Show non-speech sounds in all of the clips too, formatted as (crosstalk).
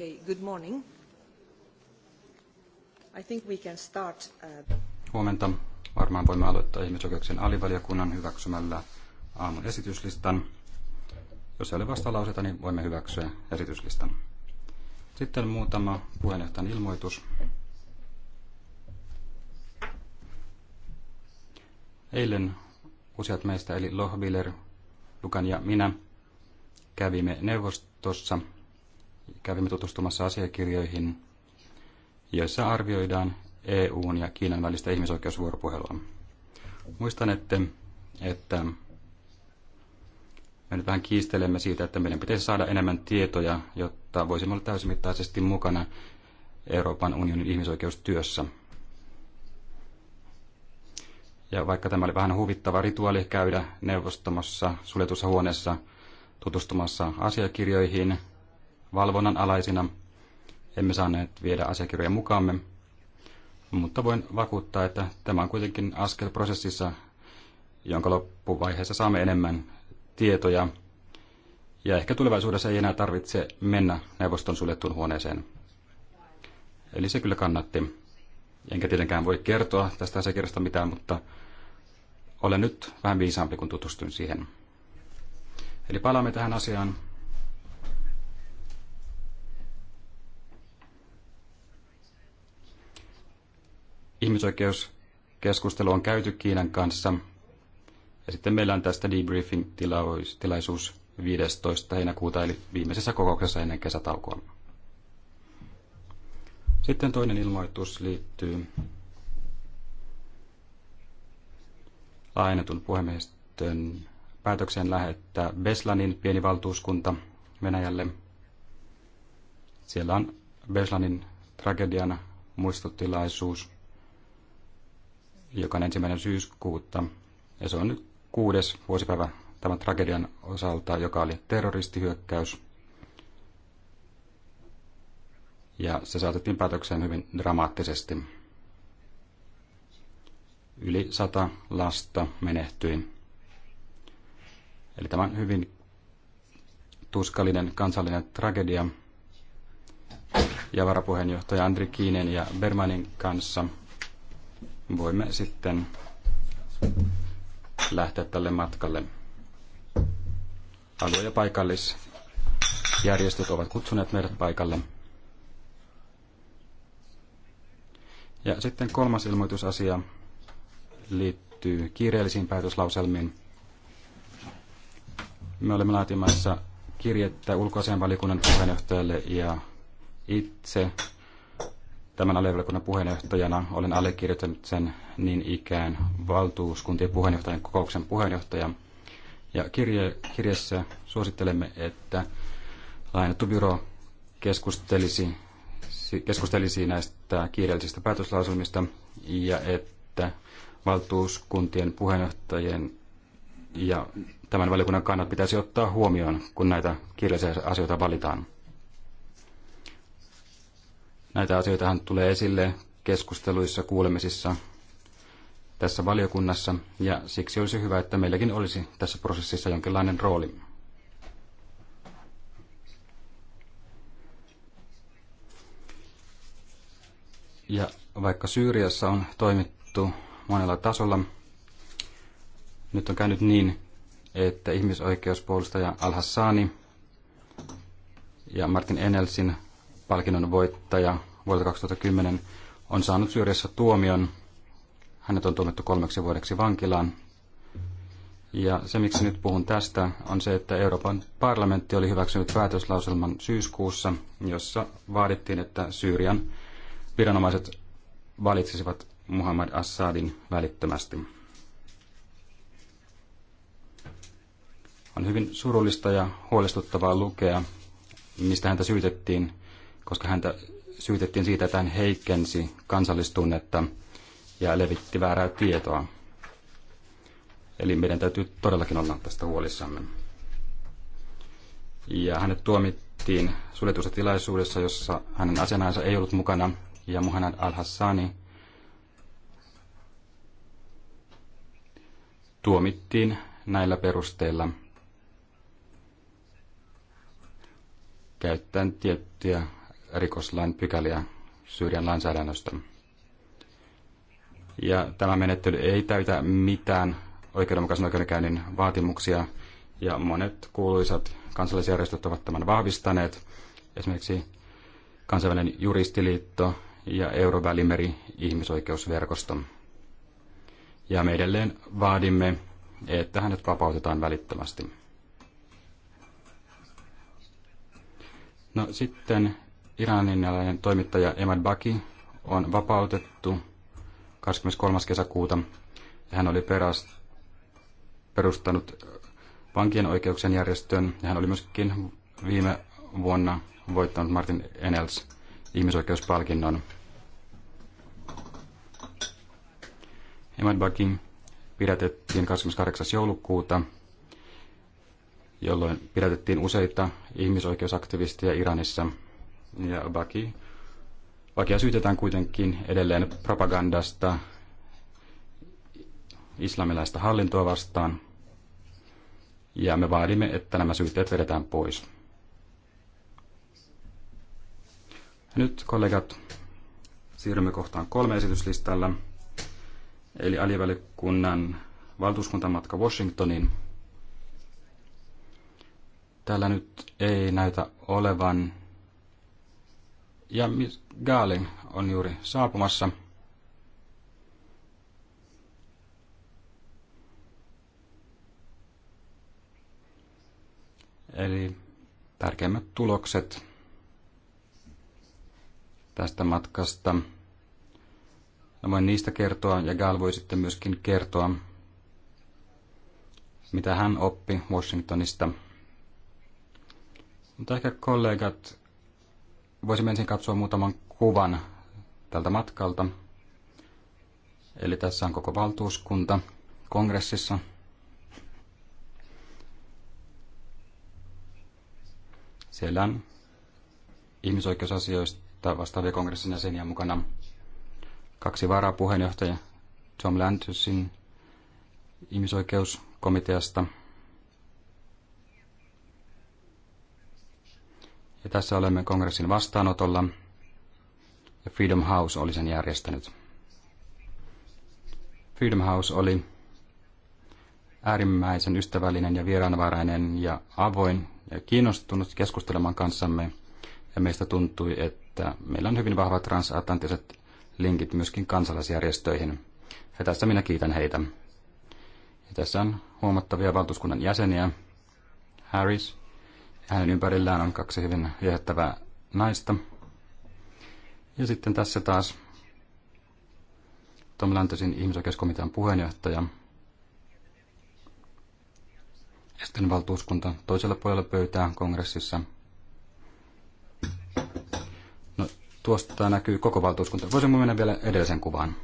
Okay, good morning. I think we can start, uh, Huomenta. Varmaan voimme aloittaa ihmisoikeuksien alivaliokunnan hyväksymällä aamun esityslistan. Jos ei ole vastalauseita, niin voimme hyväksyä esityslistan. Sitten muutama puheenjohtajan ilmoitus. Eilen useat meistä, eli Lohbiller, Lukan ja minä, kävimme neuvostossa – kävimme tutustumassa asiakirjoihin, joissa arvioidaan EUn ja Kiinan välistä ihmisoikeusvuoropuhelua. Muistan, että, että me nyt vähän kiistelemme siitä, että meidän pitäisi saada enemmän tietoja, jotta voisimme olla täysimittaisesti mukana Euroopan unionin ihmisoikeustyössä. Ja vaikka tämä oli vähän huvittava rituaali käydä neuvostamassa suljetussa huoneessa tutustumassa asiakirjoihin, valvonnan alaisina. Emme saaneet viedä asiakirjoja mukaamme, mutta voin vakuuttaa, että tämä on kuitenkin askel prosessissa, jonka loppuvaiheessa saamme enemmän tietoja ja ehkä tulevaisuudessa ei enää tarvitse mennä neuvoston suljettuun huoneeseen. Eli se kyllä kannatti. Enkä tietenkään voi kertoa tästä asiakirjasta mitään, mutta olen nyt vähän viisaampi, kun tutustun siihen. Eli palaamme tähän asiaan ihmisoikeuskeskustelu on käyty Kiinan kanssa. Ja sitten meillä on tästä debriefing-tilaisuus 15. heinäkuuta, eli viimeisessä kokouksessa ennen kesätaukoa. Sitten toinen ilmoitus liittyy laajennetun puhemiehistön päätökseen lähettää Beslanin pieni valtuuskunta Venäjälle. Siellä on Beslanin tragedian muistotilaisuus joka on ensimmäinen syyskuuta. Ja se on nyt kuudes vuosipäivä tämän tragedian osalta, joka oli terroristihyökkäys. Ja se saatettiin päätökseen hyvin dramaattisesti. Yli sata lasta menehtyi. Eli tämä on hyvin tuskallinen kansallinen tragedia. Ja varapuheenjohtaja Andri Kiinen ja Bermanin kanssa – voimme sitten lähteä tälle matkalle. Alue- ja paikallisjärjestöt ovat kutsuneet meidät paikalle. Ja sitten kolmas ilmoitusasia liittyy kiireellisiin päätöslauselmiin. Me olemme laatimassa kirjettä ulkoasianvalikunnan puheenjohtajalle ja itse Tämän alivaliokunnan puheenjohtajana olen allekirjoittanut sen niin ikään valtuuskuntien puheenjohtajan kokouksen puheenjohtaja. Ja kirje, kirjassa suosittelemme, että lainattu byro keskustelisi, keskustelisi näistä kiireellisistä päätöslausumista ja että valtuuskuntien puheenjohtajien ja tämän valiokunnan kannat pitäisi ottaa huomioon, kun näitä kirjallisia asioita valitaan. Näitä asioita tulee esille keskusteluissa, kuulemisissa tässä valiokunnassa, ja siksi olisi hyvä, että meilläkin olisi tässä prosessissa jonkinlainen rooli. Ja vaikka Syyriassa on toimittu monella tasolla, nyt on käynyt niin, että ihmisoikeuspuolustaja Al-Hassani ja Martin Enelsin palkinnon voittaja vuodelta 2010 on saanut syrjässä tuomion. Hänet on tuomittu kolmeksi vuodeksi vankilaan. Ja se, miksi nyt puhun tästä, on se, että Euroopan parlamentti oli hyväksynyt päätöslauselman syyskuussa, jossa vaadittiin, että Syyrian viranomaiset valitsisivat Muhammad Assadin välittömästi. On hyvin surullista ja huolestuttavaa lukea, mistä häntä syytettiin koska häntä syytettiin siitä, että hän heikensi kansallistunnetta ja levitti väärää tietoa. Eli meidän täytyy todellakin olla tästä huolissamme. Ja hänet tuomittiin suljetussa tilaisuudessa, jossa hänen asianajansa ei ollut mukana, ja Muhammad al-Hassani tuomittiin näillä perusteilla käyttäen tiettyjä rikoslain pykäliä Syyrian lainsäädännöstä. Ja tämä menettely ei täytä mitään oikeudenmukaisen oikeudenkäynnin vaatimuksia, ja monet kuuluisat kansalaisjärjestöt ovat tämän vahvistaneet. Esimerkiksi kansainvälinen juristiliitto ja Eurovälimeri ihmisoikeusverkosto. Ja me edelleen vaadimme, että hänet vapautetaan välittömästi. No sitten iranilainen toimittaja Emad Baki on vapautettu 23. kesäkuuta. Hän oli perustanut vankien oikeuksien järjestön ja hän oli myöskin viime vuonna voittanut Martin Enels ihmisoikeuspalkinnon. Emad Baki pidätettiin 28. joulukuuta, jolloin pidätettiin useita ihmisoikeusaktivisteja Iranissa – ja Baki. Bakia syytetään kuitenkin edelleen propagandasta islamilaista hallintoa vastaan, ja me vaadimme, että nämä syytteet vedetään pois. Nyt kollegat, siirrymme kohtaan kolme esityslistalla, eli alivälikunnan valtuuskuntamatka Washingtoniin. Täällä nyt ei näytä olevan ja Miss Gaaling on juuri saapumassa. Eli tärkeimmät tulokset tästä matkasta. Mä voin niistä kertoa ja Gaal voi sitten myöskin kertoa, mitä hän oppi Washingtonista. Mutta ehkä kollegat voisimme ensin katsoa muutaman kuvan tältä matkalta. Eli tässä on koko valtuuskunta kongressissa. Siellä on ihmisoikeusasioista vastaavia kongressin jäseniä mukana. Kaksi varapuheenjohtajaa Tom Lantysin ihmisoikeuskomiteasta – Ja tässä olemme kongressin vastaanotolla, ja Freedom House oli sen järjestänyt. Freedom House oli äärimmäisen ystävällinen ja vieraanvarainen ja avoin ja kiinnostunut keskustelemaan kanssamme. Ja meistä tuntui, että meillä on hyvin vahvat transatlanttiset linkit myöskin kansalaisjärjestöihin. Ja tässä minä kiitän heitä. Ja tässä on huomattavia valtuuskunnan jäseniä. Harris, hänen ympärillään on kaksi hyvin viehättävää naista. Ja sitten tässä taas Tom Läntösin ihmisoikeuskomitean puheenjohtaja. Ja sitten valtuuskunta toisella puolella pöytää kongressissa. No, tuosta näkyy koko valtuuskunta. Voisimme mennä vielä edellisen kuvaan.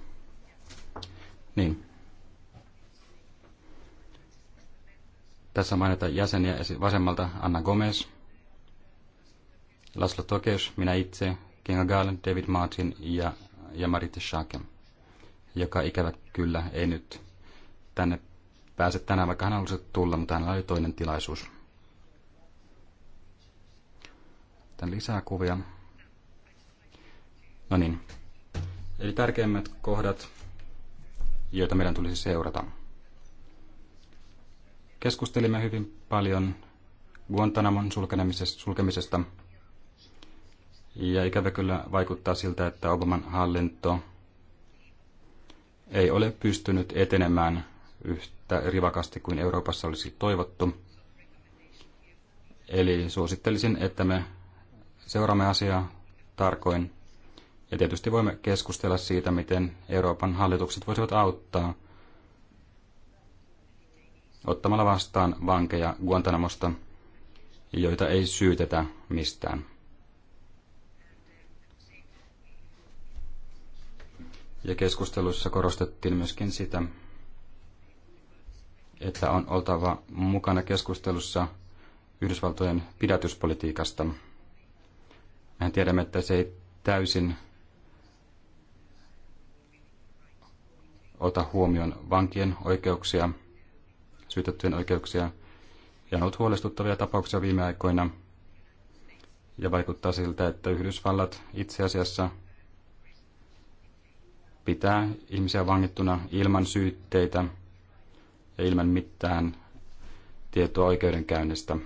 Niin, Tässä mainitaan jäseniä vasemmalta Anna Gomez, Laszlo Tokes, minä itse, Kinga Gall, David Martin ja, ja Marit Schaken, joka ikävä kyllä ei nyt tänne pääse tänään, vaikka hän halusi tulla, mutta hänellä oli toinen tilaisuus. Tän lisää kuvia. No niin. Eli tärkeimmät kohdat, joita meidän tulisi seurata. Keskustelimme hyvin paljon Guantanamon sulkemisesta. Ja ikävä kyllä vaikuttaa siltä, että Obaman hallinto ei ole pystynyt etenemään yhtä rivakasti kuin Euroopassa olisi toivottu. Eli suosittelisin, että me seuraamme asiaa tarkoin. Ja tietysti voimme keskustella siitä, miten Euroopan hallitukset voisivat auttaa – ottamalla vastaan vankeja Guantanamosta, joita ei syytetä mistään. Ja keskusteluissa korostettiin myöskin sitä, että on oltava mukana keskustelussa Yhdysvaltojen pidätyspolitiikasta. Mehän tiedämme, että se ei täysin ota huomioon vankien oikeuksia – syytettyjen oikeuksia. Ja on ollut huolestuttavia tapauksia viime aikoina. Ja vaikuttaa siltä, että Yhdysvallat itse asiassa pitää ihmisiä vangittuna ilman syytteitä ja ilman mitään tietoa oikeudenkäynnistä.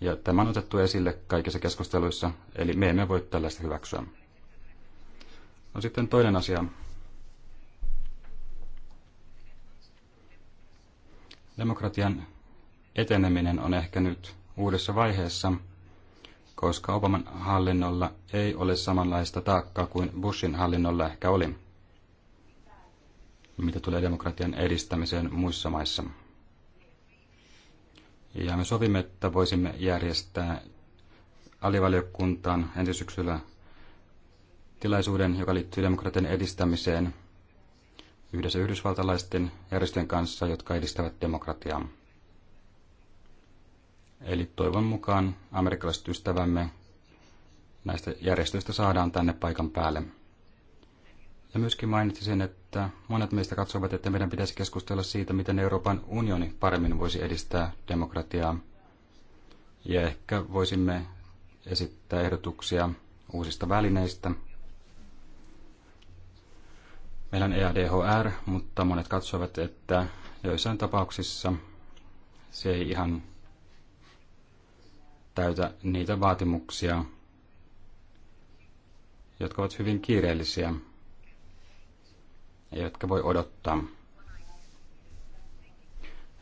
Ja tämä on otettu esille kaikissa keskusteluissa, eli me emme voi tällaista hyväksyä. No sitten toinen asia, Demokratian eteneminen on ehkä nyt uudessa vaiheessa, koska Obaman hallinnolla ei ole samanlaista taakkaa kuin Bushin hallinnolla ehkä oli, mitä tulee demokratian edistämiseen muissa maissa. Ja me sovimme, että voisimme järjestää alivaliokuntaan ensi syksyllä tilaisuuden, joka liittyy demokratian edistämiseen – yhdessä yhdysvaltalaisten järjestöjen kanssa, jotka edistävät demokratiaa. Eli toivon mukaan amerikkalaiset ystävämme näistä järjestöistä saadaan tänne paikan päälle. Ja myöskin mainitsin, että monet meistä katsovat, että meidän pitäisi keskustella siitä, miten Euroopan unioni paremmin voisi edistää demokratiaa. Ja ehkä voisimme esittää ehdotuksia uusista välineistä – Meillä on EADHR, mutta monet katsovat, että joissain tapauksissa se ei ihan täytä niitä vaatimuksia, jotka ovat hyvin kiireellisiä ja jotka voi odottaa.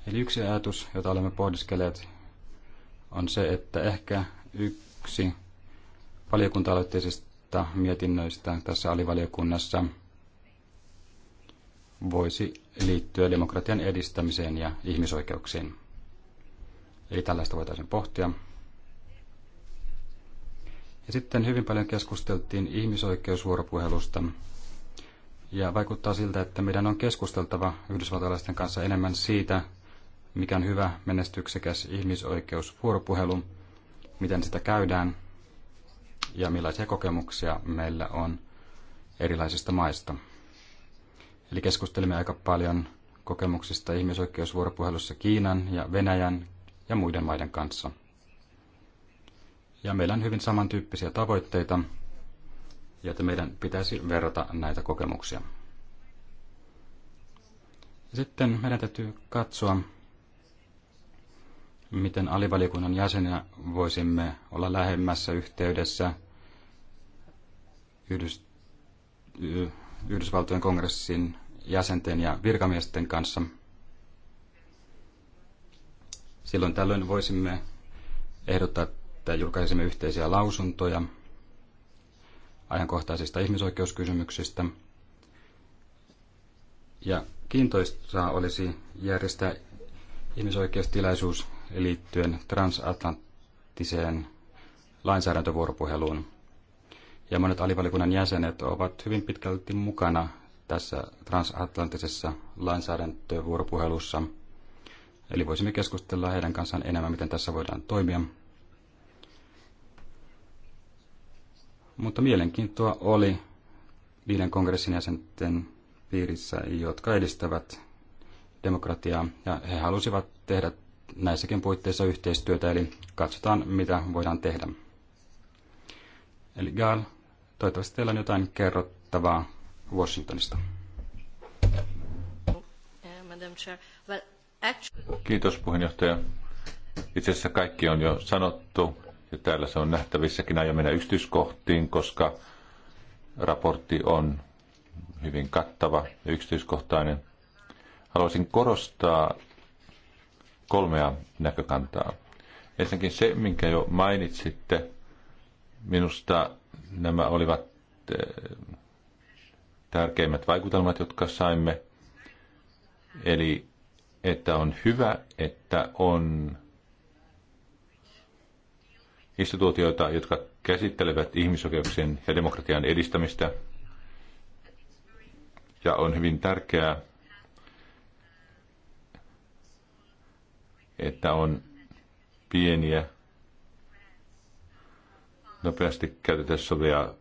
Eli yksi ajatus, jota olemme pohdiskelleet, on se, että ehkä yksi valiokunta-aloitteisista mietinnöistä tässä alivaliokunnassa – voisi liittyä demokratian edistämiseen ja ihmisoikeuksiin. Eli tällaista voitaisiin pohtia. Ja sitten hyvin paljon keskusteltiin ihmisoikeusvuoropuhelusta. Ja vaikuttaa siltä, että meidän on keskusteltava yhdysvaltalaisten kanssa enemmän siitä, mikä on hyvä menestyksekäs ihmisoikeusvuoropuhelu, miten sitä käydään ja millaisia kokemuksia meillä on erilaisista maista. Eli keskustelimme aika paljon kokemuksista ihmisoikeusvuoropuhelussa Kiinan ja Venäjän ja muiden maiden kanssa. Ja meillä on hyvin samantyyppisiä tavoitteita, joita meidän pitäisi verrata näitä kokemuksia. Sitten meidän täytyy katsoa, miten alivaliokunnan jäsenenä voisimme olla lähemmässä yhteydessä Yhdys- Yhdysvaltojen kongressin jäsenten ja virkamiesten kanssa. Silloin tällöin voisimme ehdottaa, että julkaisimme yhteisiä lausuntoja ajankohtaisista ihmisoikeuskysymyksistä. Ja kiintoista olisi järjestää ihmisoikeustilaisuus liittyen transatlanttiseen lainsäädäntövuoropuheluun. Ja monet alivalikunnan jäsenet ovat hyvin pitkälti mukana tässä transatlanttisessa lainsäädäntövuoropuhelussa. Eli voisimme keskustella heidän kanssaan enemmän, miten tässä voidaan toimia. Mutta mielenkiintoa oli viiden kongressin jäsenten piirissä, jotka edistävät demokratiaa, ja he halusivat tehdä näissäkin puitteissa yhteistyötä, eli katsotaan, mitä voidaan tehdä. Eli Gaal, toivottavasti teillä on jotain kerrottavaa Washingtonista. Kiitos puheenjohtaja. Itse asiassa kaikki on jo sanottu ja täällä se on nähtävissäkin. Aion mennä yksityiskohtiin, koska raportti on hyvin kattava ja yksityiskohtainen. Haluaisin korostaa kolmea näkökantaa. Ensinnäkin se, minkä jo mainitsitte, minusta nämä olivat eh, tärkeimmät vaikutelmat, jotka saimme. Eli että on hyvä, että on instituutioita, jotka käsittelevät ihmisoikeuksien ja demokratian edistämistä. Ja on hyvin tärkeää, että on pieniä, nopeasti käytettävissä olevia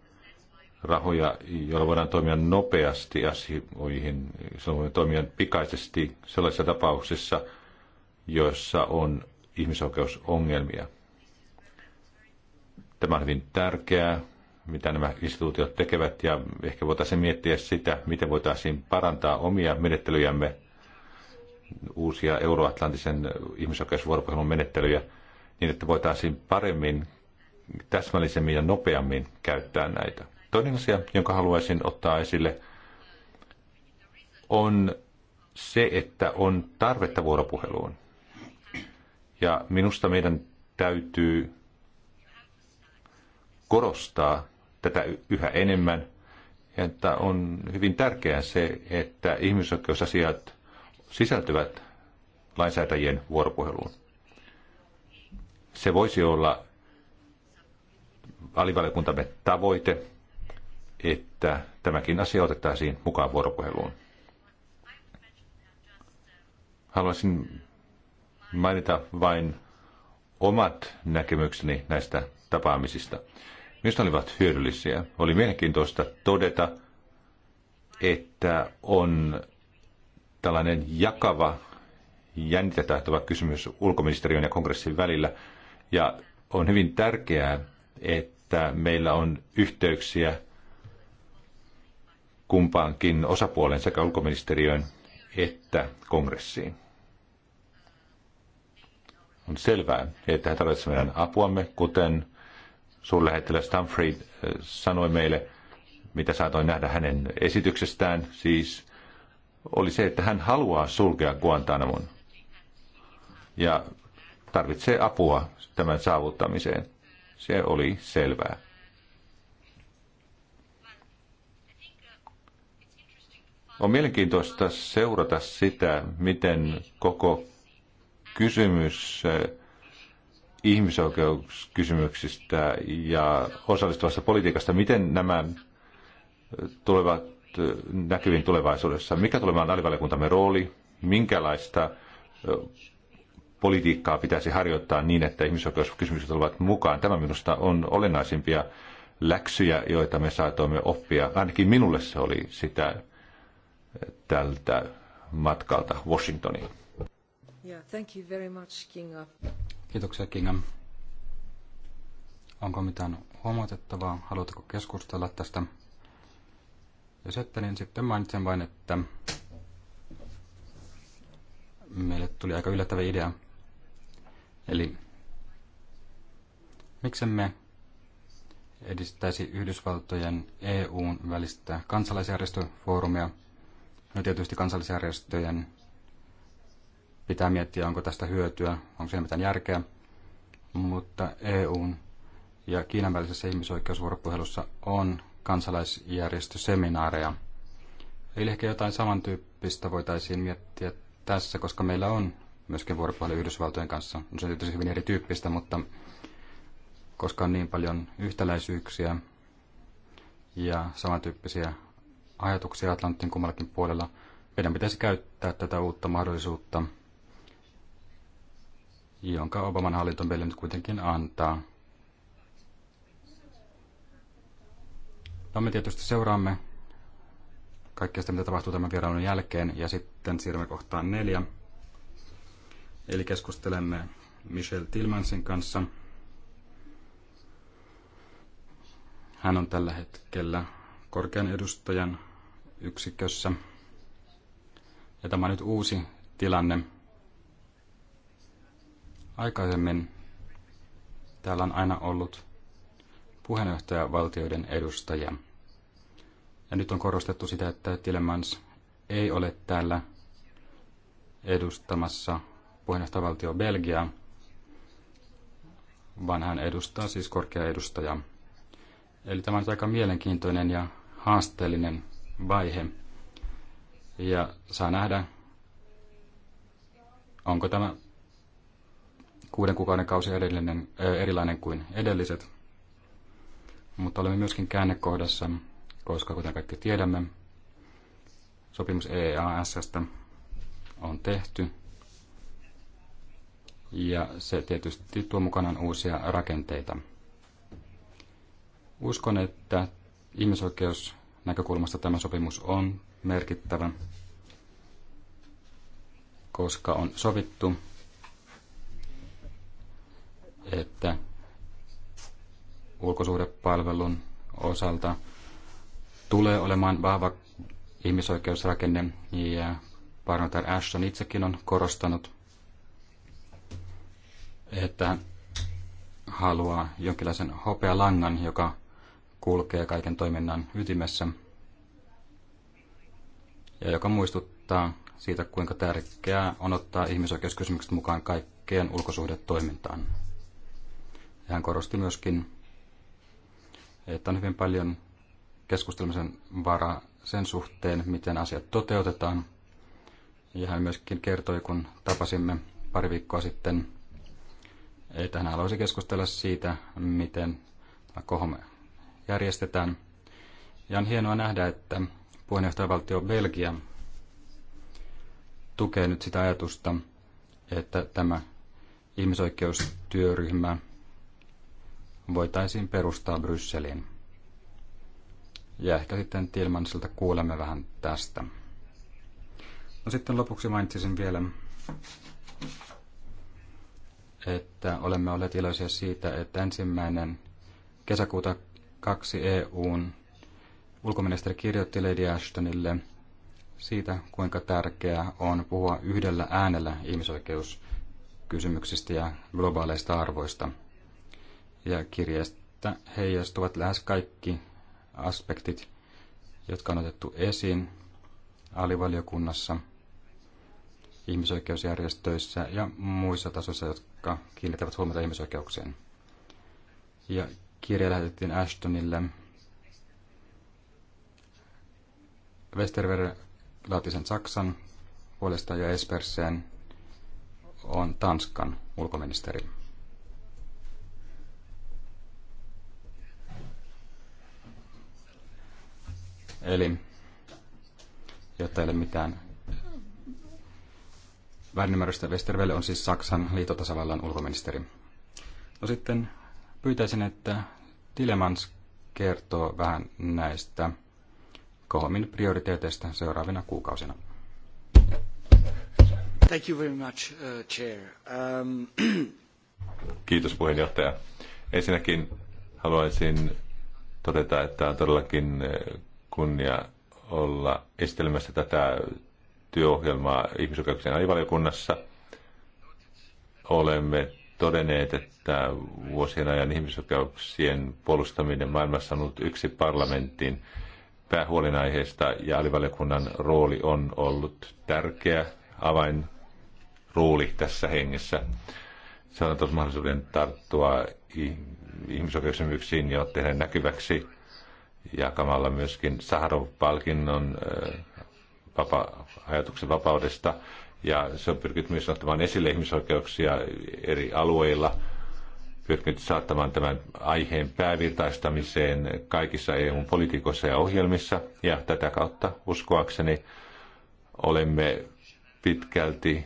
rahoja, joilla voidaan toimia nopeasti asioihin, silloin voidaan toimia pikaisesti sellaisissa tapauksissa, joissa on ihmisoikeusongelmia. Tämä on hyvin tärkeää, mitä nämä instituutiot tekevät, ja ehkä voitaisiin miettiä sitä, miten voitaisiin parantaa omia menettelyjämme, uusia euroatlantisen ihmisoikeusvuoropuhelun menettelyjä, niin että voitaisiin paremmin, täsmällisemmin ja nopeammin käyttää näitä. Toinen asia, jonka haluaisin ottaa esille, on se, että on tarvetta vuoropuheluun. Ja minusta meidän täytyy korostaa tätä yhä enemmän, että on hyvin tärkeää se, että ihmisoikeusasiat sisältyvät lainsäätäjien vuoropuheluun. Se voisi olla alivaliokuntamme tavoite, että tämäkin asia otettaisiin mukaan vuoropuheluun. Haluaisin mainita vain omat näkemykseni näistä tapaamisista. Minusta olivat hyödyllisiä. Oli mielenkiintoista todeta, että on tällainen jakava jännitetähtävä kysymys ulkoministeriön ja kongressin välillä. Ja on hyvin tärkeää, että meillä on yhteyksiä kumpaankin osapuolen sekä ulkoministeriöön että kongressiin. On selvää, että he tarvitsevat meidän apuamme, kuten suurlähettiläs Humphrey eh, sanoi meille, mitä saatoin nähdä hänen esityksestään, siis oli se, että hän haluaa sulkea Guantanamon ja tarvitsee apua tämän saavuttamiseen. Se oli selvää. On mielenkiintoista seurata sitä, miten koko kysymys eh, ihmisoikeuskysymyksistä ja osallistuvasta politiikasta, miten nämä eh, tulevat eh, näkyviin tulevaisuudessa? Mikä tulemaan alivaliokuntamme rooli? Minkälaista politiikkaa pitäisi harjoittaa niin, että ihmisoikeuskysymykset ovat mukaan? Tämä minusta on olennaisimpia läksyjä, joita me saatoimme oppia. Ainakin minulle se oli sitä tältä matkalta Washingtoniin. Yeah, thank you very much, Kinga. Kiitoksia, Kinga. Onko mitään huomautettavaa? Haluatteko keskustella tästä? Jos ette, niin sitten mainitsen vain, että meille tuli aika yllättävä idea. Eli miksemme edistäisi Yhdysvaltojen EUn välistä kansalaisjärjestöfoorumia – No tietysti kansallisjärjestöjen pitää miettiä, onko tästä hyötyä, onko siinä mitään järkeä. Mutta EUn ja Kiinan välisessä ihmisoikeusvuoropuhelussa on kansalaisjärjestöseminaareja. Eli ehkä jotain samantyyppistä voitaisiin miettiä tässä, koska meillä on myöskin vuoropuhelu Yhdysvaltojen kanssa. No, se on tietysti hyvin erityyppistä, mutta koska on niin paljon yhtäläisyyksiä ja samantyyppisiä ajatuksia Atlantin kummallakin puolella. Meidän pitäisi käyttää tätä uutta mahdollisuutta, jonka Obaman hallinto meille nyt kuitenkin antaa. No me tietysti seuraamme kaikkea sitä, mitä tapahtuu tämän vierailun jälkeen, ja sitten siirrymme kohtaan neljä. Eli keskustelemme Michelle Tilmansin kanssa. Hän on tällä hetkellä korkean edustajan yksikössä. Ja tämä on nyt uusi tilanne. Aikaisemmin täällä on aina ollut puheenjohtajavaltioiden edustajia. Ja nyt on korostettu sitä, että Tilemans ei ole täällä edustamassa puheenjohtajavaltio Belgiaa, vaan hän edustaa siis korkea edustajaa. Eli tämä on aika mielenkiintoinen ja haasteellinen vaihe. Ja saa nähdä, onko tämä kuuden kuukauden kausi edellinen, äh, erilainen kuin edelliset. Mutta olemme myöskin käännekohdassa, koska kuten kaikki tiedämme, sopimus EEASstä on tehty. Ja se tietysti tuo mukanaan uusia rakenteita. Uskon, että ihmisoikeus näkökulmasta tämä sopimus on merkittävä, koska on sovittu, että ulkosuhdepalvelun osalta tulee olemaan vahva ihmisoikeusrakenne ja Parnotar Ashton itsekin on korostanut, että haluaa jonkinlaisen hopealangan, joka kulkee kaiken toiminnan ytimessä ja joka muistuttaa siitä, kuinka tärkeää on ottaa ihmisoikeuskysymykset mukaan kaikkeen ulkosuhdetoimintaan. Ja hän korosti myöskin, että on hyvin paljon keskustelemisen varaa sen suhteen, miten asiat toteutetaan. Ja hän myöskin kertoi, kun tapasimme pari viikkoa sitten, että hän haluaisi keskustella siitä, miten kohome järjestetään. Ja on hienoa nähdä, että puheenjohtajavaltio Belgia tukee nyt sitä ajatusta, että tämä ihmisoikeustyöryhmä voitaisiin perustaa Brysseliin. Ja ehkä sitten Tilmansilta kuulemme vähän tästä. No sitten lopuksi mainitsisin vielä, että olemme olleet iloisia siitä, että ensimmäinen kesäkuuta kaksi EUn ulkoministeri kirjoitti Lady Ashtonille siitä, kuinka tärkeää on puhua yhdellä äänellä ihmisoikeuskysymyksistä ja globaaleista arvoista. Ja kirjeestä heijastuvat lähes kaikki aspektit, jotka on otettu esiin alivaliokunnassa, ihmisoikeusjärjestöissä ja muissa tasoissa, jotka kiinnittävät huomiota ihmisoikeuksiin. Ja kirja lähetettiin Ashtonille. Westerver laati sen Saksan puolesta ja Esperseen on Tanskan ulkoministeri. Eli jotta ei ole mitään väärinymmärrystä, Westerwelle on siis Saksan liitotasavallan ulkoministeri. No sitten Pyytäisin, että Tilemans kertoo vähän näistä kolmin prioriteeteista seuraavina kuukausina. Thank you very much, uh, chair. Um... (clears throat) Kiitos puheenjohtaja. Ensinnäkin haluaisin todeta, että on todellakin uh, kunnia olla esittelemässä tätä työohjelmaa ihmisoikeuksien aivaliokunnassa. Olemme todenneet, että vuosien ajan ihmisoikeuksien puolustaminen maailmassa on ollut yksi parlamentin päähuolinaiheista ja alivaliokunnan rooli on ollut tärkeä avainrooli tässä hengessä. Se on tuossa mahdollisuuden tarttua ihmisoikeuksien ja tehdä näkyväksi jakamalla myöskin Saharov-palkinnon vapa- ajatuksen vapaudesta – ja se on pyrkinyt myös ottamaan esille ihmisoikeuksia eri alueilla, pyrkinyt saattamaan tämän aiheen päävirtaistamiseen kaikissa eu politiikoissa ja ohjelmissa, ja tätä kautta uskoakseni olemme pitkälti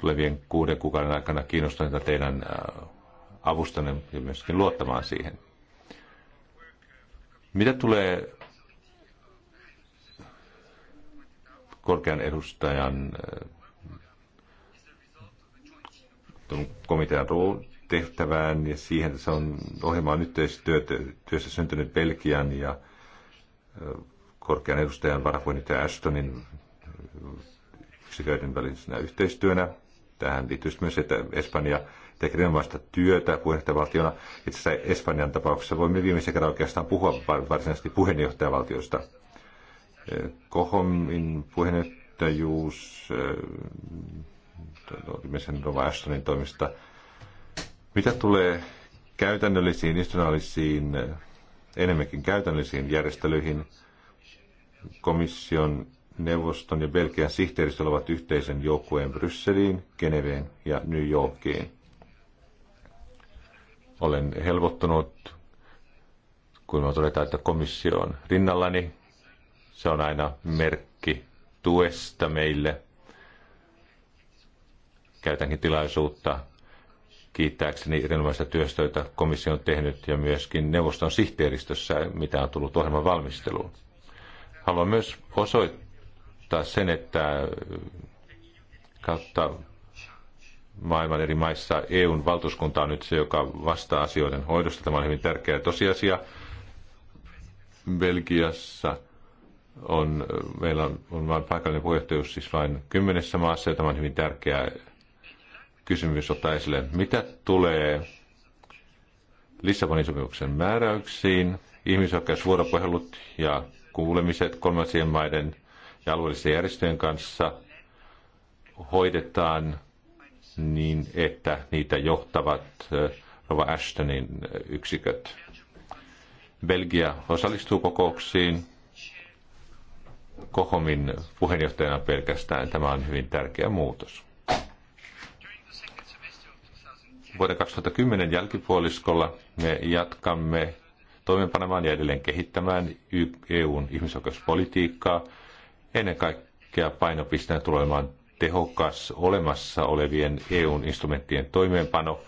tulevien kuuden kuukauden aikana kiinnostuneita teidän avustanne ja myöskin luottamaan siihen. Mitä tulee korkean edustajan äh, komitean tehtävään ja siihen se on ohjelmaan yhteistyössä syntynyt Belgian ja äh, korkean edustajan varapuheenjohtaja Ashtonin äh, yksiköiden välisenä yhteistyönä. Tähän liittyy myös, että Espanja tekee erinomaista työtä puheenjohtajavaltiona. Itse asiassa Espanjan tapauksessa voimme viimeisen kerran oikeastaan puhua varsinaisesti puheenjohtajavaltiosta. Kohomin puheenjohtajuus, äh, otimme Rova Ashtonin toimista. Mitä tulee käytännöllisiin, institutionaalisiin, äh, enemmänkin käytännöllisiin järjestelyihin, komission, neuvoston ja Belgian sihteeristö ovat yhteisen joukkueen Brysseliin, Geneveen ja New Yorkiin. Olen helpottunut, kun on todeta, että komissio on rinnallani se on aina merkki tuesta meille. Käytänkin tilaisuutta kiittääkseni erinomaista työstä, jota komissio on tehnyt ja myöskin neuvoston sihteeristössä, mitä on tullut ohjelman valmisteluun. Haluan myös osoittaa sen, että kautta maailman eri maissa EUn valtuuskunta on nyt se, joka vastaa asioiden hoidosta. Tämä on hyvin tärkeä tosiasia. Belgiassa on, meillä on, on vain paikallinen puheenjohtajuus siis vain kymmenessä maassa, ja tämä on hyvin tärkeä kysymys ottaa esille. Mitä tulee Lissabonin sopimuksen määräyksiin, ihmisoikeusvuoropuhelut ja kuulemiset kolmansien maiden ja alueellisten järjestöjen kanssa hoidetaan niin, että niitä johtavat Rova Ashtonin yksiköt. Belgia osallistuu kokouksiin, Kohomin puheenjohtajana pelkästään. Tämä on hyvin tärkeä muutos. Vuoden 2010 jälkipuoliskolla me jatkamme toimeenpanemaan ja edelleen kehittämään EUn ihmisoikeuspolitiikkaa. Ennen kaikkea painopisteen tulemaan tehokas olemassa olevien EUn instrumenttien toimeenpano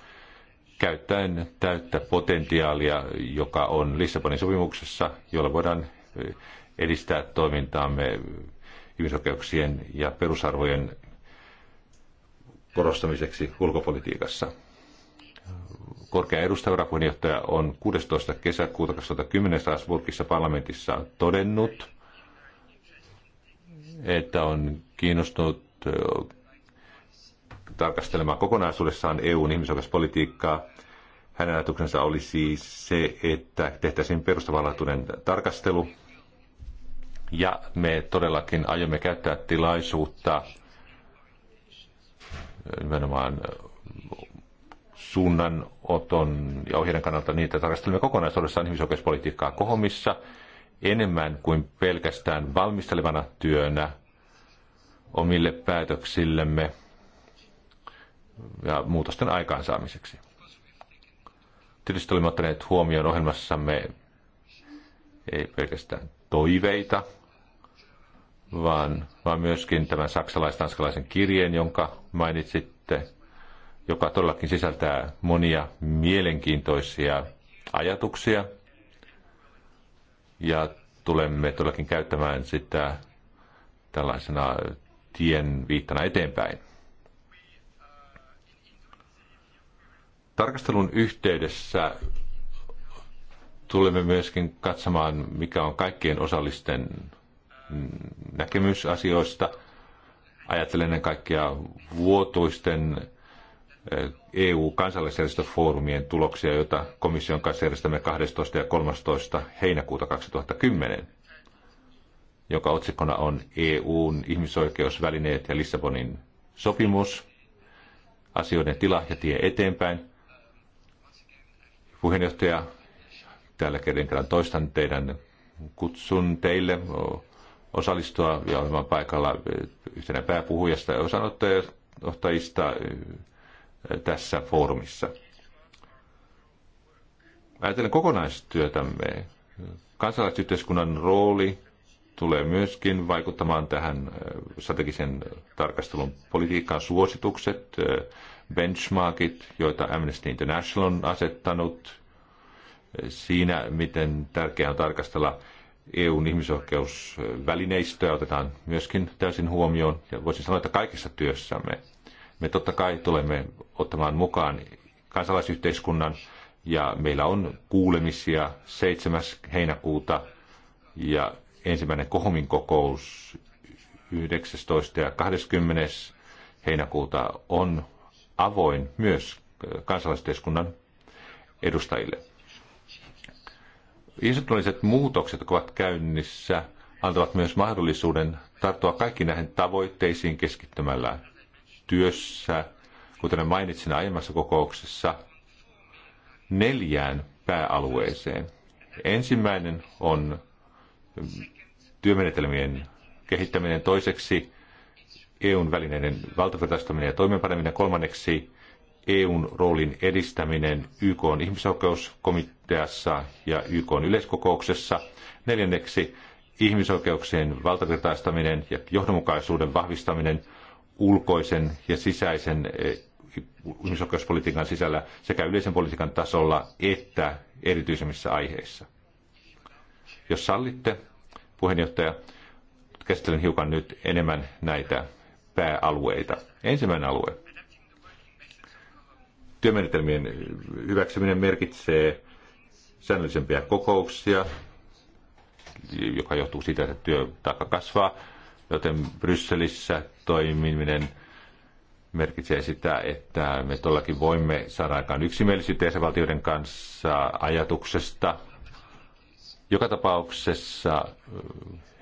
käyttäen täyttä potentiaalia, joka on Lissabonin sopimuksessa, jolla voidaan edistää toimintaamme ihmisoikeuksien ja perusarvojen korostamiseksi ulkopolitiikassa. Korkea edustaja on 16. kesäkuuta 2010 Strasbourgissa parlamentissa todennut, että on kiinnostunut tarkastelemaan kokonaisuudessaan EUn ihmisoikeuspolitiikkaa. Hänen ajatuksensa oli siis se, että tehtäisiin perustavanlaatuinen tarkastelu ja me todellakin aiomme käyttää tilaisuutta nimenomaan suunnanoton ja ohjeiden kannalta niitä tarkastelemme kokonaisuudessaan ihmisoikeuspolitiikkaa kohomissa enemmän kuin pelkästään valmistelevana työnä omille päätöksillemme ja muutosten aikaansaamiseksi. Tietysti olemme ottaneet huomioon ohjelmassamme ei pelkästään toiveita, vaan, vaan myöskin tämän saksalais-tanskalaisen kirjeen, jonka mainitsitte, joka todellakin sisältää monia mielenkiintoisia ajatuksia. Ja tulemme todellakin käyttämään sitä tällaisena tien viittana eteenpäin. Tarkastelun yhteydessä tulemme myöskin katsomaan, mikä on kaikkien osallisten näkemys asioista. Ajattelen ennen kaikkea vuotuisten eu eh, e kansallisjärjestöfoorumien tuloksia, joita komission kanssa järjestämme 12. ja 13. heinäkuuta 2010, joka otsikkona on EUn ihmisoikeusvälineet ja Lissabonin sopimus, asioiden tila ja tie eteenpäin. Puheenjohtaja, täällä kerran toistan teidän kutsun teille osallistua ja olemaan paikalla eh, yhtenä pääpuhujasta ja osanottajista eh, tässä foorumissa. Ajatellen kokonaistyötämme, kansalaisyhteiskunnan rooli tulee myöskin vaikuttamaan tähän eh, strategisen tarkastelun politiikan suositukset, benchmarkit, joita Amnesty International on asettanut, siinä miten tärkeää on tarkastella EUn ihmisoikeusvälineistöä otetaan myöskin täysin huomioon. Ja voisin sanoa, että kaikessa työssämme me totta kai tulemme ottamaan mukaan kansalaisyhteiskunnan ja meillä on kuulemisia 7. heinäkuuta ja ensimmäinen kohomin kokous 19. ja 20. heinäkuuta on avoin myös kansalaisyhteiskunnan edustajille. Institutionaaliset muutokset, jotka ovat käynnissä, antavat myös mahdollisuuden tarttua kaikki näihin tavoitteisiin keskittymällä työssä, kuten mainitsin aiemmassa kokouksessa, neljään pääalueeseen. Ensimmäinen on työmenetelmien kehittäminen, toiseksi EUn välineiden valtavirtaistaminen ja toimeenpaneminen, kolmanneksi EUn roolin edistäminen YK ihmisoikeuskomiteassa ja YK yleiskokouksessa. Neljänneksi ihmisoikeuksien valtavirtaistaminen ja johdonmukaisuuden vahvistaminen ulkoisen ja sisäisen eh, ihmisoikeuspolitiikan sisällä sekä yleisen politiikan tasolla että erityisemmissä aiheissa. Jos sallitte, puheenjohtaja, käsittelen hiukan nyt enemmän näitä pääalueita. Ensimmäinen alue työmenetelmien hyväksyminen merkitsee säännöllisempiä kokouksia, joka johtuu siitä, että työtaakka kasvaa, joten Brysselissä toimiminen merkitsee sitä, että me todellakin voimme saada aikaan yksimielisyyttä jäsenvaltioiden kanssa ajatuksesta, joka tapauksessa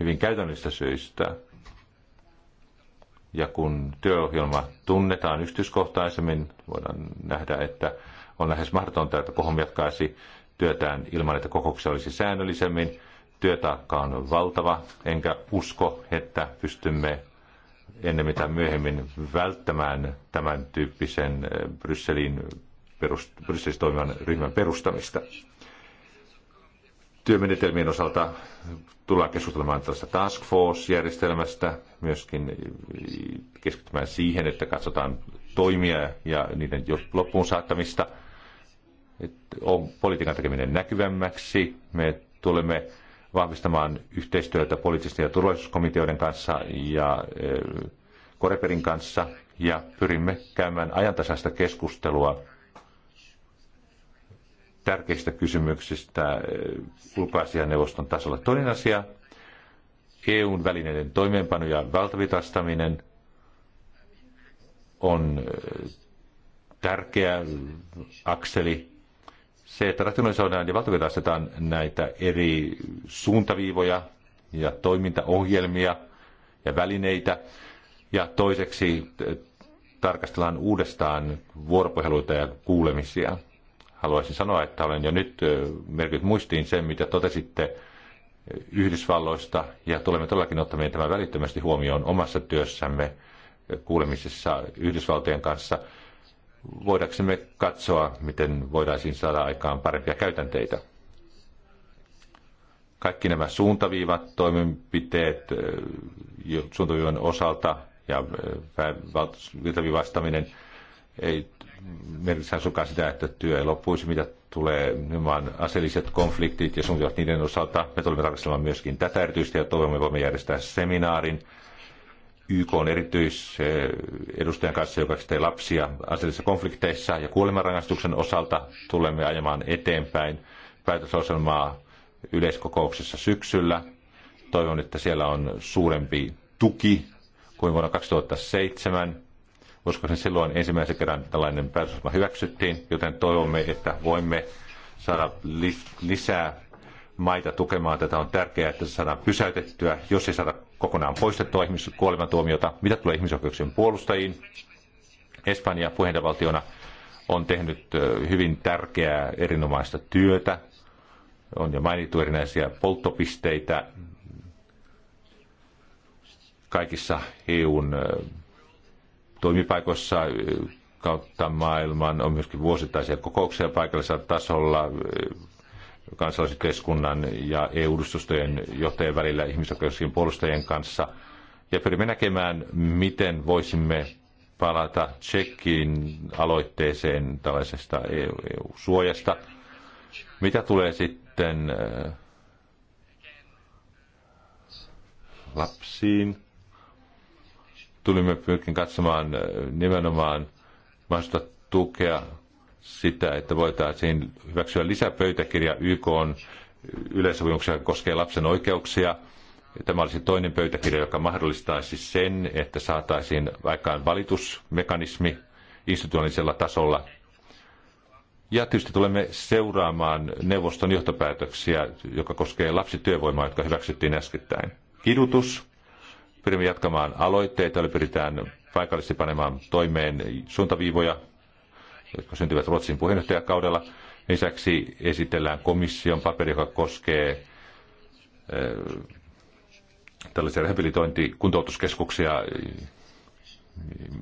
hyvin käytännöllistä syistä – ja kun työohjelma tunnetaan yksityiskohtaisemmin, voidaan nähdä, että on lähes mahdotonta, että Kohom jatkaisi työtään ilman, että kokouksia olisi säännöllisemmin. Työtaakka on valtava, enkä usko, että pystymme ennen mitä myöhemmin välttämään tämän tyyppisen eh, Brysselin perust- Brysselissä toimivan ryhmän perustamista työmenetelmien osalta tullaan keskustelemaan tällaista task force-järjestelmästä, myöskin keskittymään siihen, että katsotaan toimia ja niiden loppuun saattamista. On politiikan tekeminen näkyvämmäksi. Me tulemme vahvistamaan yhteistyötä poliittisten ja turvallisuuskomiteoiden kanssa ja eh, Koreperin kanssa ja pyrimme käymään ajantasaista keskustelua tärkeistä kysymyksistä eh, ulkoasianneuvoston tasolla. Toinen asia, EUn välineiden toimeenpano ja valtavitastaminen on eh, tärkeä akseli. Se, että rationalisoidaan ja valtavitastetaan näitä eri suuntaviivoja ja toimintaohjelmia ja välineitä. Ja toiseksi eh, tarkastellaan uudestaan vuoropuheluita ja kuulemisia haluaisin sanoa, että olen jo nyt merkit muistiin sen, mitä totesitte Yhdysvalloista, ja tulemme todellakin ottamaan tämän välittömästi huomioon omassa työssämme kuulemisessa Yhdysvaltojen kanssa, voidaksemme katsoa, miten voitaisiin saada aikaan parempia käytänteitä. Kaikki nämä suuntaviivat, toimenpiteet suuntaviivan osalta ja virtaviivastaminen ei merkitsään sukaan sitä, että työ ei loppuisi, mitä tulee nimenomaan aseelliset konfliktit ja suunnitelmat niiden osalta. Me tulemme tarkastelemaan myöskin tätä erityistä ja toivomme voimme järjestää seminaarin YK on erityisedustajan kanssa, joka käsittelee lapsia aseellisissa konflikteissa ja kuolemanrangaistuksen osalta tulemme ajamaan eteenpäin päätösosalmaa yleiskokouksessa syksyllä. Toivon, että siellä on suurempi tuki kuin vuonna 2007 sen silloin ensimmäisen kerran tällainen päätösosma hyväksyttiin, joten toivomme, että voimme saada lisää maita tukemaan tätä. On tärkeää, että se saadaan pysäytettyä, jos ei saada kokonaan poistettua ihmis- kuolemantuomiota. Mitä tulee ihmisoikeuksien puolustajiin? Espanja puheenjohtajavaltiona on tehnyt hyvin tärkeää erinomaista työtä. On jo mainittu erinäisiä polttopisteitä kaikissa EUn toimipaikoissa kautta maailman. On myöskin vuosittaisia kokouksia paikallisella tasolla kansalaisyhteiskunnan ja EU-uudistustojen johtajien välillä ihmisoikeuksien puolustajien kanssa. Ja pyrimme näkemään, miten voisimme palata Tsekkiin aloitteeseen tällaisesta EU-suojasta. E Mitä tulee sitten lapsiin? tulimme pyrkin katsomaan äh, nimenomaan vasta tukea sitä, että voitaisiin hyväksyä lisäpöytäkirja YK on yleisopimuksia koskee lapsen oikeuksia. Tämä olisi toinen pöytäkirja, joka mahdollistaisi sen, että saataisiin aikaan valitusmekanismi institutionaalisella tasolla. Ja tietysti tulemme seuraamaan neuvoston johtopäätöksiä, joka koskee lapsityövoimaa, jotka hyväksyttiin äskettäin. Kidutus, Pyrimme jatkamaan aloitteita, joilla pyritään paikallisesti panemaan toimeen suuntaviivoja, jotka syntyvät Ruotsin puheenjohtajakaudella. Lisäksi esitellään komission paperi, joka koskee eh, tällaisia rehabilitointikuntoutuskeskuksia,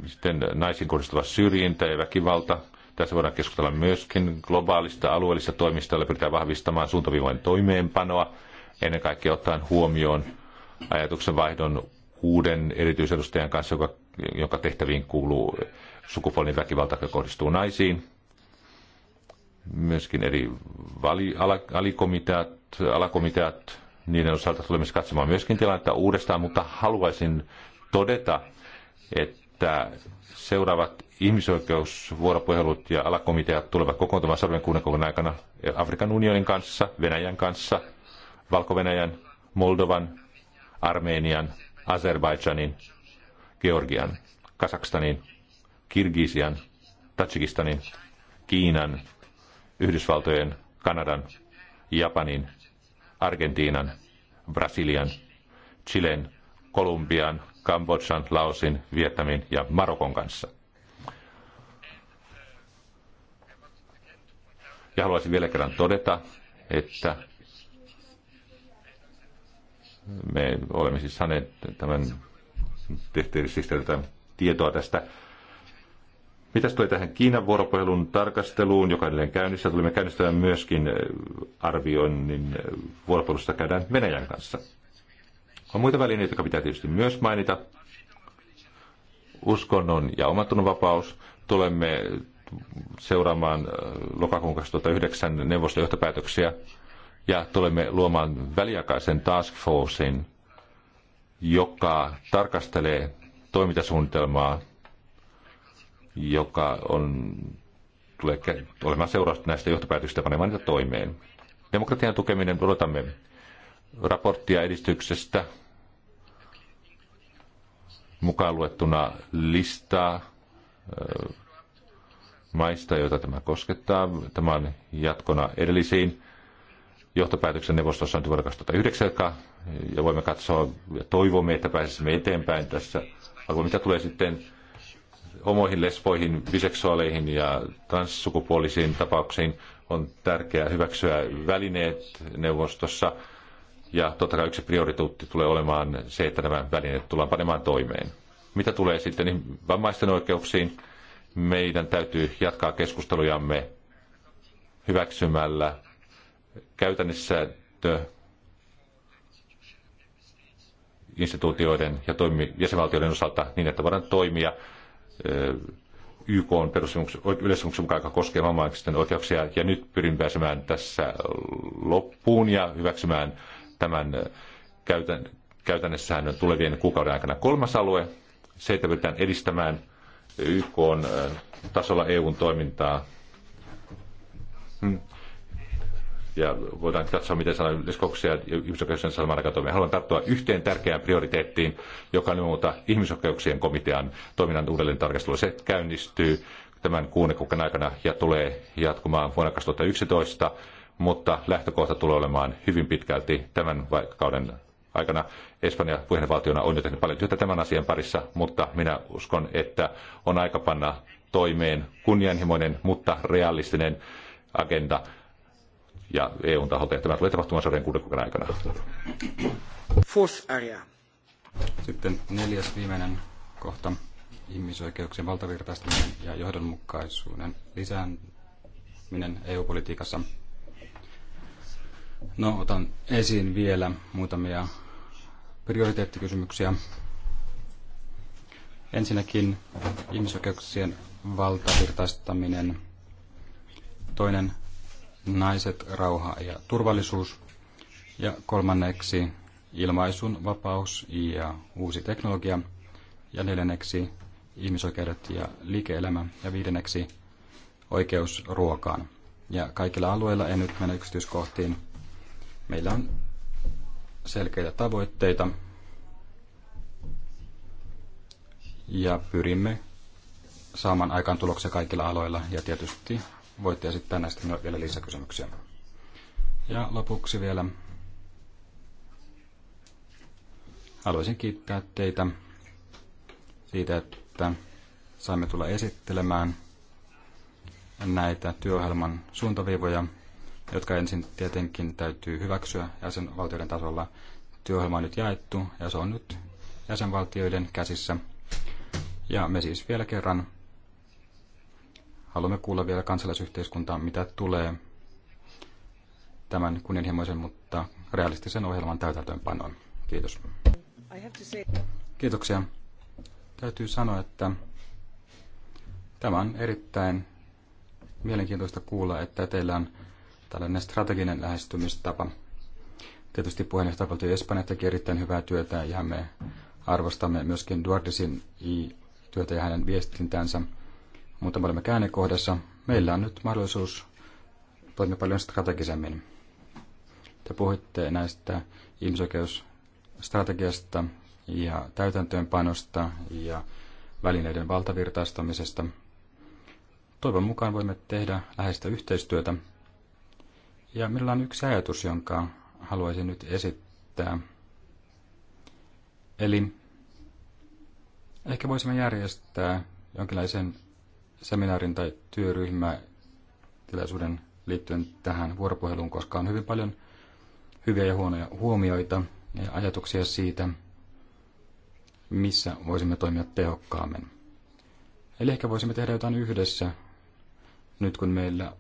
sitten naisiin kohdistuva syrjintä ja väkivalta. Tässä voidaan keskustella myöskin globaalista alueellista toimista, joilla pyritään vahvistamaan suuntaviivojen toimeenpanoa, ennen kaikkea ottaen huomioon ajatuksen vaihdon uuden erityisedustajan kanssa, joka, jonka tehtäviin kuuluu sukupuolinen väkivalta, joka kohdistuu naisiin. Myöskin eri vali, ala, alikomiteat, alakomiteat, niiden osalta tulemme siis katsomaan myöskin tilannetta uudestaan, mutta haluaisin todeta, että seuraavat ihmisoikeusvuoropuhelut ja alakomiteat tulevat kokoontumaan sarven kuunnekuvun aikana Afrikan unionin kanssa, Venäjän kanssa, Valko-Venäjän, Moldovan, Armenian Azerbaidžanin, Georgian, Kasakstanin, Kirgisian, Tatsikistanin, Kiinan, Yhdysvaltojen, Kanadan, Japanin, Argentiinan, Brasilian, Chilen, Kolumbian, Kambodžan, Laosin, Vietnamin ja Marokon kanssa. Ja haluaisin vielä kerran todeta, että me olemme siis saaneet tämän sihteerisistä tietoa tästä. Mitäs tulee tähän Kiinan vuoropuhelun tarkasteluun, joka edelleen käynnissä, tulimme käynnistämään myöskin äh, arvioinnin äh, vuoropuhelusta käydään Venäjän kanssa. On muita välineitä, jotka pitää tietysti myös mainita. Uskonnon ja vapaus. Tulemme seuraamaan äh, lokakuun 2009 neuvostojohtopäätöksiä. johtopäätöksiä ja tulemme luomaan väliaikaisen task forcein, joka tarkastelee toimintasuunnitelmaa, joka on, tulee olemaan seurausta näistä johtopäätöksistä panemaan niitä toimeen. Demokratian tukeminen odotamme raporttia edistyksestä, mukaan luettuna listaa maista, joita tämä koskettaa. Tämä on jatkona edellisiin johtopäätöksen neuvostossa nyt vuonna 2009, joka, ja voimme katsoa ja toivomme, että pääsisimme eteenpäin tässä. Alkuun mitä tulee sitten homoihin, lesboihin, biseksuaaleihin ja transsukupuolisiin tapauksiin, on tärkeää hyväksyä välineet neuvostossa. Ja totta kai yksi prioriteetti tulee olemaan se, että nämä välineet tullaan panemaan toimeen. Mitä tulee sitten niin vammaisten oikeuksiin, meidän täytyy jatkaa keskustelujamme hyväksymällä käytännössä instituutioiden ja toimi, jäsenvaltioiden osalta niin, että voidaan toimia YK on yleissopimuksen mukaan, joka koskee vammaisten oikeuksia. Ja nyt pyrin pääsemään tässä loppuun ja hyväksymään tämän käytän, tulevien kuukauden aikana. Kolmas alue, se, että pyritään edistämään YK on tasolla EUn toimintaa hmm ja voidaan katsoa, miten sanoin yleiskokouksia ja ihmisoikeuksien samaan aikaan Haluan tarttua yhteen tärkeään prioriteettiin, joka on muuta ihmisoikeuksien komitean toiminnan uudelleen tarkastelu. Se käynnistyy tämän kuun aikana ja tulee jatkumaan vuonna 2011, mutta lähtökohta tulee olemaan hyvin pitkälti tämän kauden aikana Espanja puheenvaltiona on jo tehnyt paljon työtä tämän asian parissa, mutta minä uskon, että on aika panna toimeen kunnianhimoinen, mutta realistinen agenda ja EUn taholta. Ja tämä tulee tapahtumaan sarjan kuuden kuukauden aikana. Sitten neljäs viimeinen kohta ihmisoikeuksien valtavirtaistaminen ja johdonmukaisuuden lisääminen EU-politiikassa. No, otan esiin vielä muutamia prioriteettikysymyksiä. Ensinnäkin ihmisoikeuksien valtavirtaistaminen. Toinen naiset, rauha ja turvallisuus. Ja kolmanneksi ilmaisun vapaus ja uusi teknologia. Ja neljänneksi ihmisoikeudet ja liike-elämä. Ja viidenneksi oikeus ruokaan. Ja kaikilla alueilla en nyt mene yksityiskohtiin. Meillä on selkeitä tavoitteita ja pyrimme saamaan aikaan tuloksia kaikilla aloilla ja tietysti voitte esittää näistä vielä lisäkysymyksiä. Ja lopuksi vielä haluaisin kiittää teitä siitä, että saimme tulla esittelemään näitä työohjelman suuntaviivoja, jotka ensin tietenkin täytyy hyväksyä jäsenvaltioiden tasolla. Työohjelma on nyt jaettu ja se on nyt jäsenvaltioiden käsissä. Ja me siis vielä kerran haluamme kuulla vielä kansalaisyhteiskuntaa, mitä tulee tämän kunnianhimoisen, mutta realistisen ohjelman täytäntöönpanoon. Kiitos. Kiitoksia. Täytyy sanoa, että tämä on erittäin mielenkiintoista kuulla, että teillä on tällainen strateginen lähestymistapa. Tietysti puheenjohtajavaltio Espanja teki erittäin hyvää työtä ja me arvostamme myöskin Duardisin työtä ja hänen viestintänsä mutta me olemme käännekohdassa. Meillä on nyt mahdollisuus toimia paljon strategisemmin. Te puhuitte näistä ihmisoikeusstrategiasta ja täytäntöönpanosta ja välineiden valtavirtaistamisesta. Toivon mukaan voimme tehdä läheistä yhteistyötä. Ja meillä on yksi ajatus, jonka haluaisin nyt esittää. Eli ehkä voisimme järjestää jonkinlaisen seminaarin tai työryhmätilaisuuden liittyen tähän vuoropuheluun, koska on hyvin paljon hyviä ja huonoja huomioita ja ajatuksia siitä, missä voisimme toimia tehokkaammin. Eli ehkä voisimme tehdä jotain yhdessä, nyt kun meillä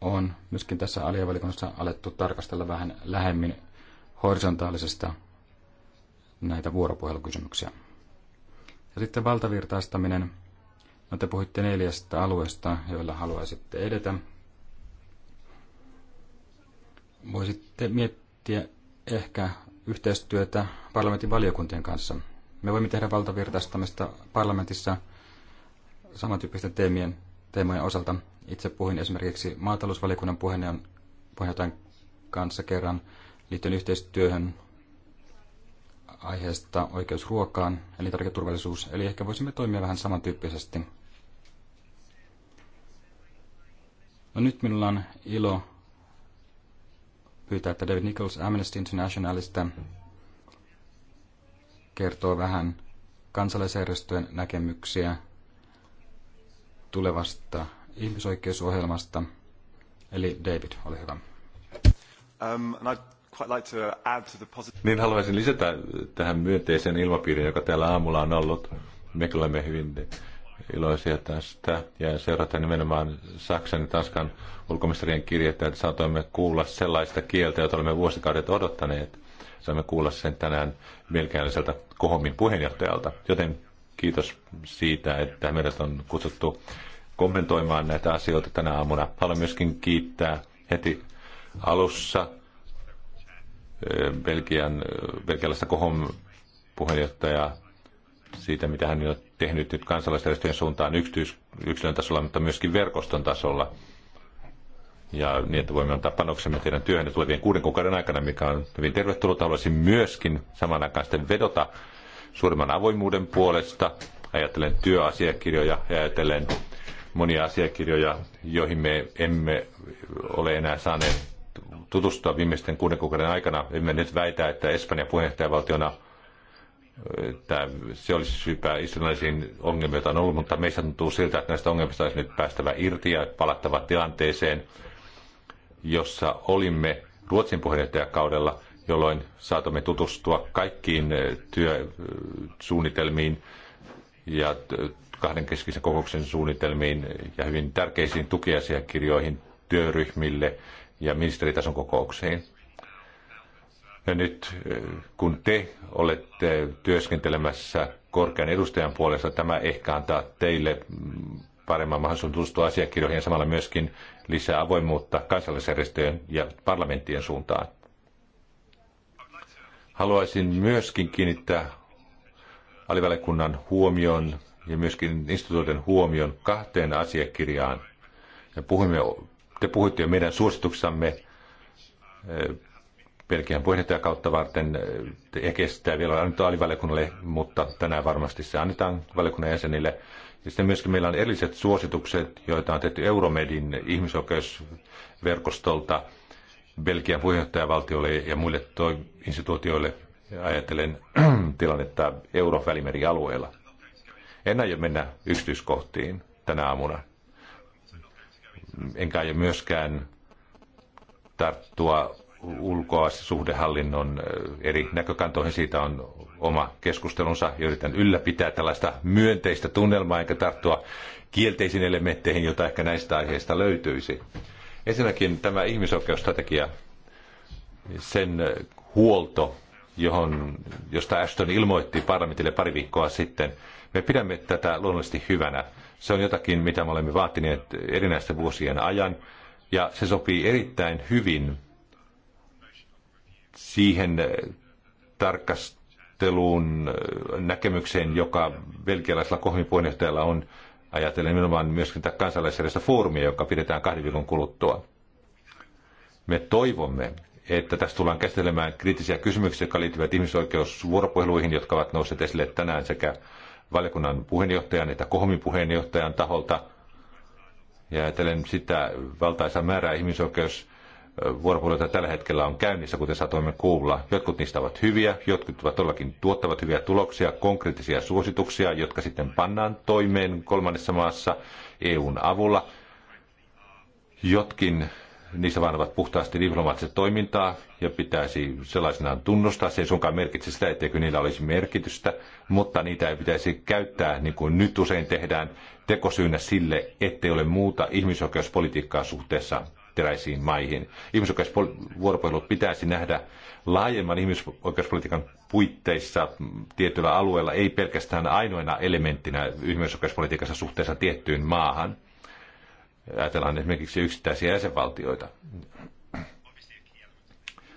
on myöskin tässä aliavalikunnassa alettu tarkastella vähän lähemmin horisontaalisesta näitä vuoropuhelukysymyksiä. Ja sitten valtavirtaistaminen. No te puhuitte neljästä alueesta, joilla haluaisitte edetä. Voisitte miettiä ehkä yhteistyötä parlamentin valiokuntien kanssa. Me voimme tehdä valtavirtaistamista parlamentissa samantyyppisten teemien, teemojen osalta. Itse puhuin esimerkiksi maatalousvaliokunnan puheenjohtajan kanssa kerran liittyen yhteistyöhön aiheesta oikeus ruokaan, elintarviketurvallisuus, eli ehkä voisimme toimia vähän samantyyppisesti No nyt minulla on ilo pyytää, että David Nichols Amnesty Internationalista kertoo vähän kansalaisjärjestöjen näkemyksiä tulevasta ihmisoikeusohjelmasta. Eli David, ole hyvä. Um, and quite like to add to the positive... Niin haluaisin lisätä tähän myönteiseen ilmapiiriin, joka täällä aamulla on ollut. Me olemme hyvin iloisia tästä ja seurata nimenomaan Saksan ja Tanskan ulkoministerien kirjettä, että saatoimme kuulla sellaista kieltä, jota olemme vuosikaudet odottaneet. Saimme kuulla sen tänään belgialaiselta Kohomin puheenjohtajalta. Joten kiitos siitä, että meidät on kutsuttu kommentoimaan näitä asioita tänä aamuna. Haluan myöskin kiittää heti alussa eh, Belgian, eh, belgialaista Kohom puheenjohtajaa siitä, mitä hän on tehnyt nyt kansalaisjärjestöjen suuntaan yksityis- yksilön tasolla, mutta myöskin verkoston tasolla. Ja niin, että voimme antaa panoksemme teidän työhön tulevien kuuden kuukauden aikana, mikä on hyvin tervetullut. Haluaisin myöskin saman aikaan sitten vedota suurimman avoimuuden puolesta. Ajattelen työasiakirjoja ja ajattelen monia asiakirjoja, joihin me emme ole enää saaneet tutustua viimeisten kuuden kuukauden aikana. Emme nyt väitä, että Espanja puheenjohtajavaltiona Tämä, se olisi syypää islamilaisiin ongelmiin, joita on ollut, mutta meistä tuntuu siltä, että näistä ongelmista olisi nyt päästävä irti ja palattava tilanteeseen, jossa olimme Ruotsin puheenjohtajakaudella, jolloin saatamme tutustua kaikkiin eh, työsuunnitelmiin ja kahdenkeskisen kokouksen suunnitelmiin ja hyvin tärkeisiin tukiasiakirjoihin työryhmille ja ministeritason kokouksiin. Ja nyt kun te olette työskentelemässä korkean edustajan puolesta, tämä ehkä antaa teille paremman mahdollisuuden tutustua asiakirjoihin ja samalla myöskin lisää avoimuutta kansalaisjärjestöjen ja parlamenttien suuntaan. Haluaisin myöskin kiinnittää alivälikunnan huomion ja myöskin instituutin huomion kahteen asiakirjaan. te puhuitte jo meidän suosituksamme Belgian puheenjohtajakautta varten. Äh, Ehkä sitä vielä on alivaliokunnalle, mutta tänään varmasti se annetaan valiokunnan jäsenille. Ja sitten myöskin meillä on erilliset suositukset, joita on tehty Euromedin ihmisoikeusverkostolta Belgian puheenjohtajavaltiolle ja muille toi- instituutioille ajatellen (clears throat) tilannetta Euroopan välimerialueella. En aio mennä yksityiskohtiin tänä aamuna. Enkä aio myöskään tarttua ulkoa suhdehallinnon eri näkökantoihin. Siitä on oma keskustelunsa yritän ylläpitää tällaista myönteistä tunnelmaa enkä tarttua kielteisiin elementteihin, joita ehkä näistä aiheista löytyisi. Ensinnäkin tämä ihmisoikeusstrategia, sen huolto, johon, josta Ashton ilmoitti parlamentille pari viikkoa sitten. Me pidämme tätä luonnollisesti hyvänä. Se on jotakin, mitä me olemme vaatineet erinäisten vuosien ajan, ja se sopii erittäin hyvin siihen tarkasteluun näkemykseen, joka belgialaisella kohmin puheenjohtajalla on ajatellen nimenomaan myöskin tätä kansalaisjärjestä foorumia, joka pidetään kahden viikon kuluttua. Me toivomme, että tässä tullaan käsittelemään kriittisiä kysymyksiä, jotka liittyvät ihmisoikeusvuoropuheluihin, jotka ovat nousseet esille tänään sekä valiokunnan puheenjohtajan että kohmin puheenjohtajan taholta. Ja ajatellen sitä valtaisa määrää ihmisoikeus vuoropuheluita tällä hetkellä on käynnissä, kuten saatoimme kuulla. Jotkut niistä ovat hyviä, jotkut ovat todellakin tuottavat hyviä tuloksia, konkreettisia suosituksia, jotka sitten pannaan toimeen kolmannessa maassa EUn avulla. Jotkin niissä vain ovat puhtaasti diplomaattista toimintaa ja pitäisi sellaisenaan tunnustaa. Se ei suinkaan merkitse sitä, etteikö niillä olisi merkitystä, mutta niitä ei pitäisi käyttää, niin kuin nyt usein tehdään, tekosyynä sille, ettei ole muuta ihmisoikeuspolitiikkaa suhteessa alkuperäisiin maihin. Ihmisoikeusvuoropuhelut pitäisi nähdä laajemman ihmisoikeuspolitiikan puitteissa tietyllä alueella, ei pelkästään ainoina elementtinä ihmisoikeuspolitiikassa suhteessa tiettyyn maahan. Ajatellaan esimerkiksi yksittäisiä jäsenvaltioita.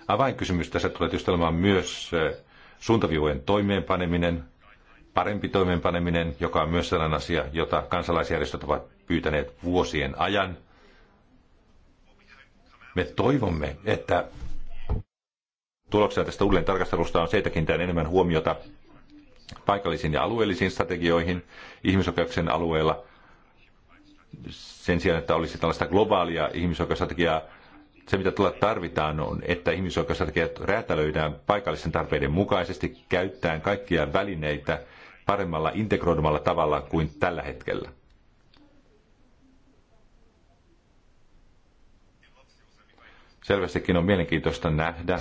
Avainkysymys tässä tulee tietysti olemaan myös eh, suuntaviivojen toimeenpaneminen, parempi toimeenpaneminen, joka on myös sellainen asia, jota kansalaisjärjestöt ovat pyytäneet vuosien ajan. Me toivomme, että tuloksena tästä uudelleen tarkastelusta on se, että kiinnitetään enemmän huomiota paikallisiin ja alueellisiin strategioihin ihmisoikeuksien alueella sen sijaan, että olisi tällaista globaalia ihmisoikeusstrategiaa. Se, mitä tulla tarvitaan, on, että ihmisoikeusstrategiat räätälöidään paikallisten tarpeiden mukaisesti käyttäen kaikkia välineitä paremmalla integroidumalla tavalla kuin tällä hetkellä. selvästikin on mielenkiintoista nähdä,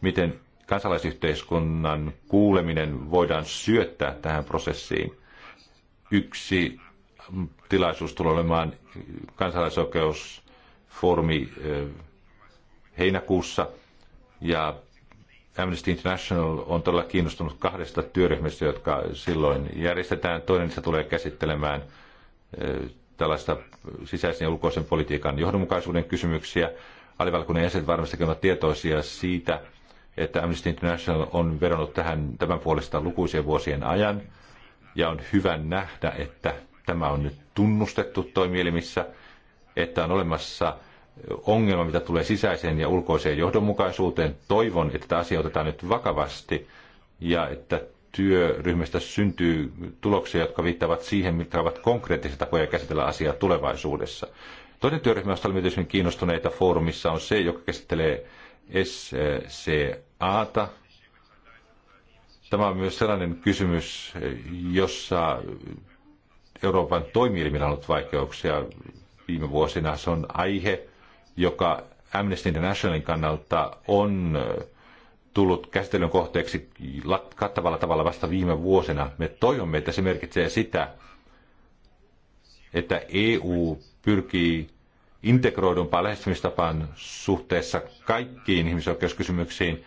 miten kansalaisyhteiskunnan kuuleminen voidaan syöttää tähän prosessiin. Yksi tilaisuus tulee olemaan kansalaisoikeusfoorumi eh, heinäkuussa, ja Amnesty International on todella kiinnostunut kahdesta työryhmästä, jotka silloin järjestetään. Toinen se tulee käsittelemään eh, tällaista sisäisen ja ulkoisen politiikan johdonmukaisuuden kysymyksiä alivalkoinen jäsenet varmasti ovat tietoisia siitä, että Amnesty International on vedonnut tähän tämän puolesta lukuisien vuosien ajan. Ja on hyvä nähdä, että tämä on nyt tunnustettu toimielimissä, että on olemassa ongelma, mitä tulee sisäiseen ja ulkoiseen johdonmukaisuuteen. Toivon, että tämä asia otetaan nyt vakavasti ja että työryhmästä syntyy tuloksia, jotka viittaavat siihen, mitkä ovat konkreettisia tapoja käsitellä asiaa tulevaisuudessa. Toinen työryhmä, josta olemme tietysti kiinnostuneita foorumissa, on se, joka käsittelee SCAta. Tämä on myös sellainen kysymys, jossa Euroopan toimielimillä on ollut vaikeuksia viime vuosina. Se on aihe, joka Amnesty Internationalin kannalta on tullut käsittelyn kohteeksi kattavalla tavalla vasta viime vuosina. Me toivomme, että se merkitsee sitä, että EU pyrkii integroidumpaan lähestymistapaan suhteessa kaikkiin ihmisoikeuskysymyksiin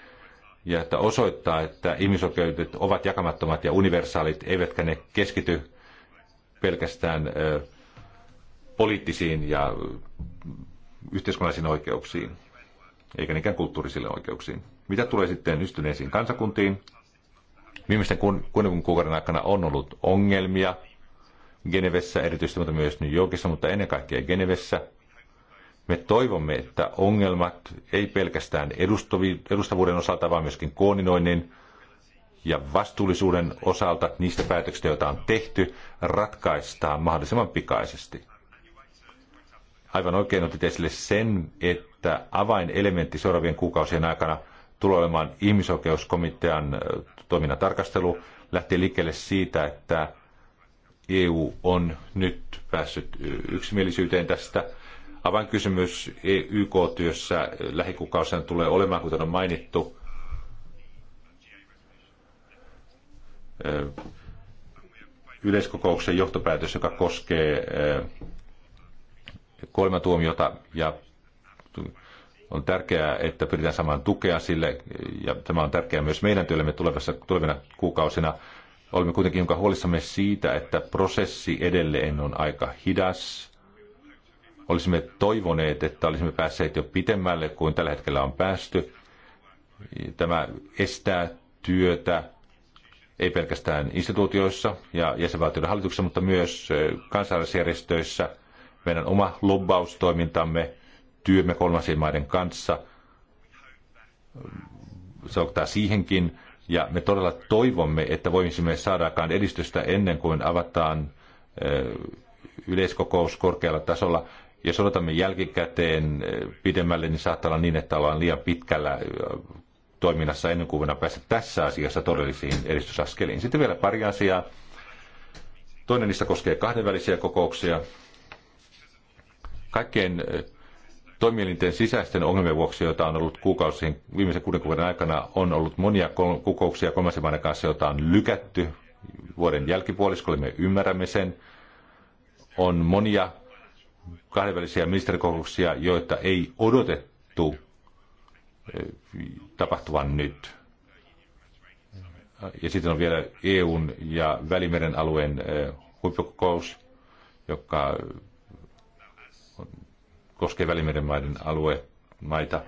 ja että osoittaa, että ihmisoikeudet ovat jakamattomat ja universaalit, eivätkä ne keskity pelkästään poliittisiin ja yhteiskunnallisiin oikeuksiin, eikä niinkään kulttuurisille oikeuksiin. Mitä tulee sitten yhtyneisiin kansakuntiin? Viimeisten kuuden kuukauden aikana on ollut ongelmia Genevessä erityisesti, mutta myös New Yorkissa, mutta ennen kaikkea Genevessä. Me toivomme, että ongelmat ei pelkästään edustavuuden osalta, vaan myöskin koordinoinnin ja vastuullisuuden osalta niistä päätöksistä, joita on tehty, ratkaistaan mahdollisimman pikaisesti. Aivan oikein otit esille sen, että avainelementti seuraavien kuukausien aikana tulee olemaan ihmisoikeuskomitean toiminnan tarkastelu. Lähtee liikkeelle siitä, että EU on nyt päässyt yksimielisyyteen tästä. Avainkysymys e YK-työssä lähikuukausina tulee olemaan, kuten on mainittu, yleiskokouksen johtopäätös, joka koskee tuomiota ja on tärkeää, että pyritään saamaan tukea sille ja tämä on tärkeää myös meidän työllemme tulevina kuukausina. Olemme kuitenkin jonka huolissamme siitä, että prosessi edelleen on aika hidas. Olisimme toivoneet, että olisimme päässeet jo pitemmälle kuin tällä hetkellä on päästy. Tämä estää työtä ei pelkästään instituutioissa ja jäsenvaltioiden hallituksessa, mutta myös kansalaisjärjestöissä. Meidän oma lobbaustoimintamme, työmme kolmansien maiden kanssa, se siihenkin, ja me todella toivomme, että voisimme saadaakaan edistystä ennen kuin avataan yleiskokous korkealla tasolla. Jos odotamme jälkikäteen pidemmälle, niin saattaa olla niin, että ollaan liian pitkällä toiminnassa ennen kuin voidaan päästä tässä asiassa todellisiin edistysaskeliin. Sitten vielä pari asiaa. Toinen niistä koskee kahdenvälisiä kokouksia. Kaikkein toimielinten sisäisten ongelmien vuoksi, joita on ollut kuukausien viimeisen kuuden kuukauden aikana, on ollut monia kokouksia kolmansien maiden kanssa, joita on lykätty vuoden jälkipuoliskolle, me ymmärrämme sen. On monia kahdenvälisiä ministerikokouksia, joita ei odotettu eh, tapahtuvan nyt. Ja sitten on vielä EUn ja Välimeren alueen eh, huippukokous, joka koskee Välimeren maiden alue, maita.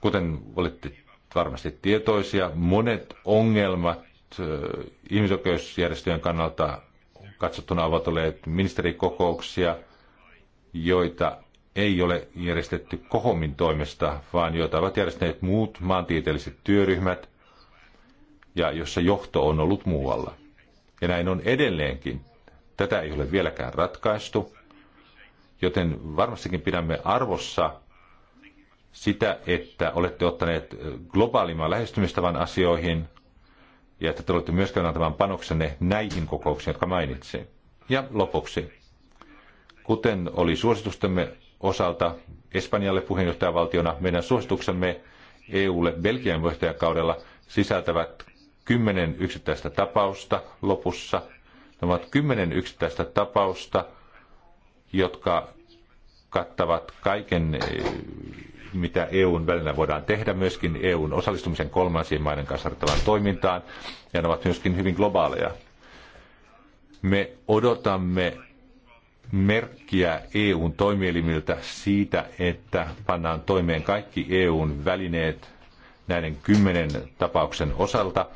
Kuten olette varmasti tietoisia, monet ongelmat ihmisoikeusjärjestöjen kannalta katsottuna ovat olleet ministerikokouksia, joita ei ole järjestetty kohomin toimesta, vaan joita ovat järjestäneet muut maantieteelliset työryhmät ja jossa johto on ollut muualla. Ja näin on edelleenkin. Tätä ei ole vieläkään ratkaistu joten varmastikin pidämme arvossa sitä, että olette ottaneet globaalimman lähestymistavan asioihin ja että te olette myöskin antamaan panoksenne näihin kokouksiin, jotka mainitsin. Ja lopuksi, kuten oli suositustemme osalta Espanjalle puheenjohtajavaltiona, meidän suosituksemme EUlle Belgian puheenjohtajakaudella sisältävät kymmenen yksittäistä tapausta lopussa. Ne ovat kymmenen yksittäistä tapausta, jotka kattavat kaiken, eh, mitä EUn välillä voidaan tehdä, myöskin EUn osallistumisen kolmansien maiden kanssa harjoittavaan toimintaan, ja ne ovat myöskin hyvin globaaleja. Me odotamme merkkiä EUn toimielimiltä siitä, että pannaan toimeen kaikki EUn välineet näiden kymmenen tapauksen osalta,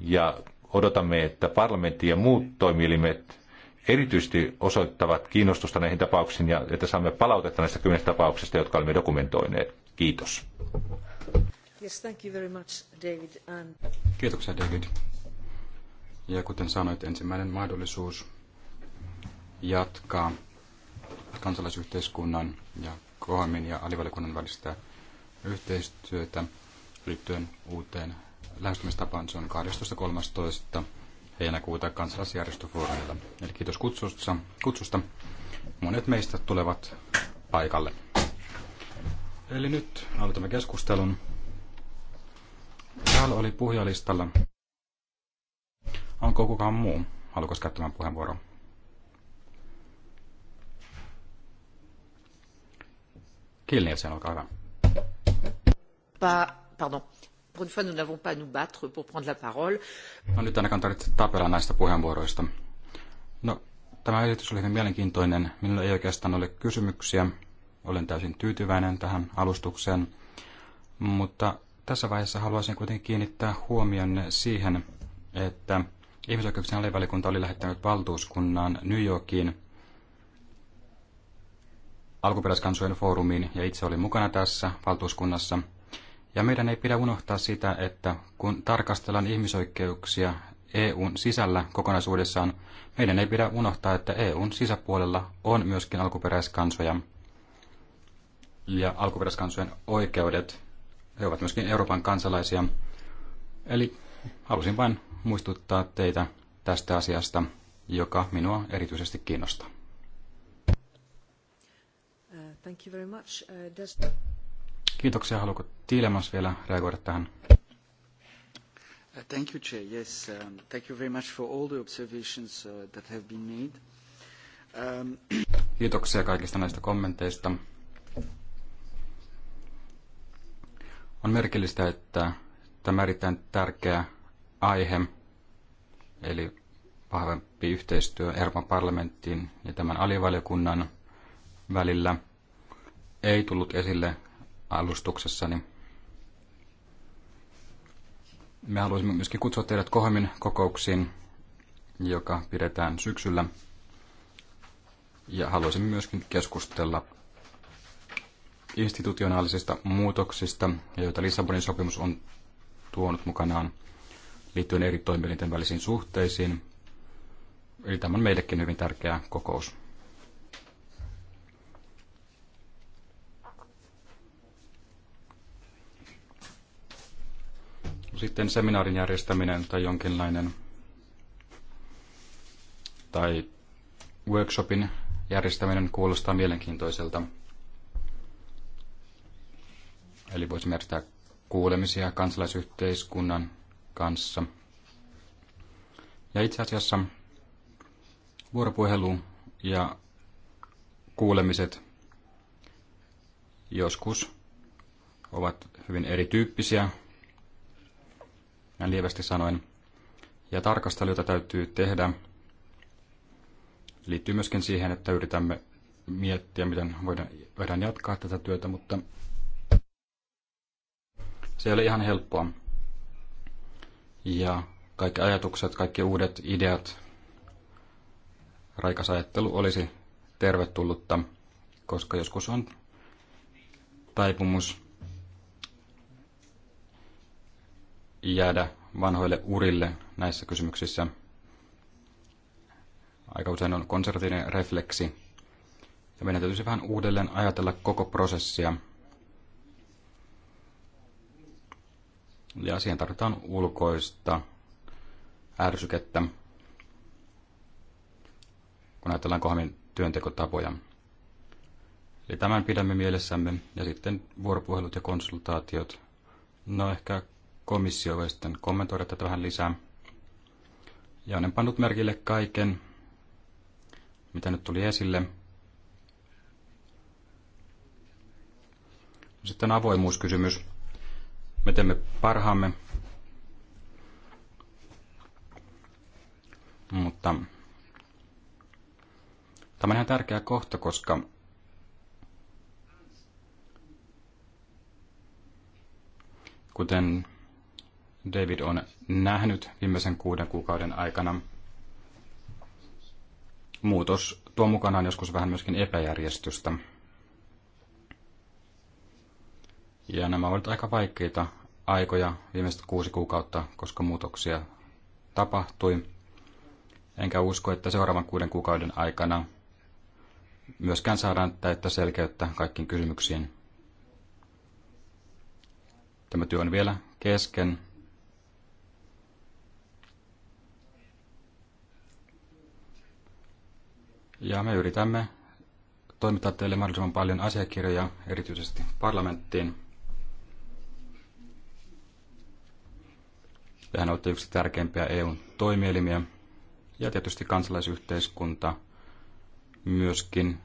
ja odotamme, että parlamentti ja muut toimielimet erityisesti osoittavat kiinnostusta näihin tapauksiin ja että saamme palautetta näistä kymmenestä tapauksesta, jotka olemme dokumentoineet. Kiitos. Yes, thank you very much, David. And... Kiitoksia, David. Ja kuten sanoit, ensimmäinen mahdollisuus jatkaa kansalaisyhteiskunnan ja KOHAMin ja alivalikunnan välistä yhteistyötä liittyen uuteen lähestymistapaan. Se on 12.13 heinäkuuta kansalaisjärjestöfoorumilla. Eli kiitos kutsusta. kutsusta. Monet meistä tulevat paikalle. Eli nyt aloitamme keskustelun. Täällä oli puhujalistalla. Onko kukaan muu Haluatko käyttämään puheenvuoron? sen olkaa hyvä. Pa, pardon. Pour une fois, nous n'avons pas à nous battre pour prendre la parole. No nyt ainakaan tarvitse tapella näistä puheenvuoroista. No, tämä esitys oli hyvin mielenkiintoinen. Minulla ei oikeastaan ole kysymyksiä. Olen täysin tyytyväinen tähän alustukseen. Mutta tässä vaiheessa haluaisin kuitenkin kiinnittää huomion siihen, että ihmisoikeuksien alivalikunta oli lähettänyt valtuuskunnan New Yorkiin alkuperäiskansojen foorumiin ja itse olin mukana tässä valtuuskunnassa – ja meidän ei pidä unohtaa sitä, että kun tarkastellaan ihmisoikeuksia EUn sisällä kokonaisuudessaan, meidän ei pidä unohtaa, että EUn sisäpuolella on myöskin alkuperäiskansoja ja alkuperäiskansojen oikeudet. He ovat myöskin Euroopan kansalaisia. Eli halusin vain muistuttaa teitä tästä asiasta, joka minua erityisesti kiinnostaa. Uh, thank you very much. Uh, does... Kiitoksia. Haluatko Tiilemas vielä reagoida tähän? Thank you, Chair. Yes, um, thank you very much for all the observations uh, that have been made. Um... (coughs) Kiitoksia kaikista näistä kommenteista. On merkillistä, että tämä erittäin tärkeä aihe, eli vahvempi yhteistyö Euroopan parlamenttiin ja tämän alivaliokunnan välillä, ei tullut esille alustuksessani. Me haluaisimme myöskin kutsua teidät Kohomin kokouksiin, joka pidetään syksyllä. Ja haluaisimme myöskin keskustella institutionaalisista muutoksista, joita Lissabonin sopimus on tuonut mukanaan liittyen eri toimielinten välisiin suhteisiin. Eli tämä on meillekin hyvin tärkeä kokous. sitten seminaarin järjestäminen tai jonkinlainen tai workshopin järjestäminen kuulostaa mielenkiintoiselta. Eli voisi järjestää kuulemisia kansalaisyhteiskunnan kanssa. Ja itse asiassa vuoropuhelu ja kuulemiset joskus ovat hyvin erityyppisiä näin lievästi sanoen. Ja tarkastelu, jota täytyy tehdä, liittyy myöskin siihen, että yritämme miettiä, miten voidaan, voidaan jatkaa tätä työtä, mutta se ei ole ihan helppoa. Ja kaikki ajatukset, kaikki uudet ideat, raikas ajattelu olisi tervetullutta, koska joskus on taipumus jäädä vanhoille urille näissä kysymyksissä. Aika usein on konservatiivinen refleksi. Ja meidän täytyisi vähän uudelleen ajatella koko prosessia. Ja siihen tarvitaan ulkoista ärsykettä, kun ajatellaan kohmin työntekotapoja. Eli tämän pidämme mielessämme ja sitten vuoropuhelut ja konsultaatiot. No ehkä komissio voi sitten kommentoida tätä vähän lisää. Ja olen pannut merkille kaiken, mitä nyt tuli esille. No sitten avoimuuskysymys. Me teemme parhaamme, mutta tämä on ihan tärkeä kohta, koska kuten David on nähnyt viimeisen kuuden kuukauden aikana. Muutos tuo mukanaan joskus vähän myöskin epäjärjestystä. Ja nämä ovat aika vaikeita aikoja, viimeiset kuusi kuukautta, koska muutoksia tapahtui. Enkä usko, että seuraavan kuuden kuukauden aikana myöskään saadaan täyttä selkeyttä kaikkiin kysymyksiin. Tämä työ on vielä kesken Ja me yritämme toimittaa teille mahdollisimman paljon asiakirjoja, erityisesti parlamenttiin. Tehän olette yksi tärkeimpiä eu toimielimiä ja tietysti kansalaisyhteiskunta myöskin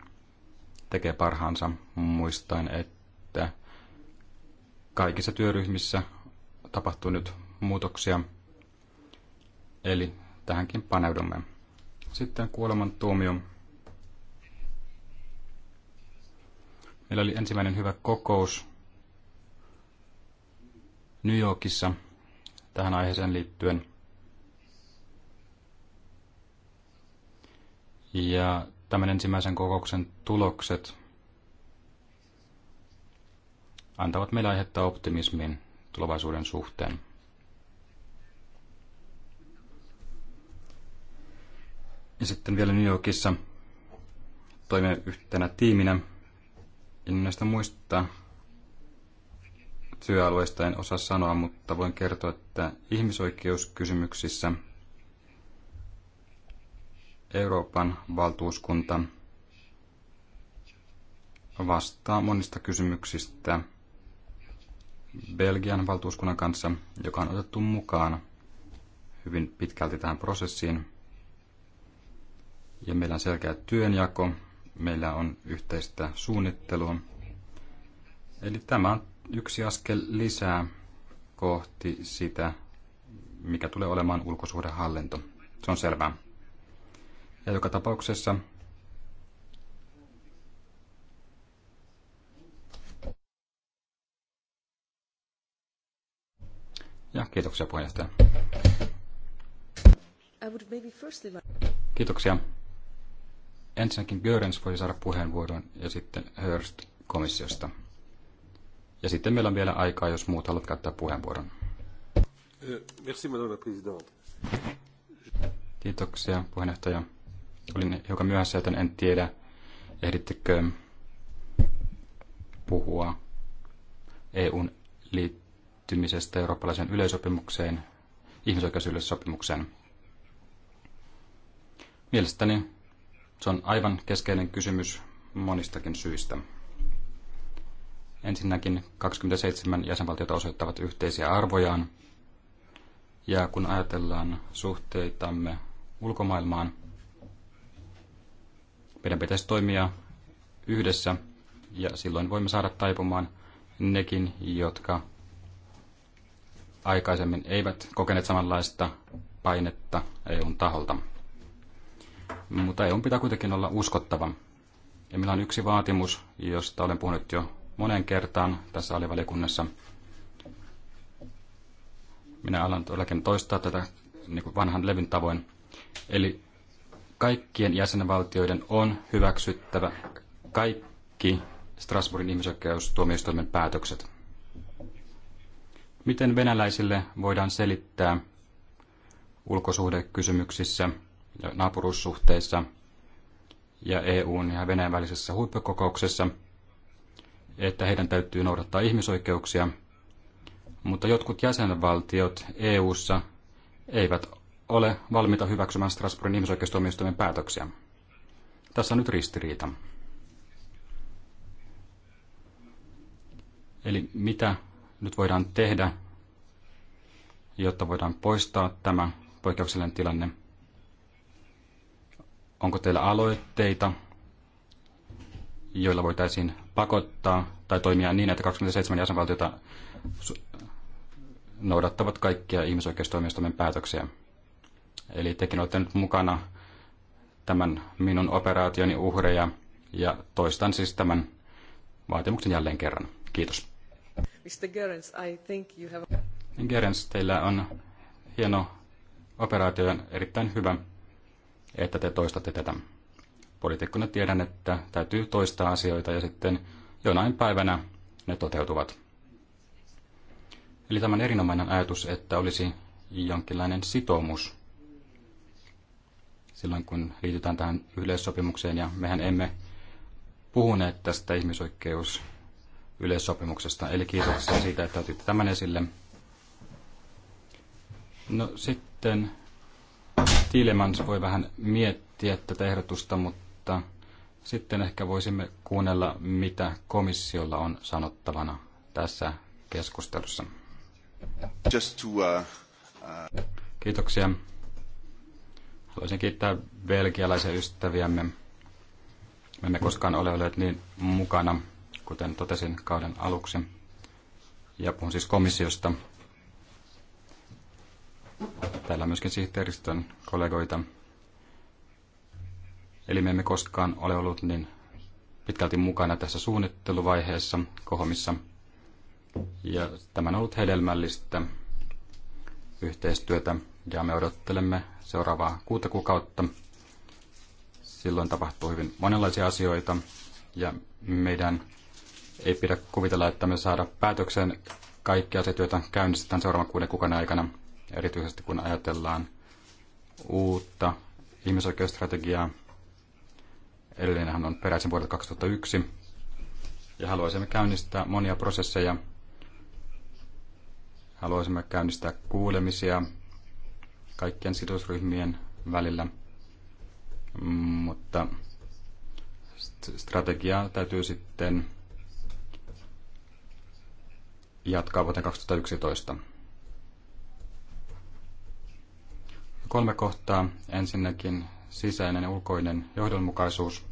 tekee parhaansa muistaen, että kaikissa työryhmissä tapahtuu nyt muutoksia. Eli tähänkin paneudumme. Sitten kuolemantuomio. tuomio Meillä oli ensimmäinen hyvä kokous New Yorkissa tähän aiheeseen liittyen. Ja tämän ensimmäisen kokouksen tulokset antavat meille aihetta optimismiin tulevaisuuden suhteen. Ja sitten vielä New Yorkissa toimimme yhtenä tiiminä ja näistä muista työalueista en osaa sanoa, mutta voin kertoa, että ihmisoikeuskysymyksissä Euroopan valtuuskunta vastaa monista kysymyksistä Belgian valtuuskunnan kanssa, joka on otettu mukaan hyvin pitkälti tähän prosessiin. Ja meillä on selkeä työnjako meillä on yhteistä suunnittelua. Eli tämä on yksi askel lisää kohti sitä, mikä tulee olemaan ulkosuhdehallinto. Se on selvää. Ja joka tapauksessa Ja kiitoksia puheenjohtaja. Kiitoksia. Ensinnäkin Görens voi saada puheenvuoron ja sitten Hörst komissiosta. Ja sitten meillä on vielä aikaa, jos muut haluat käyttää puheenvuoron. Merci, madame la présidente. Kiitoksia, puheenjohtaja. Olin hiukan myöhässä, joten en tiedä, ehdittekö puhua EUn liittymisestä eurooppalaiseen yleisopimukseen, ihmisoikeusyleissopimukseen. Mielestäni se on aivan keskeinen kysymys monistakin syistä. Ensinnäkin 27 jäsenvaltiota osoittavat yhteisiä arvojaan, ja kun ajatellaan suhteitamme ulkomaailmaan, meidän pitäisi toimia yhdessä, ja silloin voimme saada taipumaan nekin, jotka aikaisemmin eivät kokeneet samanlaista painetta EUn taholta mutta EUn pitää kuitenkin olla uskottava. Ja meillä on yksi vaatimus, josta olen puhunut jo monen kertaan tässä alivaliokunnassa. Minä alan todellakin toistaa tätä niin kuin vanhan levin tavoin. Eli kaikkien jäsenvaltioiden on hyväksyttävä kaikki Strasbourgin ihmisoikeustuomioistuimen päätökset. Miten venäläisille voidaan selittää ulkosuhdekysymyksissä – naapuruussuhteissa ja EUn ja Venäjän välisessä huippukokouksessa, että heidän täytyy noudattaa ihmisoikeuksia, mutta jotkut jäsenvaltiot EUssa eivät ole valmiita hyväksymään Strasbourgin ihmisoikeustuomioistuimen päätöksiä. Tässä on nyt ristiriita. Eli mitä nyt voidaan tehdä, jotta voidaan poistaa tämä poikkeuksellinen tilanne – Onko teillä aloitteita, joilla voitaisiin pakottaa tai toimia niin, että 27 jäsenvaltiota noudattavat kaikkia ihmisoikeustoimistomen päätöksiä? Eli tekin olette nyt mukana tämän minun operaationi uhreja ja toistan siis tämän vaatimuksen jälleen kerran. Kiitos. Mr. Gerens, I think you have... Niin, Gerens, teillä on hieno operaatio ja erittäin hyvä että te toistatte tätä. Poliitikkona tiedän, että täytyy toistaa asioita ja sitten jonain päivänä ne toteutuvat. Eli tämän erinomainen ajatus, että olisi jonkinlainen sitoumus silloin, kun liitytään tähän yleissopimukseen, ja mehän emme puhuneet tästä ihmisoikeus yleissopimuksesta. Eli kiitoksia siitä, että otitte tämän esille. No sitten Tiilemans voi vähän miettiä tätä ehdotusta, mutta sitten ehkä voisimme kuunnella, mitä komissiolla on sanottavana tässä keskustelussa. Just to, uh, uh... Kiitoksia. Haluaisin kiittää belgialaisia ystäviämme. Me emme koskaan ole olleet niin mukana, kuten totesin kauden aluksi. Ja puhun siis komissiosta. Täällä on myöskin sihteeristön kollegoita. Eli me emme koskaan ole ollut niin pitkälti mukana tässä suunnitteluvaiheessa kohomissa. Ja tämä on ollut hedelmällistä yhteistyötä ja me odottelemme seuraavaa kuuta kuukautta. Silloin tapahtuu hyvin monenlaisia asioita ja meidän ei pidä kuvitella, että me saada päätöksen kaikki asiat, joita käynnistetään seuraavan kuuden kuukauden aikana erityisesti kun ajatellaan uutta ihmisoikeusstrategiaa. Edellinenhän on peräisin vuodelta 2001. Ja haluaisimme käynnistää monia prosesseja. Haluaisimme käynnistää kuulemisia kaikkien sidosryhmien välillä. Mutta strategiaa täytyy sitten jatkaa vuoteen 2011. kolme kohtaa. Ensinnäkin sisäinen ja ulkoinen johdonmukaisuus.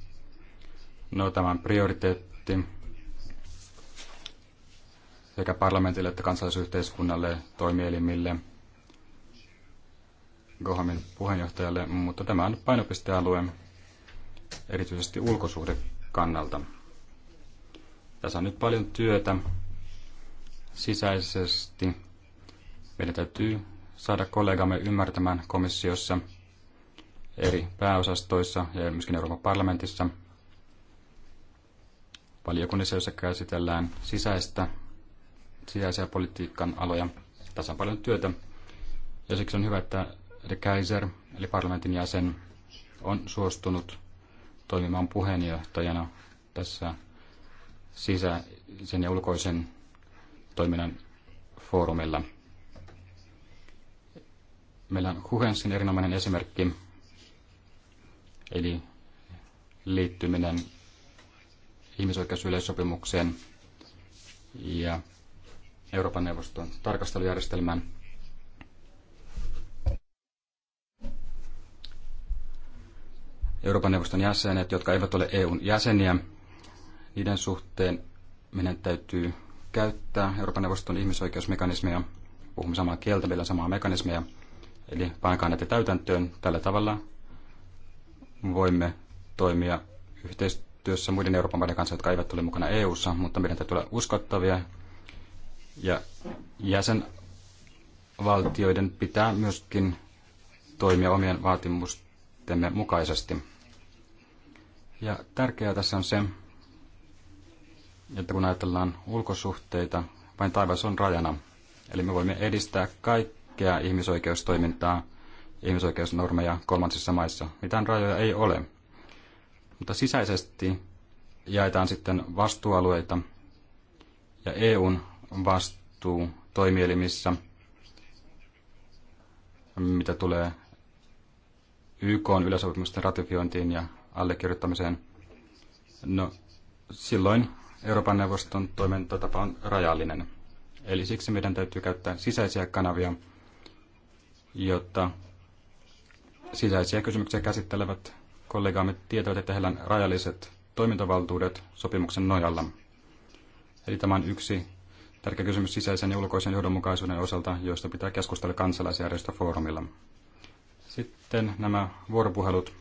No tämän prioriteetti sekä parlamentille että kansalaisyhteiskunnalle, toimielimille, Gohamin puheenjohtajalle, mutta tämä on painopistealue erityisesti ulkosuhde kannalta. Tässä on nyt paljon työtä sisäisesti. Meidän täytyy saada kollegamme ymmärtämään komissiossa, eri pääosastoissa ja myöskin Euroopan parlamentissa, valiokunnissa, joissa käsitellään sisäistä, sisäisiä politiikan aloja. Tässä on paljon työtä ja siksi on hyvä, että De Kaiser, eli parlamentin jäsen, on suostunut toimimaan puheenjohtajana tässä sisäisen ja ulkoisen toiminnan foorumilla – Meillä on Huhensin erinomainen esimerkki, eli liittyminen ihmisoikeusyleissopimukseen ja Euroopan neuvoston tarkastelujärjestelmään. Euroopan neuvoston jäsenet, jotka eivät ole EUn jäseniä, niiden suhteen meidän täytyy käyttää Euroopan neuvoston ihmisoikeusmekanismeja. Puhumme samaa kieltä, meillä on samaa mekanismeja. Eli pankaa näitä täytäntöön. Tällä tavalla voimme toimia yhteistyössä muiden Euroopan maiden kanssa, jotka eivät ole mukana EU-ssa, mutta meidän täytyy olla uskottavia. Ja jäsenvaltioiden pitää myöskin toimia omien vaatimustemme mukaisesti. Ja tärkeää tässä on se, että kun ajatellaan ulkosuhteita, vain taivas on rajana. Eli me voimme edistää kaikki kaikkea ihmisoikeustoimintaa, ihmisoikeusnormeja kolmansissa maissa. Mitään rajoja ei ole. Mutta sisäisesti jaetaan sitten vastuualueita ja EUn vastuu toimielimissä, mitä tulee YK yleisopimusten ratifiointiin ja allekirjoittamiseen. No, silloin Euroopan neuvoston toimintatapa on rajallinen. Eli siksi meidän täytyy käyttää sisäisiä kanavia, jotta sisäisiä kysymyksiä käsittelevät kollegaamme tietävät, että heillä on rajalliset toimintavaltuudet sopimuksen nojalla. Eli tämä on yksi tärkeä kysymys sisäisen ja ulkoisen johdonmukaisuuden osalta, joista pitää keskustella kansalaisjärjestöfoorumilla. Sitten nämä vuoropuhelut.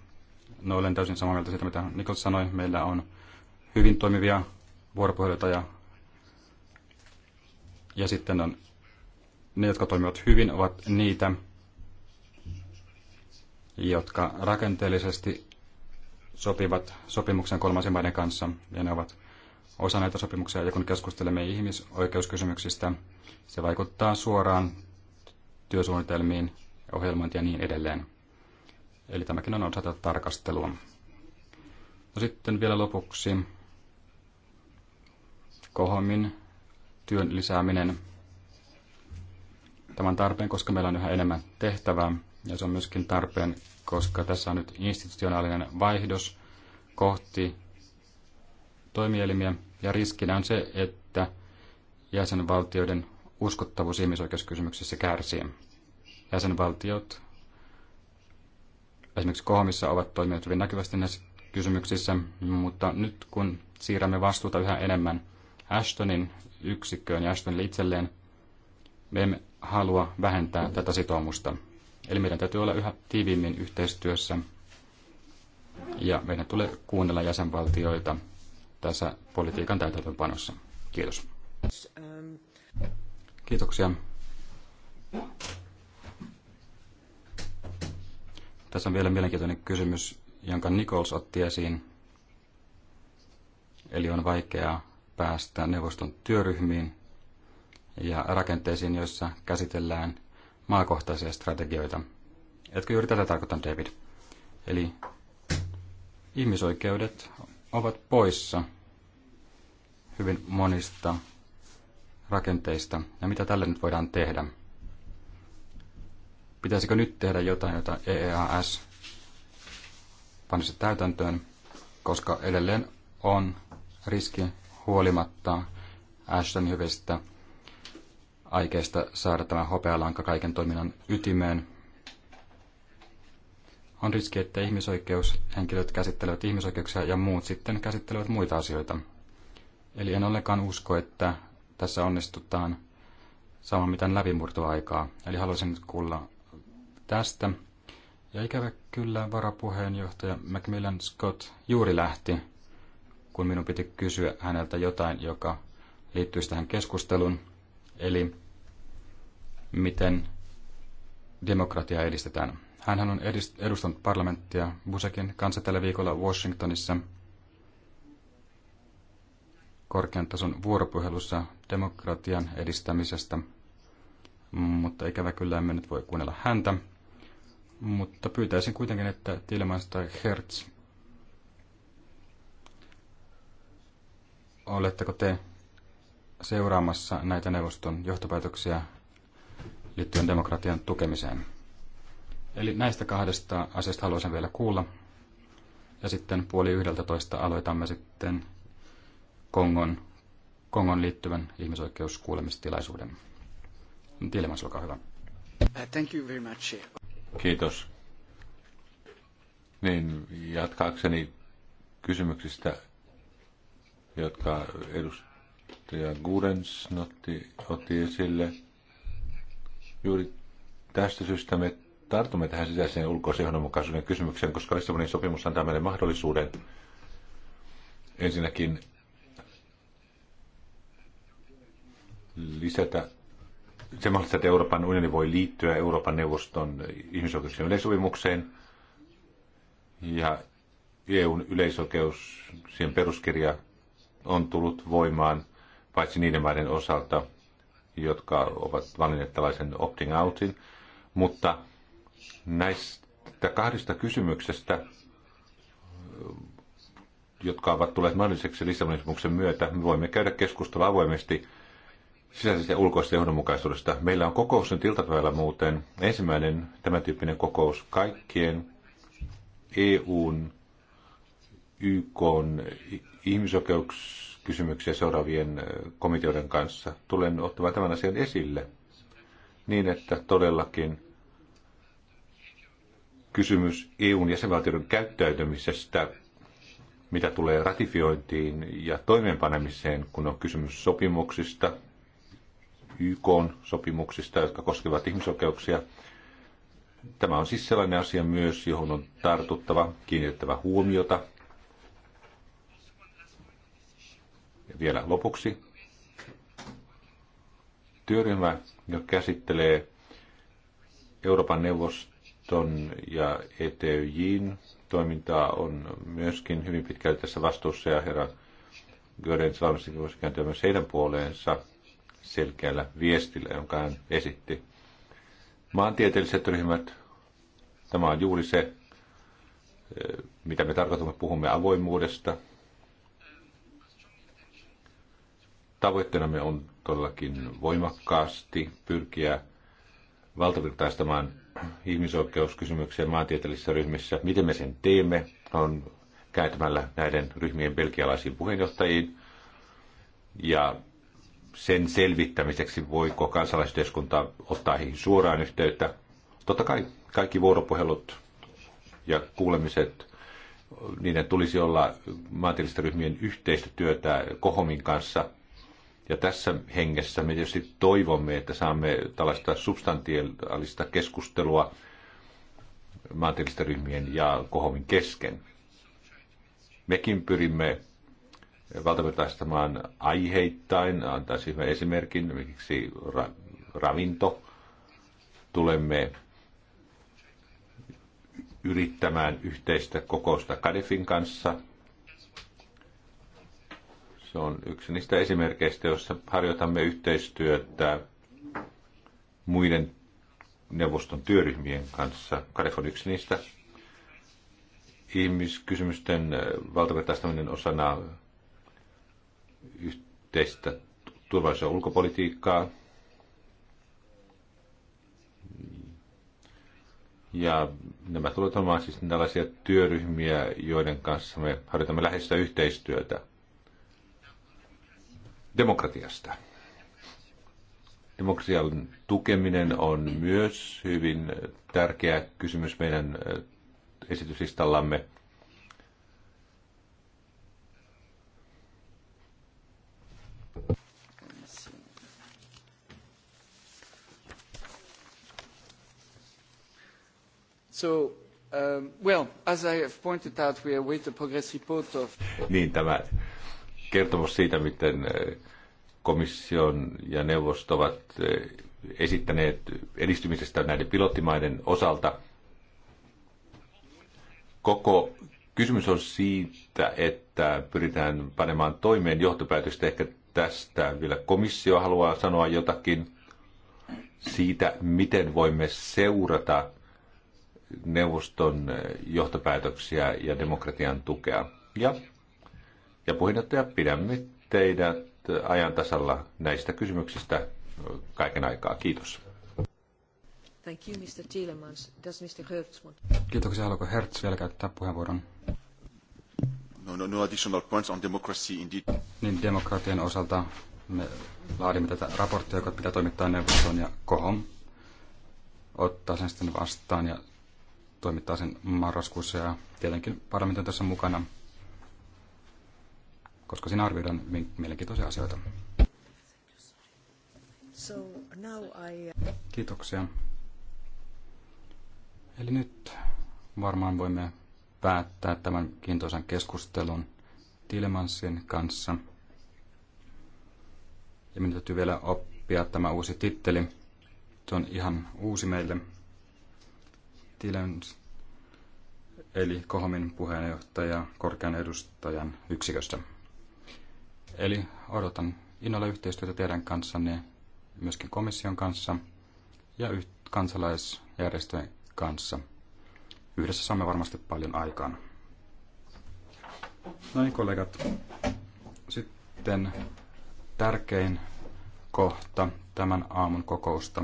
No olen täysin samaa mieltä siitä, mitä Nikos sanoi. Meillä on hyvin toimivia vuoropuheluita ja, ja sitten on ne, jotka toimivat hyvin, ovat niitä, jotka rakenteellisesti sopivat sopimuksen kolmansien maiden kanssa, ja ne ovat osa näitä sopimuksia, ja kun keskustelemme ihmisoikeuskysymyksistä, se vaikuttaa suoraan työsuunnitelmiin, ohjelmointiin ja niin edelleen. Eli tämäkin on osa tätä tarkastelua. No sitten vielä lopuksi kohomin työn lisääminen. Tämän tarpeen, koska meillä on yhä enemmän tehtävää ja se on myöskin tarpeen, koska tässä on nyt institutionaalinen vaihdos kohti toimielimiä, ja riskinä on se, että jäsenvaltioiden uskottavuus ihmisoikeuskysymyksissä kärsii. Jäsenvaltiot esimerkiksi kohomissa ovat toimineet hyvin näkyvästi näissä kysymyksissä, mutta nyt kun siirrämme vastuuta yhä enemmän Ashtonin yksikköön ja Ashtonille itselleen, me emme halua vähentää tätä sitoumusta. Eli meidän täytyy olla yhä tiiviimmin yhteistyössä ja meidän tulee kuunnella jäsenvaltioita tässä politiikan täytäntöönpanossa. Kiitos. Kiitoksia. Tässä on vielä mielenkiintoinen kysymys, jonka Nichols otti esiin. Eli on vaikeaa päästä neuvoston työryhmiin ja rakenteisiin, joissa käsitellään maakohtaisia strategioita. Etkö juuri tätä tarkoitan, David? Eli ihmisoikeudet ovat poissa hyvin monista rakenteista. Ja mitä tälle nyt voidaan tehdä? Pitäisikö nyt tehdä jotain, jota EEAS panisi täytäntöön, koska edelleen on riski huolimatta Ashton hyvistä aikeista saada tämä hopealanka kaiken toiminnan ytimeen. On riski, että ihmisoikeushenkilöt käsittelevät ihmisoikeuksia ja muut sitten käsittelevät muita asioita. Eli en ollenkaan usko, että tässä onnistutaan saamaan mitään läpimurtoaikaa. Eli haluaisin nyt kuulla tästä. Ja ikävä kyllä varapuheenjohtaja Macmillan Scott juuri lähti, kun minun piti kysyä häneltä jotain, joka liittyisi tähän keskusteluun eli miten demokratiaa edistetään. hän on edustanut parlamenttia Busekin kanssa tällä viikolla Washingtonissa korkean tason vuoropuhelussa demokratian edistämisestä, mutta ikävä kyllä emme nyt voi kuunnella häntä. Mutta pyytäisin kuitenkin, että Tilemans tai Hertz, oletteko te seuraamassa näitä neuvoston johtopäätöksiä liittyen demokratian tukemiseen. Eli näistä kahdesta asiasta haluaisin vielä kuulla. Ja sitten puoli yhdeltä toista aloitamme sitten Kongon, Kongon liittyvän ihmisoikeuskuulemistilaisuuden. Tiilemas, olkaa hyvä. Thank you very much. Kiitos. Niin, jatkaakseni kysymyksistä, jotka edustavat ja Gurens otti, otti esille. Juuri tästä syystä me tartumme tähän sisäiseen ulkoisen johdonmukaisuuden kysymykseen, koska Lissabonin sopimus antaa meille mahdollisuuden ensinnäkin lisätä se mahdollista, että Euroopan unioni voi liittyä Euroopan neuvoston ihmisoikeuksien yleisopimukseen ja EUn siihen peruskirja on tullut voimaan paitsi niiden maiden osalta, jotka ovat valinneet tällaisen opting outin, mutta näistä kahdesta kysymyksestä, jotka ovat tulleet mahdolliseksi Lissabonin sopimuksen myötä, me voimme käydä keskustelua avoimesti sisäisestä ja ulkoisesta johdonmukaisuudesta. Meillä on kokous nyt iltapäivällä muuten, ensimmäinen tämän tyyppinen kokous kaikkien EUn, YK, ihmisoikeuksien, kysymyksiä seuraavien komiteoiden kanssa. Tulen ottamaan tämän asian esille niin, että todellakin kysymys EUn jäsenvaltioiden käyttäytymisestä, mitä tulee ratifiointiin ja toimeenpanemiseen, kun on kysymys sopimuksista, YK-sopimuksista, jotka koskevat ihmisoikeuksia. Tämä on siis sellainen asia myös, johon on tartuttava, kiinnitettävä huomiota vielä lopuksi. Työryhmä, joka käsittelee Euroopan neuvoston ja ETYJin toimintaa, on myöskin hyvin pitkälti tässä vastuussa ja herra Gödens varmasti voisi kääntyä myös heidän puoleensa selkeällä viestillä, jonka hän esitti. Maantieteelliset ryhmät, tämä on juuri se, eh, mitä me tarkoitamme, puhumme avoimuudesta, Tavoitteenamme on todellakin voimakkaasti pyrkiä valtavirtaistamaan ihmisoikeuskysymyksiä maantieteellisissä ryhmissä. Miten me sen teemme? On käytämällä näiden ryhmien belgialaisiin puheenjohtajiin. Ja sen selvittämiseksi, voiko kansalaisyhteiskunta ottaa heihin suoraan yhteyttä. Totta kai kaikki vuoropuhelut ja kuulemiset, niiden tulisi olla maantieteellisten ryhmien yhteistä työtä Kohomin kanssa – ja tässä hengessä me tietysti toivomme, että saamme tällaista substantiaalista keskustelua maantieteellisten ryhmien ja kohomin kesken. Mekin pyrimme valtavirtaistamaan aiheittain, antaisin esimerkin, esimerkiksi ra- ravinto. Tulemme yrittämään yhteistä kokousta Kadefin kanssa se on yksi niistä esimerkkeistä, joissa harjoitamme yhteistyötä muiden neuvoston työryhmien kanssa. Karef on yksi niistä. Ihmiskysymysten äh, valtavirtaistaminen osana yhteistä turvallisuus- ja ulkopolitiikkaa. Ja nämä tulevat olemaan siis tällaisia työryhmiä, joiden kanssa me harjoitamme läheistä yhteistyötä – demokratiasta. Demokratian tukeminen on myös hyvin tärkeä kysymys meidän esityslistallamme. So, um, well, as I have pointed out, we await the progress report of... Niin, tämä kertomus siitä, miten eh, komission ja neuvosto ovat eh, esittäneet edistymisestä näiden pilottimaiden osalta. Koko kysymys on siitä, että pyritään panemaan toimeen johtopäätöstä. Ehkä tästä vielä komissio haluaa sanoa jotakin siitä, miten voimme seurata neuvoston eh, johtopäätöksiä ja demokratian tukea. Ja ja puheenjohtaja, pidämme teidät ajan tasalla näistä kysymyksistä kaiken aikaa. Kiitos. Thank you, Mr. Tielemans. Does Mr. Hertz want... Kiitoksia. Haluatko Hertz vielä käyttää puheenvuoron? No, no, no additional points on democracy indeed. Niin, demokratian osalta me laadimme tätä raporttia, joka pitää toimittaa neuvostoon ja kohon ottaa sen sitten vastaan ja toimittaa sen marraskuussa ja tietenkin parlamentti on tässä mukana koska siinä arvioidaan hyvin mielenkiintoisia asioita. Uh, Kiitoksia. Eli nyt varmaan voimme päättää tämän kiintoisen keskustelun Tilemansin kanssa. Ja minun täytyy vielä oppia tämä uusi titteli. Se on ihan uusi meille. Tilemans, eli Kohomin puheenjohtaja korkean edustajan yksiköstä. Eli odotan innolla yhteistyötä teidän kanssanne, myöskin komission kanssa ja kansalaisjärjestöjen kanssa. Yhdessä saamme varmasti paljon aikaan. No niin, kollegat. Sitten tärkein kohta tämän aamun kokousta.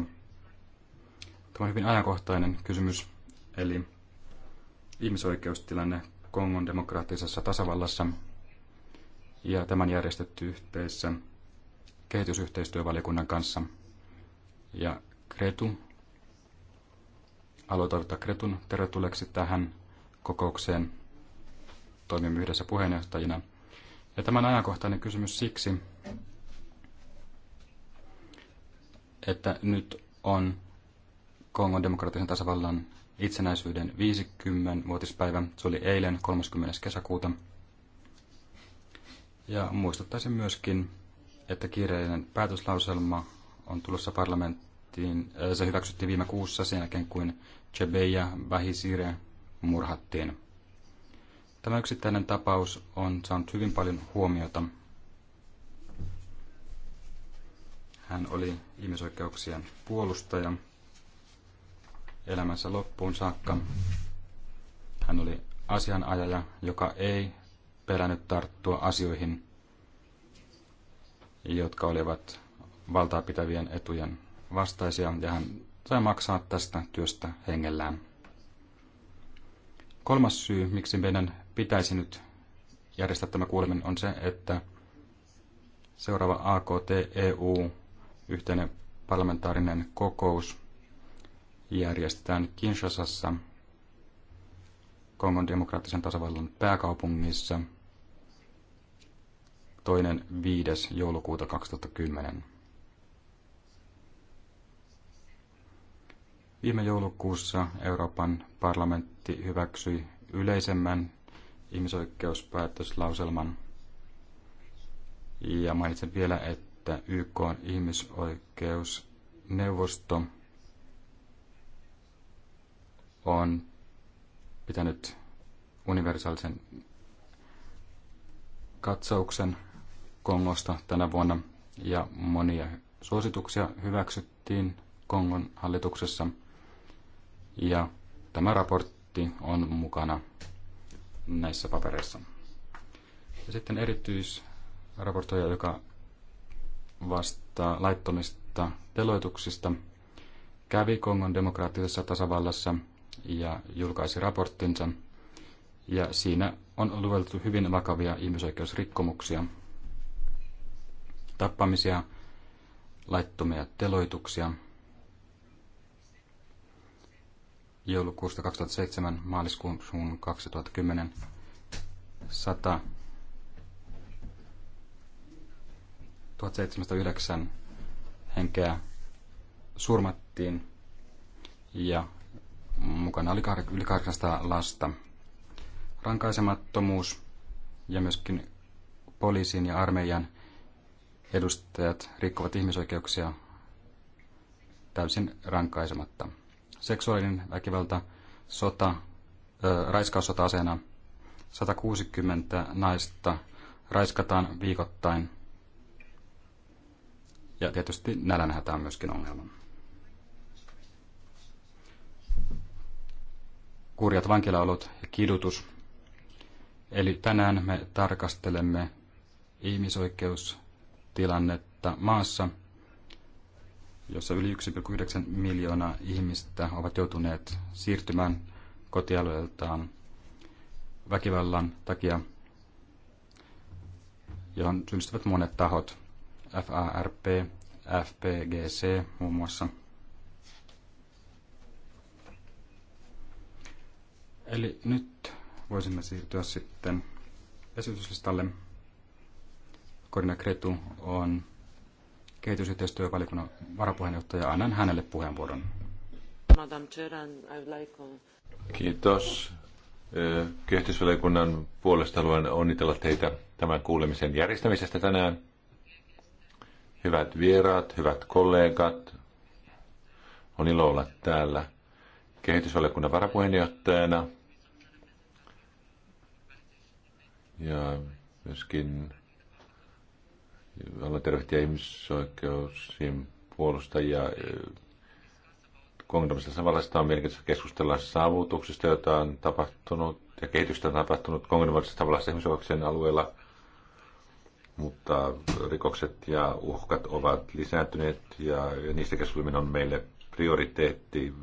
Tämä on hyvin ajankohtainen kysymys, eli ihmisoikeustilanne Kongon demokraattisessa tasavallassa ja tämän järjestetty yhteisessä kehitysyhteistyövaliokunnan kanssa. Ja Kretu, haluan toivottaa Kretun tervetulleeksi tähän kokoukseen. Toimimme yhdessä puheenjohtajina. Ja tämän ajankohtainen kysymys siksi, että nyt on Kongon demokraattisen tasavallan itsenäisyyden 50-vuotispäivä. Se oli eilen 30. kesäkuuta. Ja muistuttaisin myöskin, että kiireellinen päätöslauselma on tulossa parlamenttiin. Äh, se hyväksyttiin viime kuussa sen jälkeen, kuin Chebeya Bahisire murhattiin. Tämä yksittäinen tapaus on saanut hyvin paljon huomiota. Hän oli ihmisoikeuksien puolustaja elämänsä loppuun saakka. Hän oli asianajaja, joka ei pelännyt tarttua asioihin, jotka olivat valtaapitävien etujen vastaisia, ja hän sai maksaa tästä työstä hengellään. Kolmas syy, miksi meidän pitäisi nyt järjestää tämä kuuleminen, on se, että seuraava AKT-EU, yhteinen parlamentaarinen kokous, järjestetään Kinshasassa, Kongon demokraattisen tasavallan pääkaupungissa – toinen viides joulukuuta 2010. Viime joulukuussa Euroopan parlamentti hyväksyi yleisemmän ihmisoikeuspäätöslauselman. Ja mainitsen vielä, että YK on ihmisoikeusneuvosto on pitänyt universaalisen katsauksen Kongosta tänä vuonna ja monia suosituksia hyväksyttiin Kongon hallituksessa. Ja tämä raportti on mukana näissä papereissa. Ja sitten erityisraportoija, joka vastaa laittomista teloituksista, kävi Kongon demokraattisessa tasavallassa ja julkaisi raporttinsa. Ja siinä on lueltu hyvin vakavia ihmisoikeusrikkomuksia tappamisia, laittomia teloituksia. Joulukuusta 2007 maaliskuun 2010 100 1709 henkeä surmattiin ja mukana oli yli 800 lasta. Rankaisemattomuus ja myöskin poliisin ja armeijan edustajat rikkovat ihmisoikeuksia täysin rankaisematta. Seksuaalinen väkivalta, sota, ö, raiskaussota asena 160 naista raiskataan viikoittain. Ja tietysti nälänhätä on myöskin ongelma. Kurjat vankilaolot ja kidutus. Eli tänään me tarkastelemme ihmisoikeus tilannetta maassa, jossa yli 1,9 miljoonaa ihmistä ovat joutuneet siirtymään kotialueeltaan väkivallan takia, johon syyllistyvät monet tahot, FARP, FPGC muun muassa. Eli nyt voisimme siirtyä sitten esityslistalle. Korina Kretu on kehitysyhteistyövaliokunnan varapuheenjohtaja. Annan hänelle puheenvuoron. Uh, Kiitos. Kehitysvaliokunnan puolesta haluan onnitella teitä tämän kuulemisen järjestämisestä tänään. Hyvät vieraat, hyvät kollegat, on ilo olla täällä kehitysvaliokunnan varapuheenjohtajana ja myöskin haluan tervehtiä ihmisoikeuksien puolustajia eh, Kongdomissa samanlaista on mielenkiintoista keskustella saavutuksista, joita on tapahtunut ja kehitystä on tapahtunut Kongdomissa tavallaan ihmisoikeuksien alueella, mutta eh, rikokset ja uhkat ovat lisääntyneet ja niistä keskusteleminen on meille prioriteetti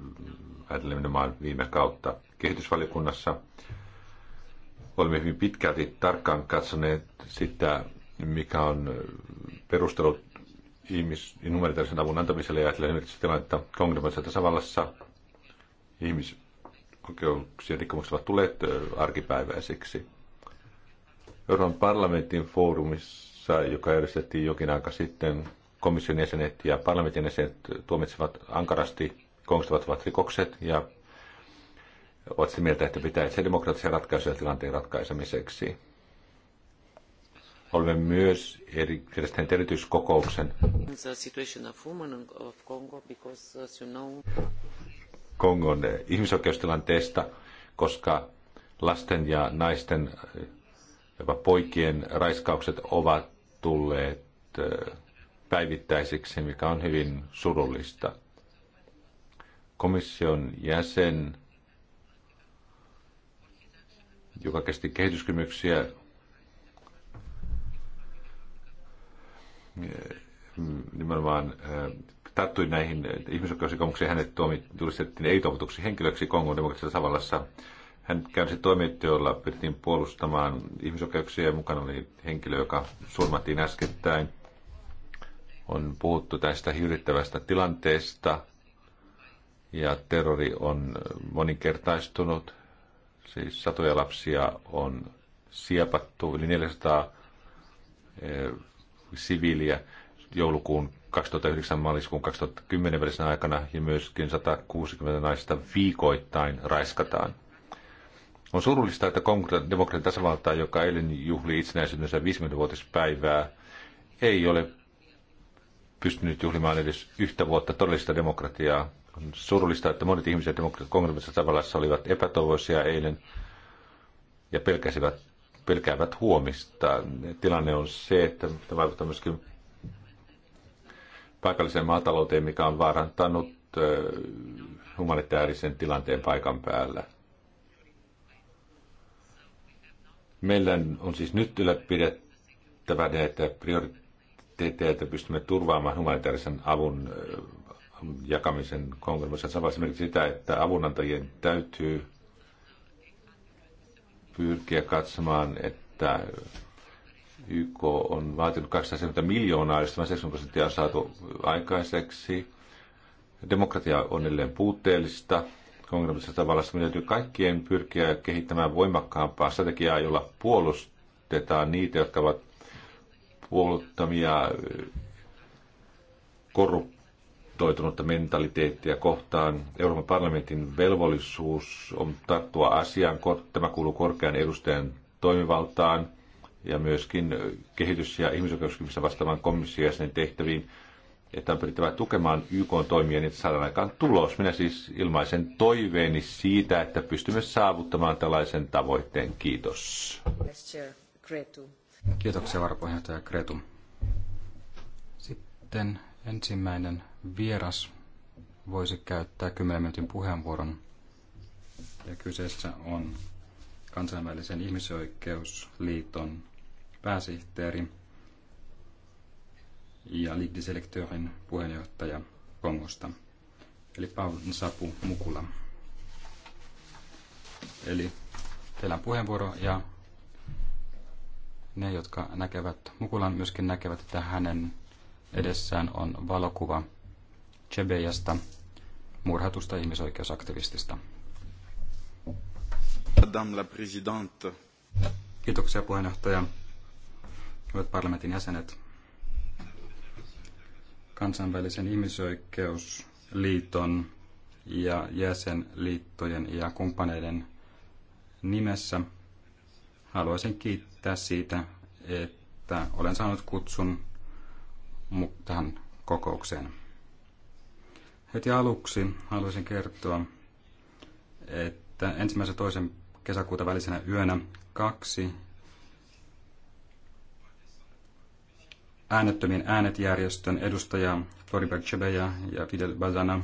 ajatellen maan viime kautta kehitysvaliokunnassa. Olemme hyvin pitkälti tarkkaan katsoneet sitä, mikä on perustelut ihmis- numeritaarisen avun antamiselle ja esimerkiksi että kongressissa tasavallassa ihmisoikeuksien rikkomukset ovat tulleet arkipäiväisiksi. Euroopan parlamentin foorumissa, joka järjestettiin jokin aika sitten, komission jäsenet ja parlamentin jäsenet tuomitsevat ankarasti kongressivat rikokset ja ovat sitä mieltä, että pitää se demokraattisia ratkaisuja tilanteen ratkaisemiseksi. Olemme myös eri, järjestäneet erityiskokouksen. Kongon eh, ihmisoikeustilanteesta, koska lasten ja naisten, eh, jopa poikien raiskaukset ovat tulleet eh, päivittäisiksi, mikä on hyvin surullista. Komission jäsen, joka kesti kehityskymyksiä, nimenomaan äh, tarttui näihin ihmisoikeusrikomuksiin, hänet tulistettiin ei-toivotuksi henkilöksi Kongon demokraattisessa tavallassa. Hän käynsi toimintaa, pyrittiin puolustamaan ihmisoikeuksia ja mukana oli henkilö, joka surmattiin äskettäin. On puhuttu tästä hirvittävästä tilanteesta ja terrori on moninkertaistunut. Siis satoja lapsia on siepattu, yli 400 siviiliä joulukuun 2009 maaliskuun 2010 välisenä aikana ja myöskin 160 naista viikoittain raiskataan. On surullista, että Kongon demokratian tasavaltaa, joka eilen juhli itsenäisyytensä 50-vuotispäivää, ei ole pystynyt juhlimaan edes yhtä vuotta todellista demokratiaa. On surullista, että monet ihmiset Kongon tasavallassa olivat epätoivoisia eilen ja pelkäsivät pelkäävät huomista. Tilanne on se, että tämä vaikuttaa myöskin paikalliseen maatalouteen, mikä on vaarantanut humanitaarisen tilanteen paikan päällä. Meillä on siis nyt ylläpidettävä näitä prioriteetteja, että pystymme turvaamaan humanitaarisen avun jakamisen kongelmassa. Samalla esimerkiksi sitä, että avunantajien täytyy pyrkiä katsomaan, että YK on vaatinut 270 miljoonaa, josta 70 prosenttia on saatu aikaiseksi. Demokratia on edelleen puutteellista. Kongressissa tavalla se täytyy kaikkien pyrkiä kehittämään voimakkaampaa strategiaa, jolla puolustetaan niitä, jotka ovat puoluttamia korruptioita korruptoitunutta mentaliteettia kohtaan. Euroopan parlamentin velvollisuus on tarttua asiaan. Tämä kuuluu korkean edustajan toimivaltaan ja myöskin kehitys- ja ihmisoikeuskysymyksistä vastaavan komission jäsenen tehtäviin, että on pyrittävä tukemaan YK-toimia, niin että saadaan aikaan tulos. Minä siis ilmaisen toiveeni siitä, että pystymme saavuttamaan tällaisen tavoitteen. Kiitos. Kiitoksia varapuheenjohtaja Kretu. Sitten Ensimmäinen vieras voisi käyttää 10 minuutin puheenvuoron. Ja kyseessä on kansainvälisen ihmisoikeusliiton pääsihteeri ja Ligdiselektörin puheenjohtaja Kongosta, eli Paul Nsapu Mukula. Eli teillä on puheenvuoro ja ne, jotka näkevät Mukulan, myöskin näkevät, että hänen Edessään on valokuva Chebejasta, murhatusta ihmisoikeusaktivistista. Madame la présidente. Kiitoksia puheenjohtaja. Hyvät parlamentin jäsenet. Kansainvälisen ihmisoikeusliiton ja jäsenliittojen ja kumppaneiden nimessä haluaisin kiittää siitä, että olen saanut kutsun tähän kokoukseen. Heti aluksi haluaisin kertoa, että ensimmäisen ja toisen kesäkuuta välisenä yönä kaksi äänettömien äänetjärjestön edustajaa Floribert Chebeja ja Fidel Bazana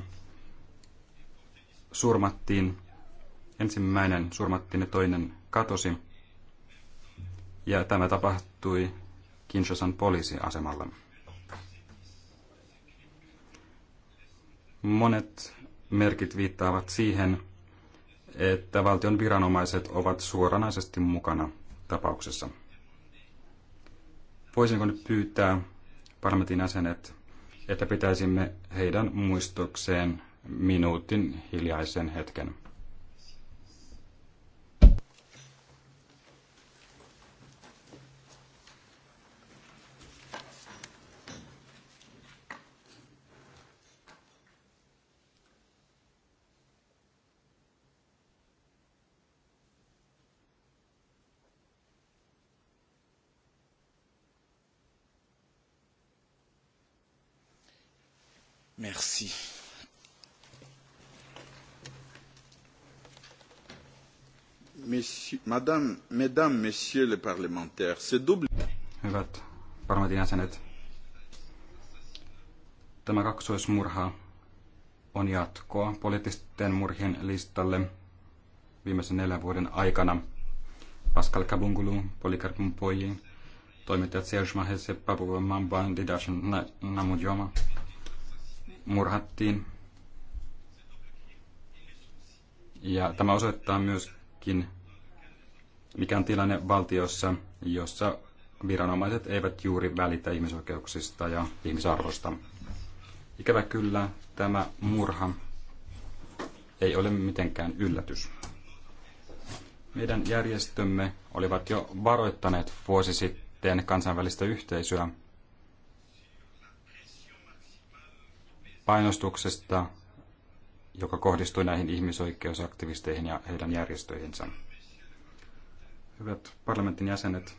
surmattiin. Ensimmäinen surmattiin ja toinen katosi. Ja tämä tapahtui Kinshasan poliisiasemalla. Monet merkit viittaavat siihen, että valtion viranomaiset ovat suoranaisesti mukana tapauksessa. Voisinko nyt pyytää parlamentin jäsenet, että pitäisimme heidän muistokseen minuutin hiljaisen hetken? Merci. Monsieur, madame, mesdames, messieurs les parlementaires, c'est double... Hyvät parlamentin jäsenet, tämä kaksoismurha on jatkoa poliittisten murhien listalle viimeisen neljän vuoden aikana. Pascal Kabungulu, Polikarpun poji, toimittajat Serge Mahese, Papu Mamba, Didashan Namudjoma, murhattiin. Ja tämä osoittaa myöskin, mikä on tilanne valtiossa, jossa viranomaiset eivät juuri välitä ihmisoikeuksista ja ihmisarvosta. Ikävä kyllä tämä murha ei ole mitenkään yllätys. Meidän järjestömme olivat jo varoittaneet vuosi sitten kansainvälistä yhteisöä painostuksesta, joka kohdistui näihin ihmisoikeusaktivisteihin ja heidän järjestöihinsä. Hyvät parlamentin jäsenet,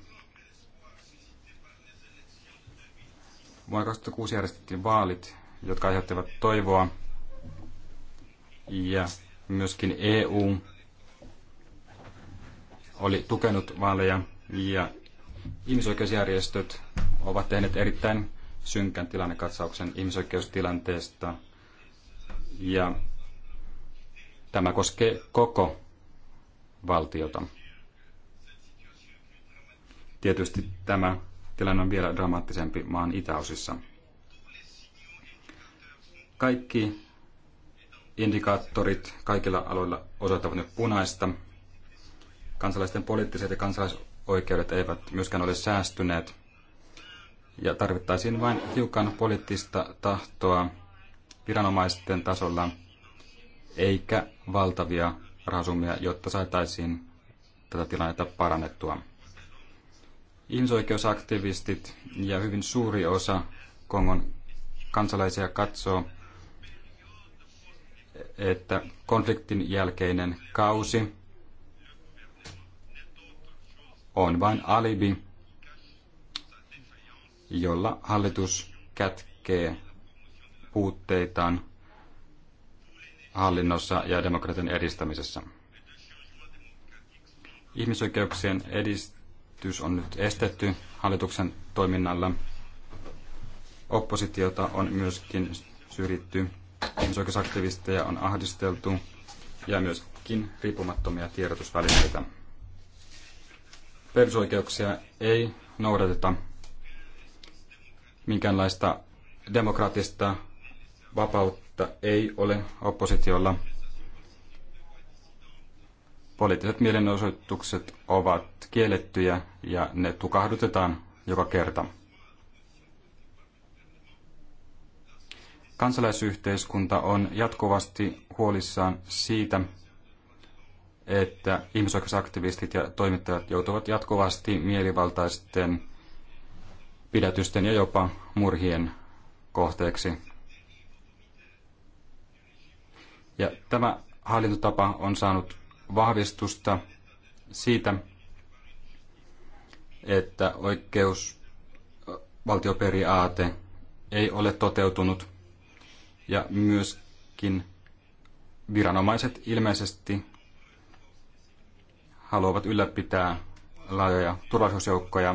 vuonna 2006 järjestettiin vaalit, jotka aiheuttivat toivoa ja myöskin EU oli tukenut vaaleja ja ihmisoikeusjärjestöt ovat tehneet erittäin synkän tilannekatsauksen ihmisoikeustilanteesta. Ja tämä koskee koko valtiota. Tietysti tämä tilanne on vielä dramaattisempi maan itäosissa. Kaikki indikaattorit kaikilla aloilla osoittavat nyt punaista. Kansalaisten poliittiset ja kansalaisoikeudet eivät myöskään ole säästyneet – ja tarvittaisiin vain hiukan poliittista tahtoa viranomaisten tasolla, eikä valtavia rahasummia, jotta saataisiin tätä tilannetta parannettua. Ihmisoikeusaktivistit ja hyvin suuri osa Kongon kansalaisia katsoo, että konfliktin jälkeinen kausi on vain alibi jolla hallitus kätkee puutteitaan hallinnossa ja demokratian edistämisessä. Ihmisoikeuksien edistys on nyt estetty hallituksen toiminnalla. Oppositiota on myöskin syrjitty, ihmisoikeusaktivisteja on ahdisteltu ja myöskin riippumattomia tiedotusvälineitä. Perusoikeuksia ei noudateta minkäänlaista demokraattista vapautta ei ole oppositiolla. Poliittiset mielenosoitukset ovat kiellettyjä ja ne tukahdutetaan joka kerta. Kansalaisyhteiskunta on jatkuvasti huolissaan siitä, että ihmisoikeusaktivistit ja toimittajat joutuvat jatkuvasti mielivaltaisten pidätysten ja jopa murhien kohteeksi. Ja tämä hallintotapa on saanut vahvistusta siitä, että oikeusvaltioperiaate ei ole toteutunut ja myöskin viranomaiset ilmeisesti haluavat ylläpitää laajoja turvallisuusjoukkoja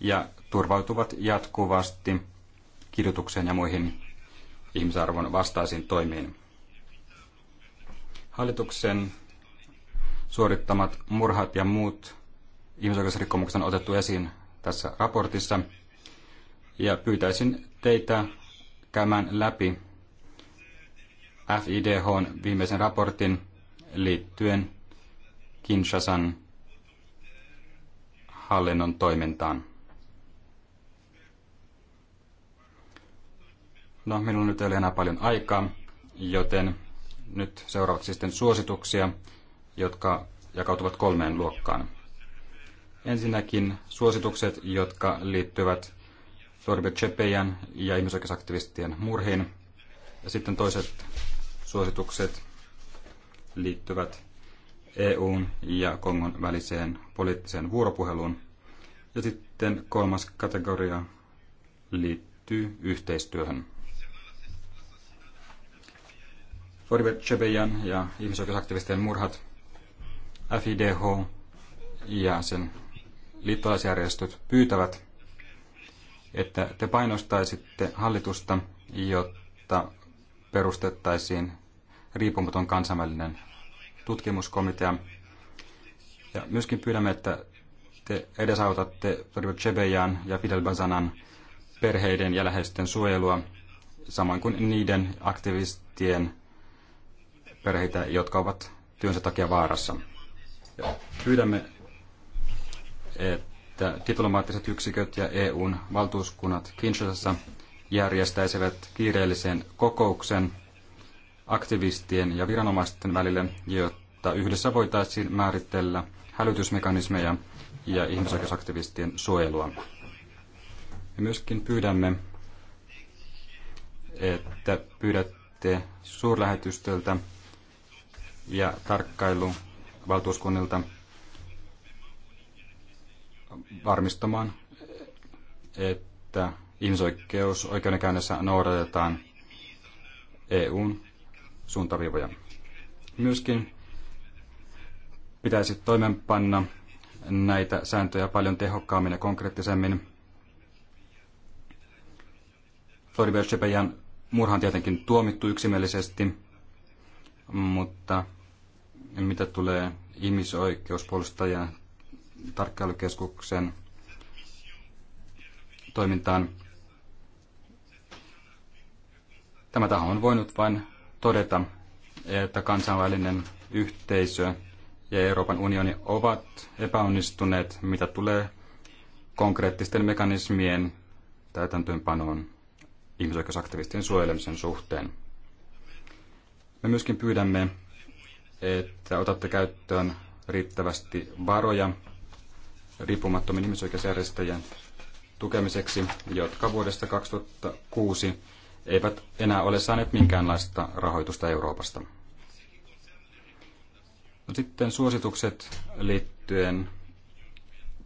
ja turvautuvat jatkuvasti kidutukseen ja muihin ihmisarvon vastaisiin toimiin. Hallituksen suorittamat murhat ja muut ihmisoikeusrikkomukset on otettu esiin tässä raportissa. Ja pyytäisin teitä käymään läpi FIDHn viimeisen raportin liittyen Kinshasan hallinnon toimintaan. No, minulla nyt ei ole enää paljon aikaa, joten nyt seuraavaksi siis sitten suosituksia, jotka jakautuvat kolmeen luokkaan. Ensinnäkin suositukset, jotka liittyvät Torbe Chepejan ja ihmisoikeusaktivistien murhiin. Ja sitten toiset suositukset liittyvät EUn ja Kongon väliseen poliittiseen vuoropuheluun. Ja sitten kolmas kategoria liittyy yhteistyöhön. Foribe Chebeyan ja ihmisoikeusaktivistien murhat, FIDH ja sen liittolaisjärjestöt pyytävät, että te painostaisitte hallitusta, jotta perustettaisiin riippumaton kansainvälinen tutkimuskomitea. Ja myöskin pyydämme, että te edesautatte Federico Chebeyan ja Fidel Bazanan perheiden ja läheisten suojelua, samoin kuin niiden aktivistien perheitä, jotka ovat työnsä takia vaarassa. Ja pyydämme, että diplomaattiset yksiköt ja EUn valtuuskunnat Kinshasassa järjestäisivät kiireellisen kokouksen aktivistien ja viranomaisten välille, jotta yhdessä voitaisiin määritellä hälytysmekanismeja ja ihmisoikeusaktivistien suojelua. Ja myöskin pyydämme, että pyydätte suurlähetystöltä ja tarkkailu valtuuskunnilta varmistamaan, että oikeudenkäynnissä noudatetaan EUn suuntaviivoja. Myöskin pitäisi toimenpanna näitä sääntöjä paljon tehokkaammin ja konkreettisemmin. Floribert Chepejan murha on tietenkin tuomittu yksimielisesti, mutta mitä tulee ihmisoikeuspuolustajan tarkkailukeskuksen toimintaan. Tämä taho on voinut vain todeta, että kansainvälinen yhteisö ja Euroopan unioni ovat epäonnistuneet, mitä tulee konkreettisten mekanismien täytäntöönpanoon ihmisoikeusaktivistien suojelemisen suhteen. Me myöskin pyydämme, että otatte käyttöön riittävästi varoja riippumattomien ihmisoikeusjärjestäjien tukemiseksi, jotka vuodesta 2006 eivät enää ole saaneet minkäänlaista rahoitusta Euroopasta. No sitten suositukset liittyen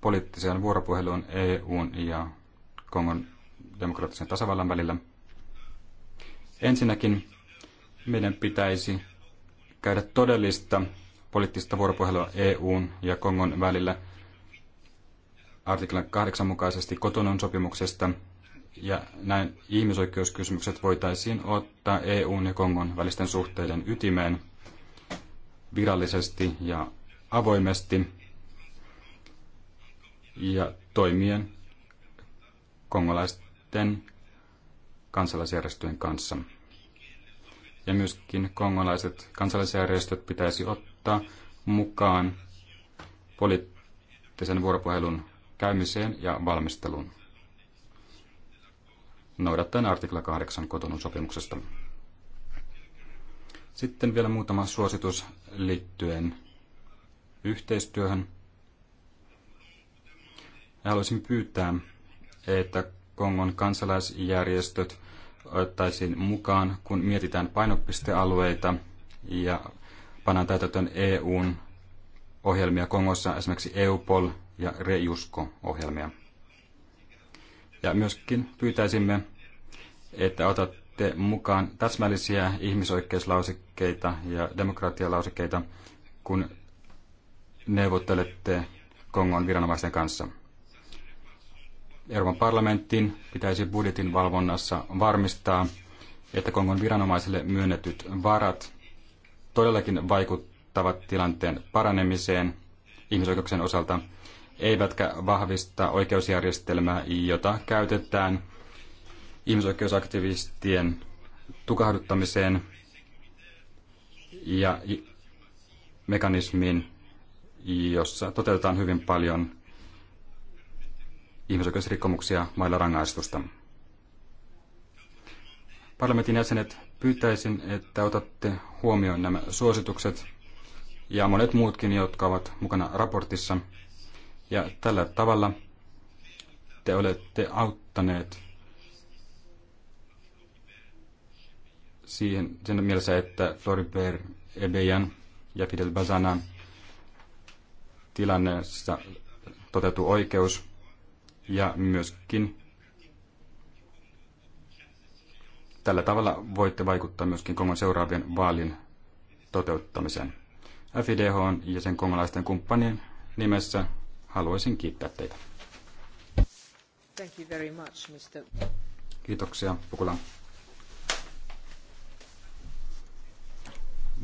poliittiseen vuoropuheluun EUn ja Kongon demokraattisen tasavallan välillä. Ensinnäkin meidän pitäisi käydä todellista poliittista vuoropuhelua EUn ja Kongon välillä artiklan 8 mukaisesti kotonon sopimuksesta, ja näin ihmisoikeuskysymykset voitaisiin ottaa EUn ja Kongon välisten suhteiden ytimeen virallisesti ja avoimesti ja toimien kongolaisten kansalaisjärjestöjen kanssa ja myöskin kongolaiset kansalaisjärjestöt pitäisi ottaa mukaan poliittisen vuoropuhelun käymiseen ja valmisteluun noudattaen artikla 8 kotonun sopimuksesta. Sitten vielä muutama suositus liittyen yhteistyöhön. haluaisin pyytää, että Kongon kansalaisjärjestöt – otettaisiin mukaan, kun mietitään painopistealueita ja pannaan täytäntöön EUn ohjelmia Kongossa, esimerkiksi EUPOL ja REJUSKO-ohjelmia. Ja myöskin pyytäisimme, että otatte mukaan täsmällisiä ihmisoikeuslausikkeita ja demokratialausikkeita, kun neuvottelette Kongon viranomaisten kanssa. Euroopan parlamentin pitäisi budjetin valvonnassa varmistaa, että Kongon viranomaisille myönnetyt varat todellakin vaikuttavat tilanteen paranemiseen ihmisoikeuksien osalta, eivätkä vahvista oikeusjärjestelmää, jota käytetään ihmisoikeusaktivistien tukahduttamiseen ja mekanismiin, jossa toteutetaan hyvin paljon ihmisoikeusrikkomuksia mailla rangaistusta. Parlamentin jäsenet, pyytäisin, että otatte huomioon nämä suositukset ja monet muutkin, jotka ovat mukana raportissa. Ja tällä tavalla te olette auttaneet siihen sen mielessä, että Floribert Ebejan ja Fidel Bazanan tilanneessa toteutuu oikeus. Ja myöskin tällä tavalla voitte vaikuttaa myöskin Kongon seuraavien vaalien toteuttamiseen. FIDH on ja sen kongolaisten kumppanien nimessä haluaisin kiittää teitä. Thank you very much, Mr. Kiitoksia, Pukula.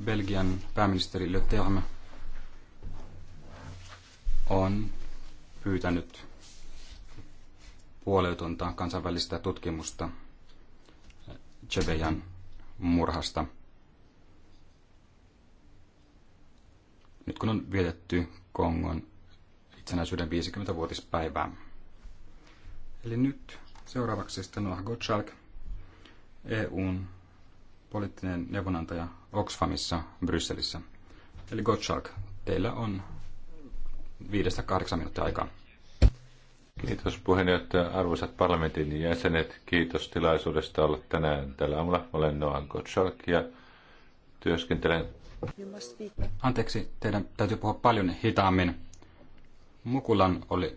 Belgian pääministeri Le Terme on pyytänyt huoletonta kansainvälistä tutkimusta Chebejan murhasta. Nyt kun on vietetty Kongon itsenäisyyden 50-vuotispäivää. Eli nyt seuraavaksi sitten Noah Gottschalk, EUn poliittinen neuvonantaja Oxfamissa Brysselissä. Eli Gottschalk, teillä on viidestä kahdeksan minuuttia aikaa. Kiitos puheenjohtaja, arvoisat parlamentin jäsenet. Kiitos tilaisuudesta olla tänään täällä aamulla. Olen Noan Gottschalk ja työskentelen. Anteeksi, teidän täytyy puhua paljon hitaammin. Mukulan oli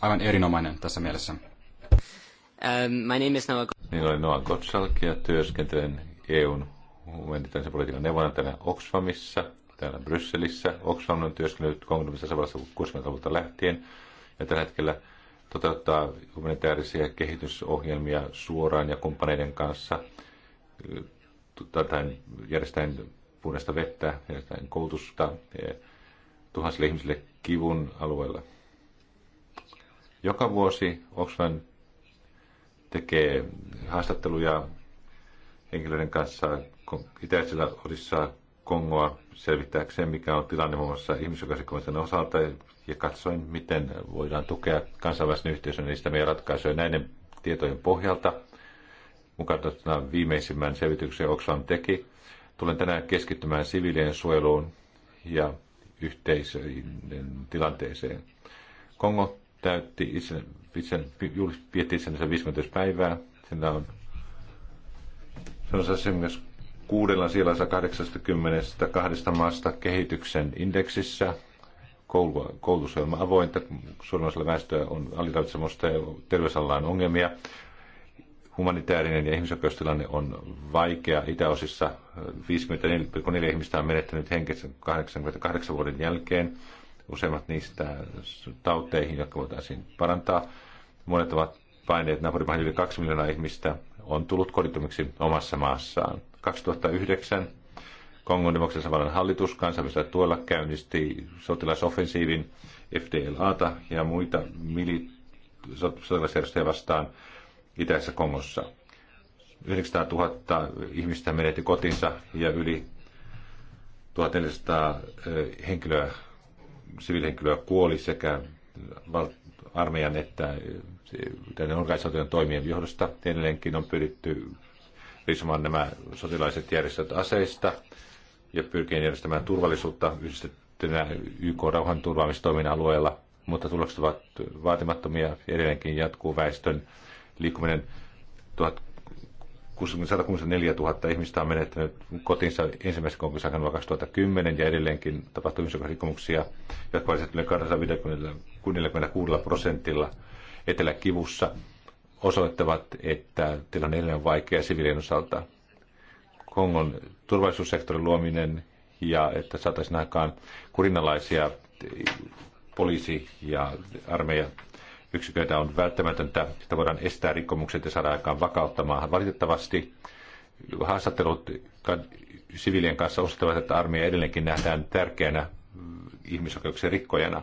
aivan erinomainen tässä mielessä. Um, my name is Noah... olen Noah Gottschalk ja työskentelen EUn humanitaarisen politiikan neuvonantajana Oxfamissa, täällä Brysselissä. Oxfam on työskennellyt kongressissa 60-luvulta lähtien ja tällä hetkellä – toteuttaa humanitaarisia kehitysohjelmia suoraan ja kumppaneiden kanssa, järjestäen puhdasta vettä, järjestäen koulutusta tuhansille ihmisille kivun alueella. Joka vuosi Oxfam tekee haastatteluja henkilöiden kanssa itäisellä osissa Kongoa selvittääkseen, mikä on tilanne muun muassa ihmisoikeusrikkomusten osalta, ja katsoin, miten voidaan tukea kansainvälisen yhteisön meidän ratkaisuja näiden tietojen pohjalta. Mukaan viimeisimmän selvityksen Oxfam teki. Tulen tänään keskittymään siviilien suojeluun ja yhteisöiden tilanteeseen. Kongo täytti itse, itse, vietti itsensä 50. päivää. Sillä on, se on myös kuudella sijalla 82 maasta kehityksen indeksissä. Koulutusohjelma avointa, suomalaisella väestöllä on aliravitsemusta ja terveysalalla on ongelmia. Humanitaarinen ja ihmisoikeustilanne on vaikea. Itäosissa 54,4 ihmistä on menettänyt henkensä 88 vuoden jälkeen. Useimmat niistä tauteihin, jotka voitaisiin parantaa. Monet ovat paineet naapurimahan yli 2 miljoonaa ihmistä on tullut kodittomiksi omassa maassaan. 2009 Kongon demokratisen vallan hallitus kansainvälisellä tuella käynnisti sotilasoffensiivin FDLAta ja muita mili- sotilasjärjestöjä vastaan itäisessä Kongossa. 900 000 ihmistä menetti kotinsa ja yli 1400 eh, henkilöä, siviilihenkilöä kuoli sekä armeijan että eh, organisaation toimien johdosta. Edelleenkin on pyritty riisumaan nämä sotilaiset järjestöt aseista ja pyrkii järjestämään turvallisuutta yhdistettynä YK rauhanturvaamistoiminnan alueella, mutta tulokset ovat vaatimattomia. Edelleenkin jatkuu väestön liikkuminen 164 000 ihmistä on menettänyt kotinsa ensimmäisen konkurssin aikana 2010 ja edelleenkin tapahtuu ihmisoikeusrikkomuksia, jotka olisivat yli 256 prosentilla eteläkivussa osoittavat, että tilanne on vaikea sivilien osalta. Kongon turvallisuussektorin luominen ja että saataisiin aikaan kurinalaisia poliisi- ja armeijan yksiköitä on välttämätöntä, että voidaan estää rikkomukset ja saada aikaan vakauttamaan. Valitettavasti haastattelut sivilien kanssa osoittavat, että armeija edelleenkin nähdään tärkeänä ihmisoikeuksien rikkojana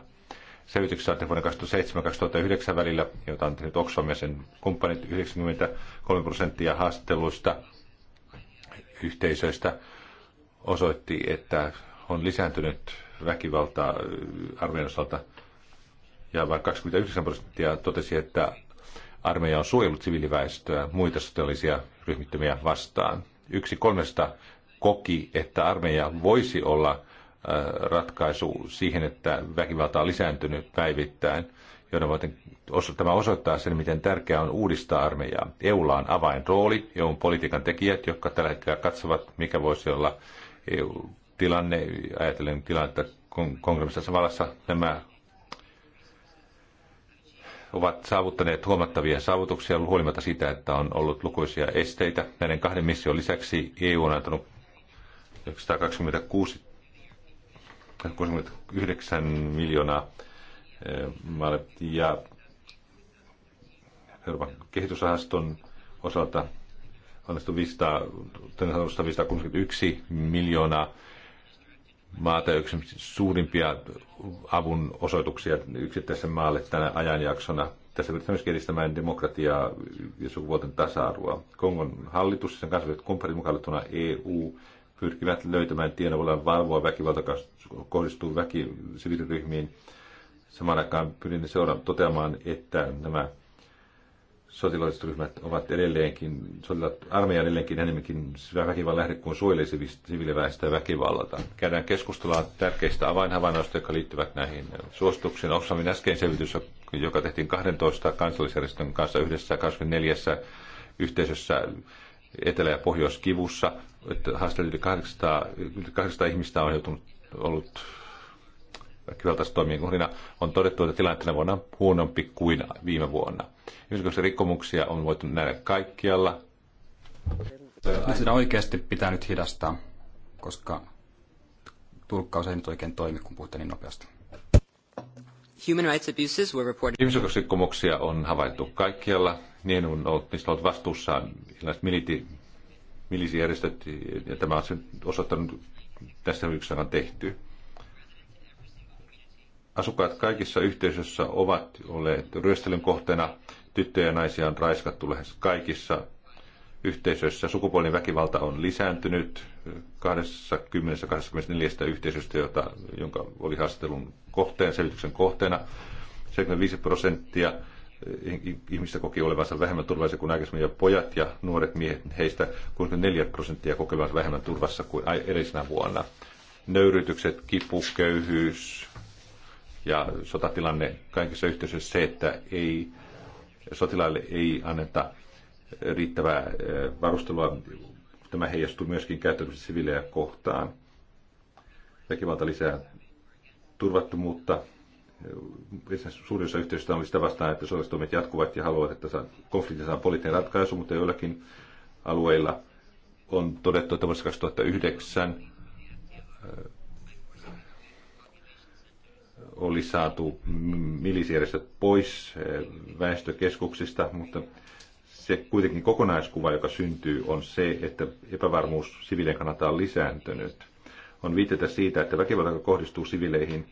selvityksessä vuoden 2007-2009 välillä, jota on tehnyt Oxfam ja sen kumppanit 93 prosenttia haastatteluista yhteisöistä osoitti, että on lisääntynyt väkivalta äh, armeijan osalta. Ja vain 29 prosenttia totesi, että armeija on suojellut siviiliväestöä muita sotilaisia ryhmittymiä vastaan. Yksi kolmesta koki, että armeija voisi olla ratkaisu siihen, että väkivalta on lisääntynyt päivittäin, joiden tämä osoittaa sen, miten tärkeää on uudistaa armeijaa. EUlla on avainrooli, EUn politiikan tekijät, jotka tällä hetkellä katsovat, mikä voisi olla EU tilanne, ajatellen tilannetta Kongresissa samalla nämä ovat saavuttaneet huomattavia saavutuksia huolimatta siitä, että on ollut lukuisia esteitä. Näiden kahden mission lisäksi EU on antanut 126 69 miljoonaa eh, maalle ja Euroopan kehitysrahaston osalta annettu 561 miljoonaa maata, yksi suurimpia avun osoituksia yksittäisessä maalle tänä ajanjaksona. Tässä pyritään myös edistämään demokratiaa ja sukupuolten tasa-arvoa. Kongon hallitus ja sen kansainväliset kumppanit mukaan EU pyrkivät löytämään tien avulla valvoa väkivalta kohdistuu väki siviiliryhmiin. Samaan aikaan pyrin seuraan toteamaan, että nämä sotilaalliset ryhmät ovat edelleenkin, sotilaat, armeija edelleenkin enemmänkin väkivallan lähde kuin suojelee siviiliväestöä väkivallalta. Käydään keskustelua tärkeistä avainhavainnoista, jotka liittyvät näihin suosituksiin. Oksamin äskein selvitys, joka tehtiin 12 kansallisjärjestön kanssa yhdessä 24 yhteisössä Etelä- ja Pohjois-Kivussa, että haastattelut yli 800, 800 ihmistä on joutunut ollut väkivaltaistoimien kohdina, on todettu, että tilanne tänä vuonna on huonompi kuin viime vuonna. Ihmisoikeuksien rikkomuksia on voitu nähdä kaikkialla. No sitä oikeasti pitää nyt hidastaa, koska tulkkaus ei nyt oikein toimi, kun puhutte niin nopeasti. Human rights abuses were reported. Ihmisoikeusrikkomuksia on havaittu kaikkialla. Niin on ollut, niistä on ollut vastuussa erilaiset militi- milisijärjestöt, ja tämä on osoittanut, tässä yksi on tehty. Asukkaat kaikissa yhteisöissä ovat olleet ryöstelyn kohteena. Tyttöjä ja naisia on raiskattu lähes kaikissa yhteisöissä. Sukupuolinen väkivalta on lisääntynyt 20-24 yhteisöstä, jota, jonka oli haastattelun kohteen, selityksen kohteena. 75 prosenttia Eh, ihmistä koki olevansa vähemmän turvallisia kuin aikaisemmin, ja pojat ja nuoret miehet heistä 64 prosenttia kokevansa vähemmän turvassa kuin edellisenä vuonna. Nöyrytykset, kipu, köyhyys ja sotatilanne kaikissa yhteisöissä se, että ei, sotilaille ei anneta eh, riittävää eh, varustelua. Tämä heijastuu myöskin käyttäytymisen siviilejä kohtaan. Väkivalta lisää turvattomuutta, suurin osa yhteisöstä on sitä vastaan, että sotilastoimet jatkuvat ja haluavat, että konflikti saa poliittinen ratkaisu, mutta joillakin alueilla on todettu, että vuodessa 2009 oli saatu milisijärjestöt pois väestökeskuksista, mutta se kuitenkin kokonaiskuva, joka syntyy, on se, että epävarmuus siviilien kannalta on lisääntynyt. On viitettä siitä, että väkivalta, joka kohdistuu sivileihin,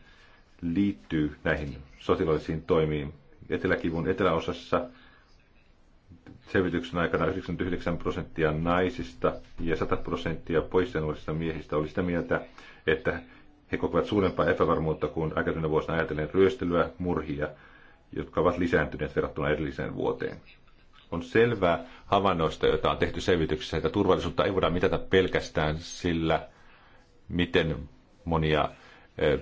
liittyy näihin sotilaisiin toimiin. Eteläkivun eteläosassa selvityksen aikana 99 prosenttia naisista ja 100 prosenttia poissa miehistä oli sitä mieltä, että he kokevat suurempaa epävarmuutta kuin aikaisemmin vuosina ajatellen ryöstelyä, murhia, jotka ovat lisääntyneet verrattuna edelliseen vuoteen. On selvää havainnoista, joita on tehty selvityksessä, että turvallisuutta ei voida mitata pelkästään sillä, miten monia eh,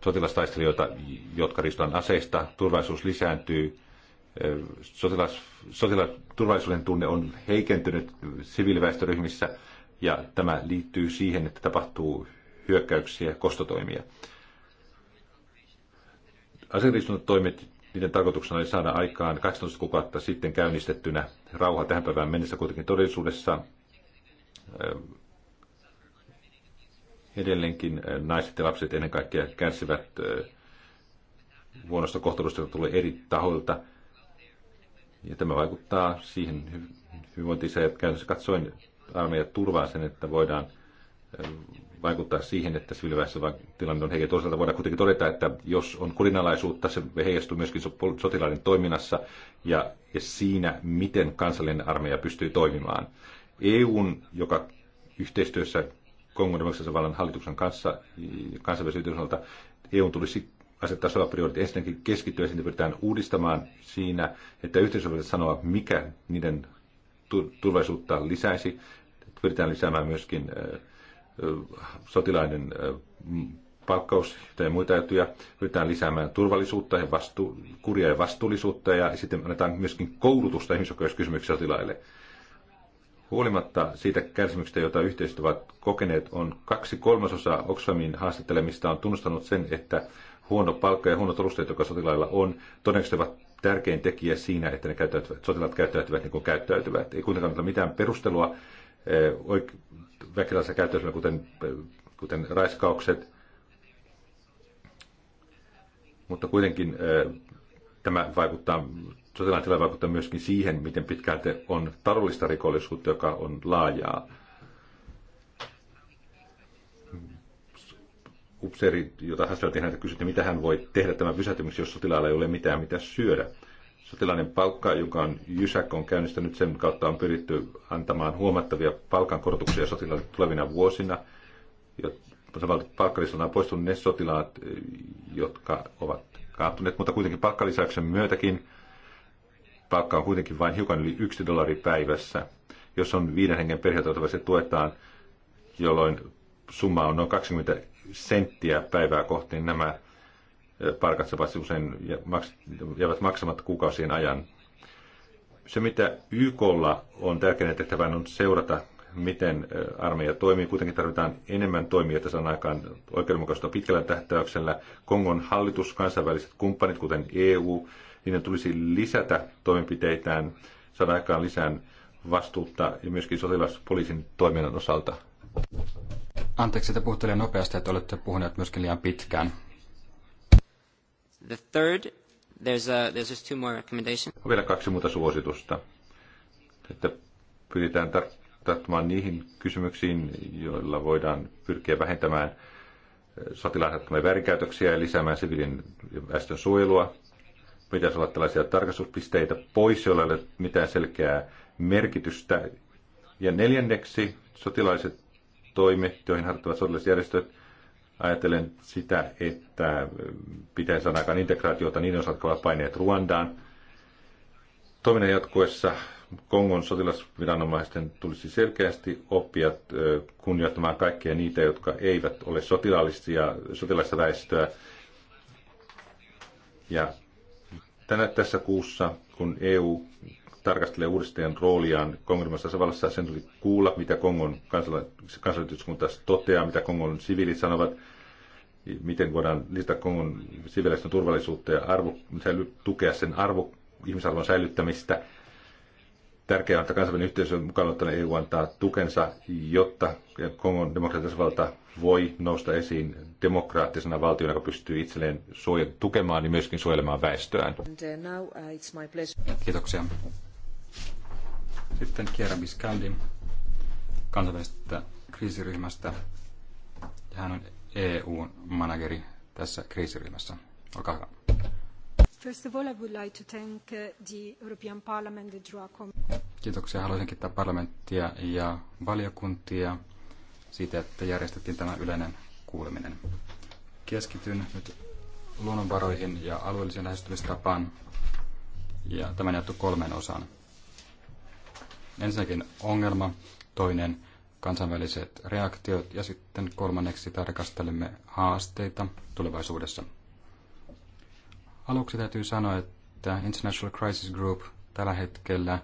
sotilastaistelijoita, jotka ristutaan aseista, turvallisuus lisääntyy, sotilas, sotilas, turvallisuuden tunne on heikentynyt siviiliväestöryhmissä ja tämä liittyy siihen, että tapahtuu hyökkäyksiä ja kostotoimia. Aseriisunut toimet, niiden tarkoituksena oli saada aikaan 18 kuukautta sitten käynnistettynä rauha tähän päivään mennessä kuitenkin todellisuudessa Edelleenkin äh, naiset ja lapset ennen kaikkea kärsivät äh, huonosta kohtelusta, joka tulee eri tahoilta. Ja tämä vaikuttaa siihen hyvinvointiinsa. Ja käytännössä katsoin armeija turvaa sen, että voidaan äh, vaikuttaa siihen, että siviiliväestön tilanne on heikko. Toisaalta voidaan kuitenkin todeta, että jos on kurinalaisuutta, se heijastuu myöskin sotilaiden toiminnassa ja, ja siinä, miten kansallinen armeija pystyy toimimaan. EUn, joka yhteistyössä Kongon demokraattisen hallituksen kanssa osalta EUn tulisi asettaa sova prioriteetti. Ensinnäkin keskittyä sitten pyritään uudistamaan siinä, että yhteisövaltiot sanoa, mikä niiden turvallisuutta lisäisi. Pyritään lisäämään myöskin äh, sotilaiden äh, palkkaus tai muita etuja. Pyritään lisäämään turvallisuutta ja vastu, kuria ja vastuullisuutta ja sitten annetaan myöskin koulutusta ihmisoikeuskysymyksiä sotilaille. Huolimatta siitä kärsimyksestä, jota yhteisöt ovat kokeneet, on kaksi kolmasosaa Oxfamin haastattelemista on tunnustanut sen, että huono palkka ja huonot olusteet, joka sotilailla on, todennäköisesti ovat tärkein tekijä siinä, että ne käyttäytyvät, sotilaat käyttäytyvät niin kuin käyttäytyvät. Ei kuitenkaan ole mitään perustelua eh, väkilaisessa käyttäytymisessä, kuten, eh, kuten raiskaukset. Mutta kuitenkin eh, tämä vaikuttaa tila vaikuttaa myöskin siihen, miten pitkälti on tarvallista rikollisuutta, joka on laajaa. Upseeri, jota haasteltiin häntä, kysyi, mitä hän voi tehdä tämän pysähtymyksen, jos sotilaalla ei ole mitään mitä syödä. Sotilainen palkka, joka on Jysäk, on käynnistänyt sen kautta on pyritty antamaan huomattavia palkankorotuksia sotilaille tulevina vuosina. Samalla palkkalisalla on poistunut ne sotilaat, jotka ovat kaatuneet, mutta kuitenkin palkkalisäyksen myötäkin palkka on kuitenkin vain hiukan yli yksi dollari päivässä. Jos on viiden hengen perhettä, se tuetaan, jolloin summa on noin 20 senttiä päivää kohti, niin nämä palkat usein jäävät maksamat kuukausien ajan. Se, mitä YKlla on tärkeänä tehtävän, on seurata, miten armeija toimii. Kuitenkin tarvitaan enemmän toimia että saadaan aikaan oikeudenmukaisuutta pitkällä tähtäyksellä. Kongon hallitus, kansainväliset kumppanit, kuten EU, niiden tulisi lisätä toimenpiteitään, saada aikaan lisää vastuutta ja myöskin sotilaspoliisin toiminnan osalta. Anteeksi, että puhutte liian nopeasti, että olette puhuneet myöskin liian pitkään. The third, there's, a, there's just two more recommendations. On vielä kaksi muuta suositusta. Että pyritään tarttumaan niihin kysymyksiin, joilla voidaan pyrkiä vähentämään sotilaan väärinkäytöksiä ja lisäämään siviilin väestön suojelua pitäisi olla tällaisia tarkastuspisteitä pois, joilla ei ole mitään selkeää merkitystä. Ja neljänneksi sotilaiset toimet, joihin harjoittavat sotilasjärjestöt, ajatellen sitä, että pitäisi saada aikaan integraatiota niiden osalta, jotka ovat paineet Ruandaan. Toiminnan jatkuessa Kongon sotilasviranomaisten tulisi selkeästi oppia kunnioittamaan kaikkia niitä, jotka eivät ole sotilaallisia, sotilaista väestöä. Ja Tänä tässä kuussa, kun EU tarkastelee uudistajan rooliaan Kongon tasavallassa, sen tuli kuulla, mitä Kongon kansalaisyhteiskunta toteaa, mitä Kongon siviilit sanovat, miten voidaan lisätä Kongon siviilisten turvallisuutta ja arvo, tukea sen arvo, ihmisarvon säilyttämistä – Tärkeää on, että kansainvälinen yhteisö mukaan ottanut EU antaa tukensa, jotta Kongon demokratiasvalta voi nousta esiin demokraattisena valtiona, joka pystyy itselleen suojel- tukemaan ja niin myöskin suojelemaan väestöään. Uh, uh, Kiitoksia. Sitten Kiera Biskaldi kansainvälisestä kriisiryhmästä. Ja hän on EU-manageri tässä kriisiryhmässä. Olkaa hyvä. First of all, I would like to thank uh, the European Parliament, the Kiitoksia. Haluaisin kiittää parlamenttia ja valiokuntia siitä, että järjestettiin tämä yleinen kuuleminen. Keskityn nyt luonnonvaroihin ja alueelliseen lähestymistapaan, ja tämän jaettu kolmeen osaan. Ensinnäkin ongelma, toinen kansainväliset reaktiot ja sitten kolmanneksi tarkastelemme haasteita tulevaisuudessa. Aluksi täytyy sanoa, että International Crisis Group tällä hetkellä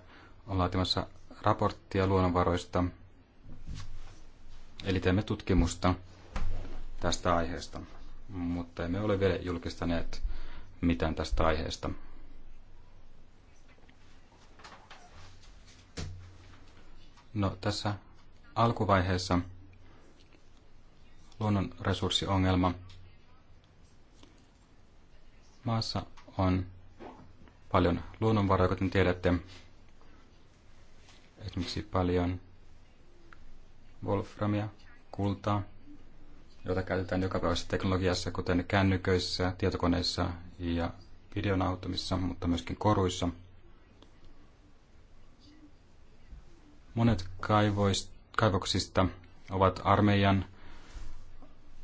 on laatimassa raporttia luonnonvaroista, eli teemme tutkimusta tästä aiheesta, mutta emme ole vielä julkistaneet mitään tästä aiheesta. No tässä alkuvaiheessa luonnonresurssiongelma Maassa on paljon luonnonvaroja, kuten tiedätte. Esimerkiksi paljon wolframia, kultaa, jota käytetään jokapäiväisessä teknologiassa, kuten kännyköissä, tietokoneissa ja videonautumissa, mutta myöskin koruissa. Monet kaivoista, kaivoksista ovat armeijan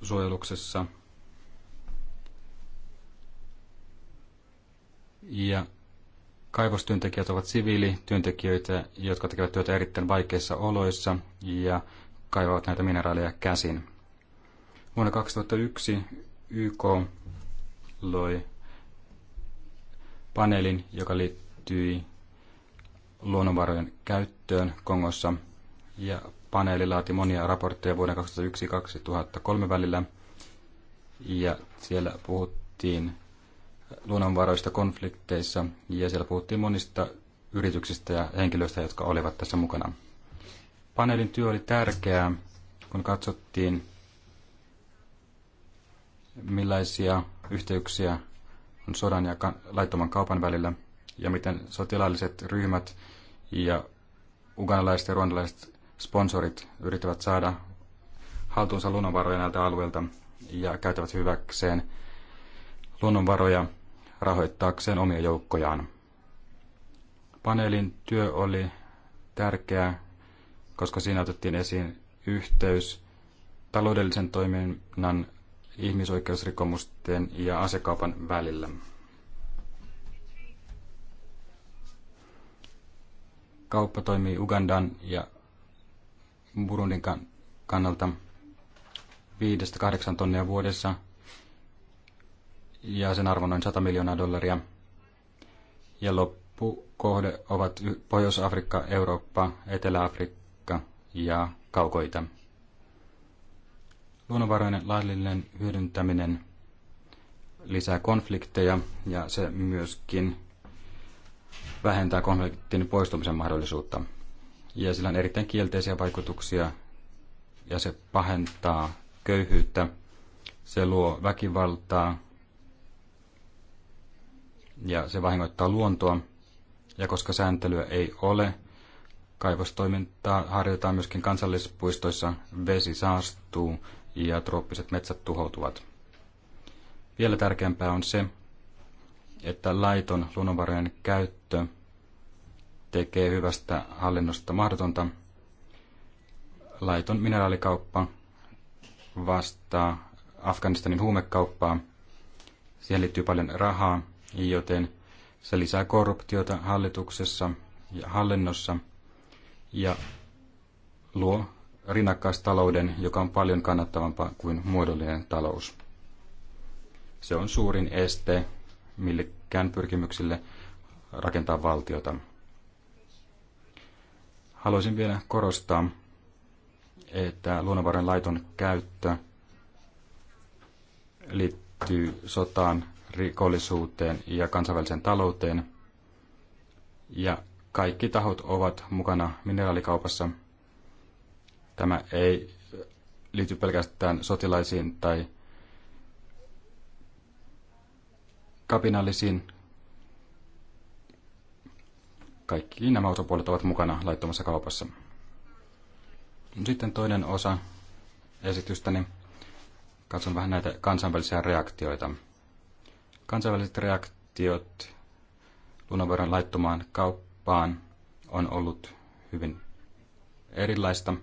suojeluksessa – Ja kaivostyöntekijät ovat siviilityöntekijöitä, jotka tekevät työtä erittäin vaikeissa oloissa ja kaivavat näitä mineraaleja käsin. Vuonna 2001 YK loi paneelin, joka liittyi luonnonvarojen käyttöön Kongossa. Ja paneeli laati monia raportteja vuoden 2001-2003 välillä. Ja siellä puhuttiin luonnonvaroista konflikteissa ja siellä puhuttiin monista yrityksistä ja henkilöistä, jotka olivat tässä mukana. Paneelin työ oli tärkeää, kun katsottiin, millaisia yhteyksiä on sodan ja laittoman kaupan välillä ja miten sotilaalliset ryhmät ja ugandalaiset ja ruandalaiset sponsorit yrittävät saada haltuunsa luonnonvaroja näiltä alueilta ja käytävät hyväkseen luonnonvaroja rahoittaakseen omia joukkojaan. Paneelin työ oli tärkeä, koska siinä otettiin esiin yhteys taloudellisen toiminnan, ihmisoikeusrikomusten ja asekaupan välillä. Kauppa toimii Ugandan ja Burundin kannalta 5-8 tonnia vuodessa – ja sen arvo noin 100 miljoonaa dollaria. Ja loppukohde ovat Pohjois-Afrikka, Eurooppa, Etelä-Afrikka ja Kaukoita. Luonnonvarojen laillinen hyödyntäminen lisää konflikteja ja se myöskin vähentää konfliktin poistumisen mahdollisuutta. Ja sillä on erittäin kielteisiä vaikutuksia ja se pahentaa köyhyyttä, se luo väkivaltaa, ja se vahingoittaa luontoa. Ja koska sääntelyä ei ole, kaivostoimintaa harjoitetaan myöskin kansallispuistoissa, vesi saastuu ja trooppiset metsät tuhoutuvat. Vielä tärkeämpää on se, että laiton luonnonvarojen käyttö tekee hyvästä hallinnosta mahdotonta. Laiton mineraalikauppa vastaa Afganistanin huumekauppaa. Siihen liittyy paljon rahaa joten se lisää korruptiota hallituksessa ja hallinnossa ja luo rinnakkaistalouden, joka on paljon kannattavampaa kuin muodollinen talous. Se on suurin este millekään pyrkimyksille rakentaa valtiota. Haluaisin vielä korostaa, että luonnonvarojen laiton käyttö liittyy sotaan rikollisuuteen ja kansainväliseen talouteen. Ja kaikki tahot ovat mukana mineraalikaupassa. Tämä ei liity pelkästään sotilaisiin tai kapinallisiin. Kaikki nämä osapuolet ovat mukana laittomassa kaupassa. Sitten toinen osa esitystäni. Katson vähän näitä kansainvälisiä reaktioita. Kansainväliset reaktiot luonnonvaran laittomaan kauppaan on ollut hyvin erilaista.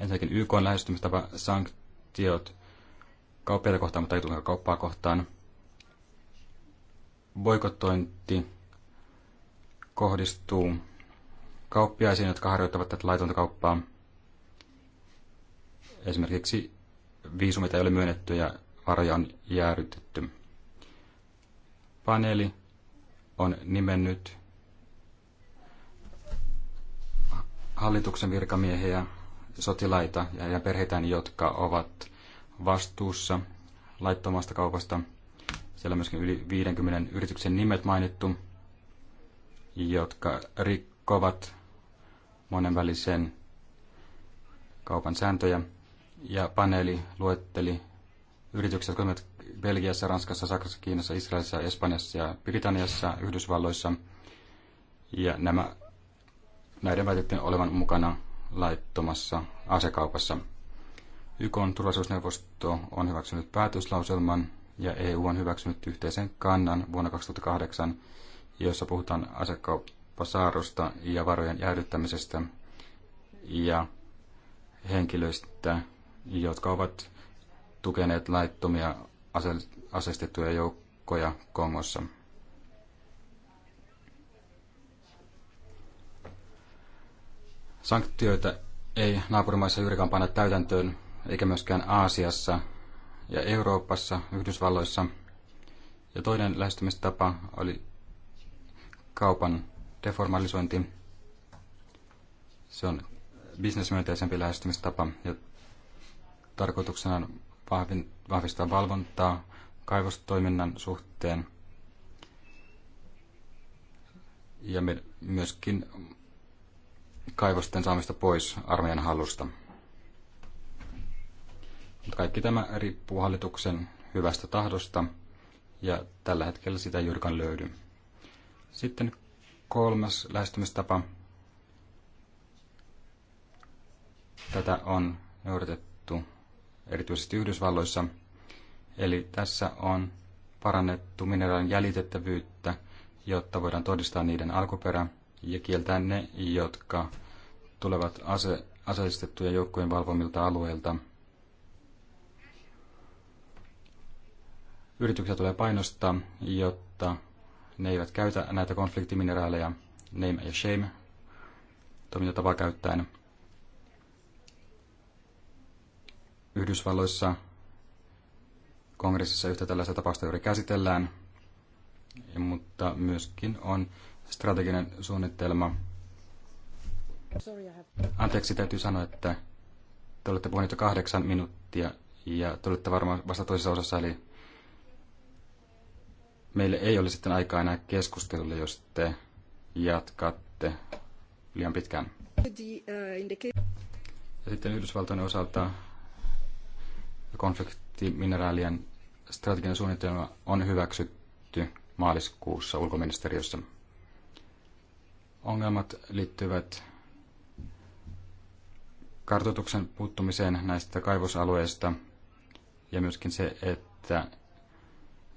Ensinnäkin YK on lähestymistapa sanktiot kauppiaita kohtaan, mutta ei tule kauppaa kohtaan. Boikottointi kohdistuu kauppiaisiin, jotka harjoittavat tätä laitonta kauppaa. Esimerkiksi viisumita ei ole myönnetty ja varoja on jäädytetty paneeli on nimennyt hallituksen virkamiehiä, sotilaita ja heidän perheitään, jotka ovat vastuussa laittomasta kaupasta. Siellä on myöskin yli 50 yrityksen nimet mainittu, jotka rikkovat monenvälisen kaupan sääntöjä. Ja paneeli luetteli yritykset, jotka ovat Belgiassa, Ranskassa, Saksassa, Kiinassa, Israelissa, Espanjassa ja Britanniassa, Yhdysvalloissa. Ja nämä, näiden väitettiin olevan mukana laittomassa asekaupassa. YK on turvallisuusneuvosto on hyväksynyt päätöslauselman ja EU on hyväksynyt yhteisen kannan vuonna 2008, jossa puhutaan asekauppasaarosta ja varojen jäädyttämisestä ja henkilöistä, jotka ovat tukeneet laittomia aseistettuja joukkoja Kongossa. Sanktioita ei naapurimaissa juurikaan panna täytäntöön, eikä myöskään Aasiassa ja Euroopassa, Yhdysvalloissa. Ja toinen lähestymistapa oli kaupan deformalisointi. Se on bisnesmyönteisempi lähestymistapa ja tarkoituksena on vahvistaa valvontaa kaivostoiminnan suhteen. Ja me myöskin kaivosten saamista pois armeijan hallusta. Mutta kaikki tämä riippuu hallituksen hyvästä tahdosta ja tällä hetkellä sitä ei juurikaan löydy. Sitten kolmas lähestymistapa. Tätä on noudatettu erityisesti Yhdysvalloissa. Eli tässä on parannettu mineraalin jäljitettävyyttä, jotta voidaan todistaa niiden alkuperä ja kieltää ne, jotka tulevat ase- aseistettujen joukkojen valvomilta alueilta. Yrityksiä tulee painostaa, jotta ne eivät käytä näitä konfliktimineraaleja name ja shame toimintatapaa käyttäen – Yhdysvalloissa kongressissa yhtä tällaista tapausta juuri käsitellään, mutta myöskin on strateginen suunnitelma. Anteeksi, täytyy sanoa, että te olette puhuneet jo kahdeksan minuuttia ja te olette varmaan vasta toisessa osassa, eli meille ei ole sitten aikaa enää keskustelulle, jos te jatkatte liian pitkään. Uh, ja sitten Yhdysvaltojen osalta konfliktimineraalien strateginen suunnitelma on hyväksytty maaliskuussa ulkoministeriössä. Ongelmat liittyvät kartoituksen puuttumiseen näistä kaivosalueista ja myöskin se, että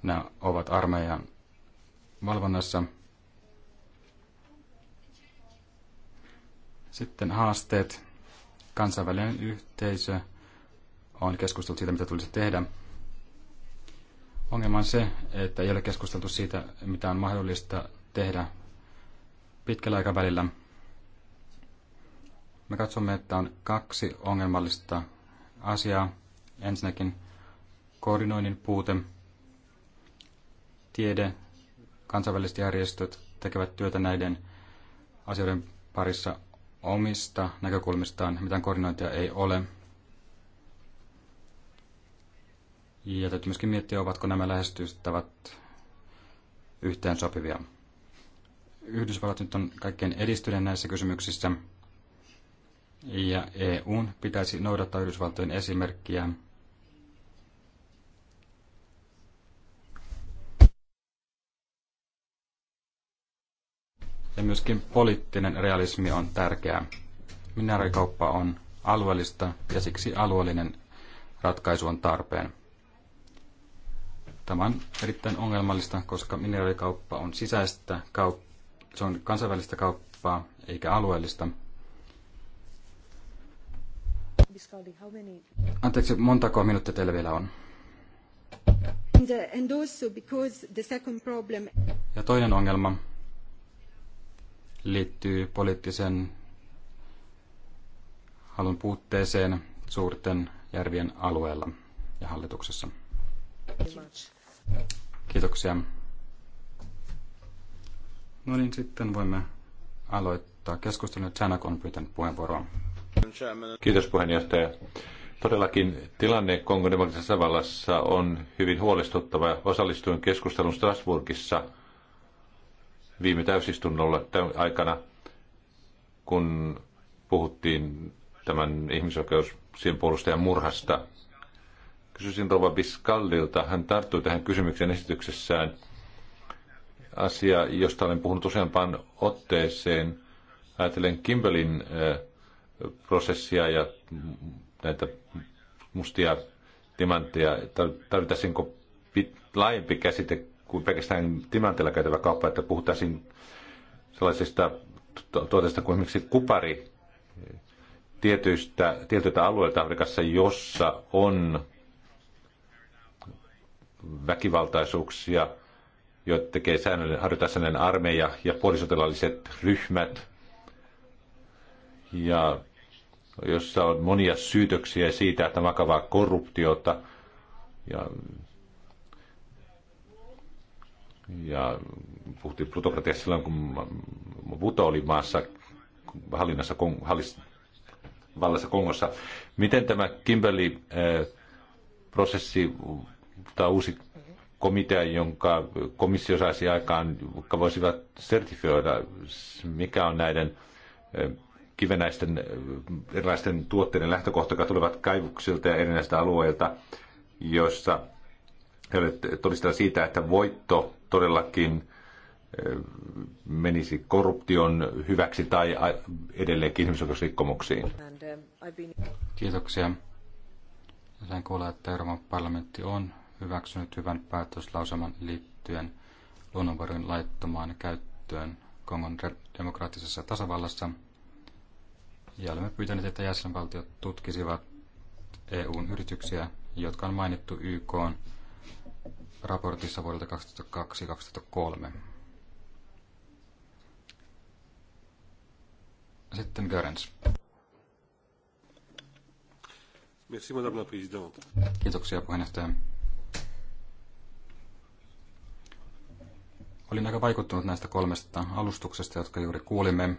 nämä ovat armeijan valvonnassa. Sitten haasteet. Kansainvälinen yhteisö – on keskusteltu siitä, mitä tulisi tehdä. Ongelma on se, että ei ole keskusteltu siitä, mitä on mahdollista tehdä pitkällä aikavälillä. Me katsomme, että on kaksi ongelmallista asiaa. Ensinnäkin koordinoinnin puute. Tiede, kansainväliset järjestöt tekevät työtä näiden asioiden parissa omista näkökulmistaan. Mitään koordinointia ei ole. Ja täytyy myöskin miettiä, ovatko nämä lähestystavat yhteen sopivia. Yhdysvallat nyt on kaikkein edistyneen näissä kysymyksissä, ja EUn pitäisi noudattaa Yhdysvaltojen esimerkkiä. Ja myöskin poliittinen realismi on tärkeää. Mineraalikauppa on alueellista ja siksi alueellinen ratkaisu on tarpeen. Tämä on erittäin ongelmallista, koska mineraalikauppa on sisäistä kaup- se on kansainvälistä kauppaa eikä alueellista. Anteeksi, montako minuuttia teillä vielä on? Uh, ja toinen ongelma liittyy poliittisen halun puutteeseen suurten järvien alueella ja hallituksessa. Kiitoksia. No niin, sitten voimme aloittaa keskustelun. Chanak on pyytänyt puheenvuoroa. Kiitos puheenjohtaja. Todellakin tilanne Kongon demokraattisessa vallassa on hyvin huolestuttava. Osallistuin keskustelun Strasbourgissa viime täysistunnolla aikana, kun puhuttiin tämän ihmisoikeuksien puolustajan murhasta. Kysyisin Rova Biskallilta. Hän tarttui tähän kysymykseen esityksessään. Asia, josta olen puhunut useampaan otteeseen. Ajattelen Kimberlin äh, prosessia ja näitä mustia timantteja. Tarvitaisinko laajempi käsite kuin pelkästään timantilla käytävä kauppa, että puhuttaisiin sellaisista tuotteista kuin esimerkiksi kupari tietyistä, tietyiltä alueilta Afrikassa, jossa on väkivaltaisuuksia, joita tekee säännöllinen, harjoittaa säännöllinen armeija ja puolisotilalliset ryhmät, ja jossa on monia syytöksiä siitä, että vakavaa korruptiota ja, ja puhuttiin plutokratiasta silloin, kun Vuto oli maassa hallinnassa, hallis, vallassa Kongossa. Miten tämä Kimberley-prosessi eh, tämä uusi komitea, jonka komissio saisi aikaan, jotka voisivat sertifioida, mikä on näiden kivenäisten erilaisten tuotteiden lähtökohta, jotka tulevat kaivuksilta ja erinäisiltä alueilta, joissa todistetaan siitä, että voitto todellakin menisi korruption hyväksi tai edelleenkin ihmisoikeusrikkomuksiin. Um, Kiitoksia. Sain kuulla, että Euroopan parlamentti on hyväksynyt hyvän päätöslauselman liittyen luonnonvarojen laittomaan käyttöön Kongon demokraattisessa tasavallassa. Ja olemme pyytäneet, että jäsenvaltiot tutkisivat EUn yrityksiä, jotka on mainittu YK raportissa vuodelta 2002-2003. Sitten Görens. Merci, madame la présidente. Kiitoksia puheenjohtaja. Olin aika vaikuttunut näistä kolmesta alustuksesta, jotka juuri kuulimme,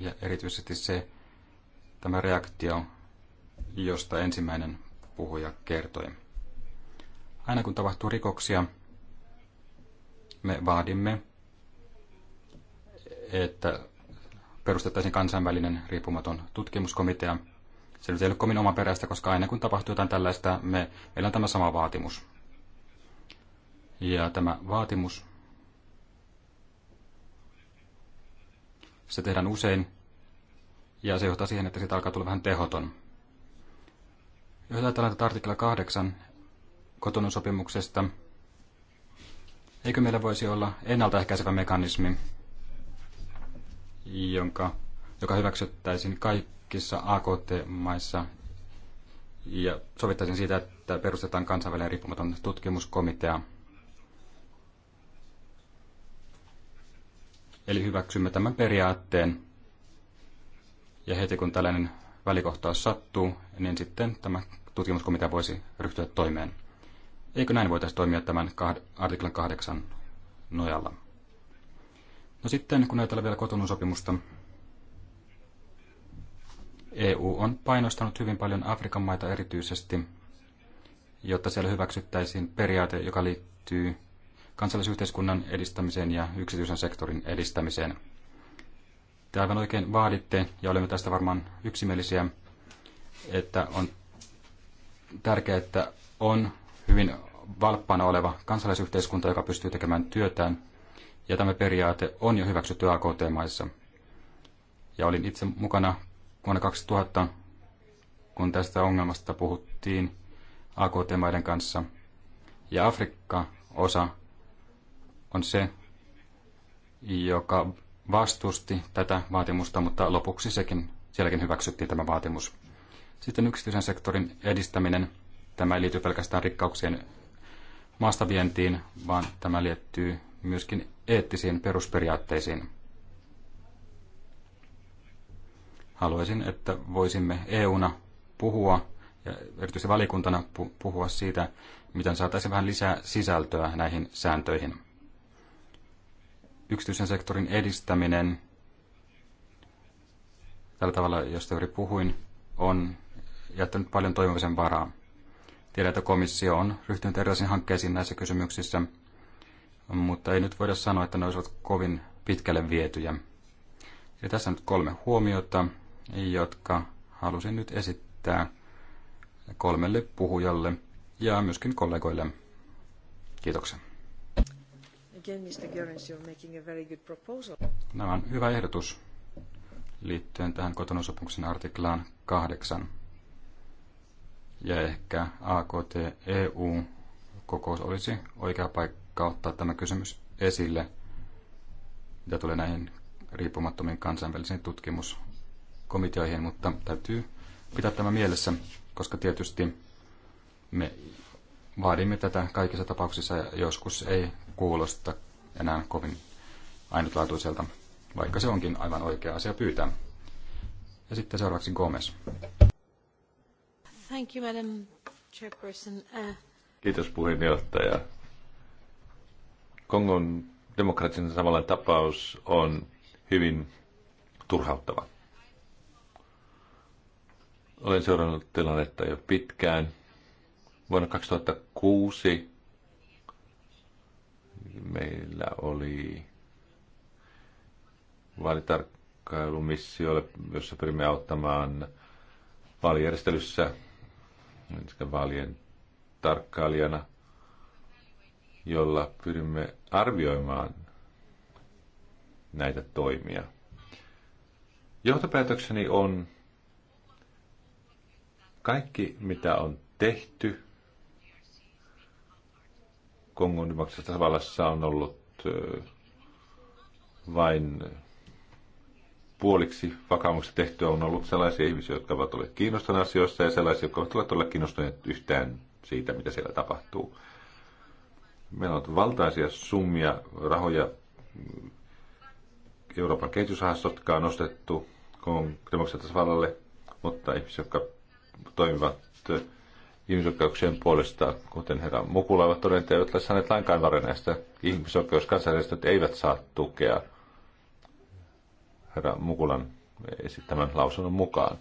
ja erityisesti se tämä reaktio, josta ensimmäinen puhuja kertoi. Aina kun tapahtuu rikoksia, me vaadimme, että perustettaisiin kansainvälinen riippumaton tutkimuskomitea. Se ei ole kovin perästä, koska aina kun tapahtuu jotain tällaista, me, meillä on tämä sama vaatimus. Ja tämä vaatimus Se tehdään usein ja se johtaa siihen, että siitä alkaa tulla vähän tehoton. Jos ajatellaan tätä artikla 8 kotonun sopimuksesta, eikö meillä voisi olla ennaltaehkäisevä mekanismi, jonka, joka hyväksyttäisiin kaikissa AKT-maissa ja sovittaisiin siitä, että perustetaan kansainvälinen riippumaton tutkimuskomitea – Eli hyväksymme tämän periaatteen. Ja heti kun tällainen välikohtaus sattuu, niin sitten tämä tutkimuskomitea voisi ryhtyä toimeen. Eikö näin voitaisiin toimia tämän artiklan kahdeksan nojalla? No sitten, kun ajatellaan vielä kotonun sopimusta, EU on painostanut hyvin paljon Afrikan maita erityisesti, jotta siellä hyväksyttäisiin periaate, joka liittyy kansalaisyhteiskunnan edistämiseen ja yksityisen sektorin edistämiseen. Te aivan oikein vaaditte, ja olemme tästä varmaan yksimielisiä, että on tärkeää, että on hyvin valppaana oleva kansalaisyhteiskunta, joka pystyy tekemään työtään, ja tämä periaate on jo hyväksytty AKT-maissa. Ja olin itse mukana vuonna 2000, kun tästä ongelmasta puhuttiin AKT-maiden kanssa, ja Afrikka-osa on se, joka vastusti tätä vaatimusta, mutta lopuksi sekin, sielläkin hyväksyttiin tämä vaatimus. Sitten yksityisen sektorin edistäminen. Tämä ei liity pelkästään rikkauksien maastavientiin, vaan tämä liittyy myöskin eettisiin perusperiaatteisiin. Haluaisin, että voisimme EUna puhua ja erityisesti valikuntana puhua siitä, miten saataisiin vähän lisää sisältöä näihin sääntöihin yksityisen sektorin edistäminen tällä tavalla, josta juuri puhuin, on jättänyt paljon toimimisen varaa. Tiedän, että komissio on ryhtynyt erilaisiin hankkeisiin näissä kysymyksissä, mutta ei nyt voida sanoa, että ne olisivat kovin pitkälle vietyjä. Eli tässä on nyt kolme huomiota, jotka halusin nyt esittää kolmelle puhujalle ja myöskin kollegoille. Kiitoksia. Again, Mr. you're making a very good proposal. Nämä on hyvä ehdotus liittyen tähän kotonosopimuksen artiklaan 8. Ja ehkä AKT-EU-kokous olisi oikea paikka ottaa tämä kysymys esille, mitä tulee näihin riippumattomiin kansainvälisiin tutkimuskomiteoihin, mutta täytyy pitää tämä mielessä, koska tietysti me vaadimme tätä kaikissa tapauksissa ja joskus ei kuulosta enää kovin ainutlaatuiselta, vaikka se onkin aivan oikea asia pyytää. Ja sitten seuraavaksi Gomez. Thank you, Madam Chairperson. Uh... Kiitos puheenjohtaja. Kongon demokratian samanlainen tapaus on hyvin turhauttava. Olen seurannut tilannetta jo pitkään. Vuonna 2006 meillä oli vaalitarkkailumissio, jossa pyrimme auttamaan vaalijärjestelyssä vaalien tarkkailijana, jolla pyrimme arvioimaan näitä toimia. Johtopäätökseni on, kaikki mitä on tehty Kongon demokraattisessa tasavallassa on ollut vain puoliksi vakaumuksessa tehtyä on ollut sellaisia ihmisiä, jotka ovat olleet kiinnostuneet asioista ja sellaisia, jotka ovat olleet kiinnostuneet yhtään siitä, mitä siellä tapahtuu. Meillä on valtaisia summia rahoja Euroopan jotka on nostettu demokratian tasavallalle, mutta ihmiset, jotka toimivat ihmisoikeuksien puolesta, kuten herra Mukula ovat todenneet, eivät ole saaneet lainkaan vareneista. Ihmisoikeuskansanjärjestöt eivät saa tukea herra Mukulan esittämän lausunnon mukaan.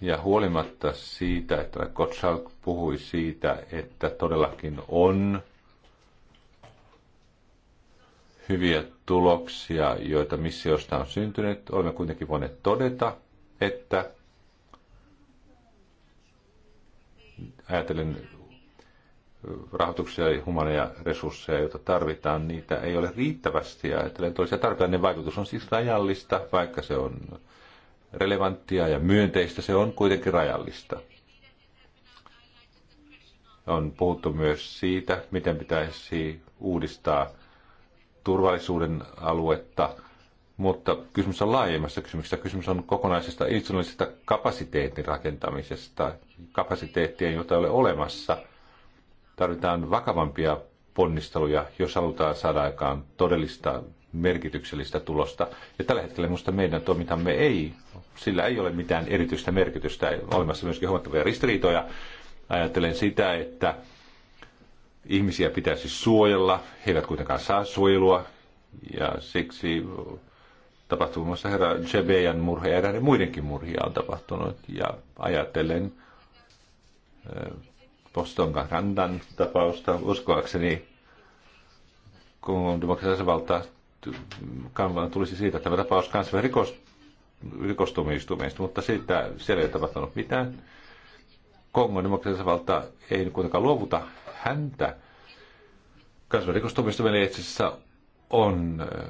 Ja huolimatta siitä, että Gottschalk puhui siitä, että todellakin on hyviä tuloksia, joita missiosta on syntynyt, olemme kuitenkin voineet todeta, että ajatellen rahoituksia ja humania resursseja, joita tarvitaan, niitä ei ole riittävästi. Ja ajatellen toisia tarpeellinen vaikutus on siis rajallista, vaikka se on relevanttia ja myönteistä, se on kuitenkin rajallista. On puhuttu myös siitä, miten pitäisi uudistaa turvallisuuden aluetta – mutta kysymys on laajemmassa kysymyksessä. Kysymys on kokonaisesta itsellisestä kapasiteetin rakentamisesta, kapasiteettia, jota ei ole olemassa. Tarvitaan vakavampia ponnisteluja, jos halutaan saada aikaan todellista merkityksellistä tulosta. Ja tällä hetkellä minusta meidän toimintamme ei, sillä ei ole mitään erityistä merkitystä. olemassa myöskin huomattavia ristiriitoja. Ajattelen sitä, että ihmisiä pitäisi suojella. He eivät kuitenkaan saa suojelua. Ja siksi tapahtuu Muun herra Jebejan murhe ja eräiden muidenkin murhia on tapahtunut. Ja ajatellen Postonga eh, Randan tapausta, uskoakseni kun demokratiassa valta tulisi siitä tämä tapaus kanssa rikos, rikostumistumeista, mutta siitä siellä ei tapahtunut mitään. Kongon demokratiassa valta ei kuitenkaan luovuta häntä. Kansainvälinen rikostumistuminen itse asiassa on eh,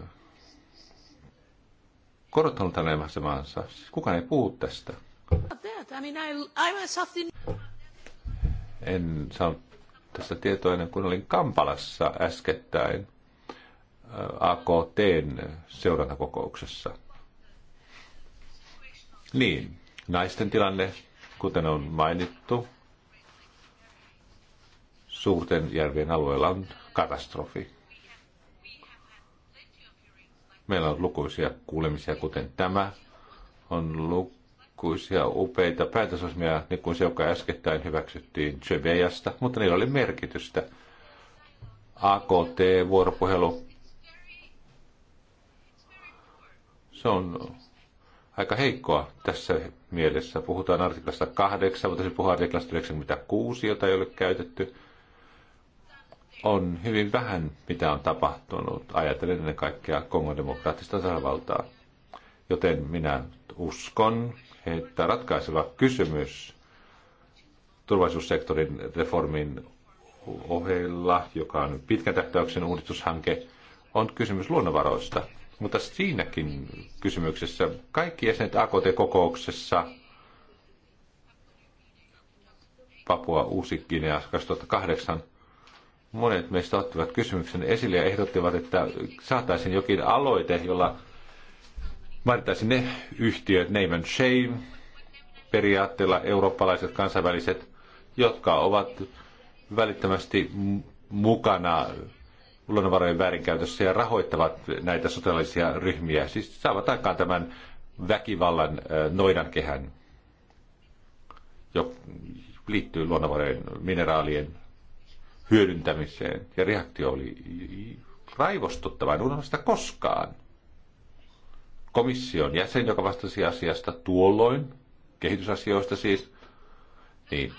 korottanut halutaan leimassa Siis kukaan ei puhu tästä. En saanut tästä tietoa ennen kuin olin Kampalassa äskettäin äh, AKTn seurantakokouksessa. Niin, naisten tilanne, kuten on mainittu, suurten järvien alueella on katastrofi. Meillä on lukuisia kuulemisia, kuten tämä. On lukuisia upeita päätösosmia, niin kuin se, joka äskettäin hyväksyttiin Chevejasta, mutta niillä oli merkitystä. AKT-vuoropuhelu. Se on aika heikkoa tässä mielessä. Puhutaan artiklasta 8, mutta se puhutaan artiklasta 96, jota ei ole käytetty on hyvin vähän, mitä on tapahtunut, ajatellen ennen kaikkea Kongon demokraattista tasavaltaa. Joten minä uskon, että ratkaiseva kysymys turvallisuussektorin reformin ohella, joka on pitkän tähtäyksen uudistushanke, on kysymys luonnonvaroista. Mutta siinäkin kysymyksessä kaikki jäsenet AKT-kokouksessa Papua Uusi-Guinea 2008 monet meistä ottivat kysymyksen esille ja ehdottivat, että saataisiin jokin aloite, jolla vaadittaisiin ne yhtiöt, name and shame, periaatteella eurooppalaiset kansainväliset, jotka ovat välittömästi mukana luonnonvarojen väärinkäytössä ja rahoittavat näitä sotilaallisia ryhmiä. Siis saavat aikaan tämän väkivallan noidankehän, joka liittyy luonnonvarojen mineraalien hyödyntämiseen. Ja reaktio oli raivostuttava, en sitä koskaan. Komission jäsen, joka vastasi asiasta tuolloin, kehitysasioista siis, niin,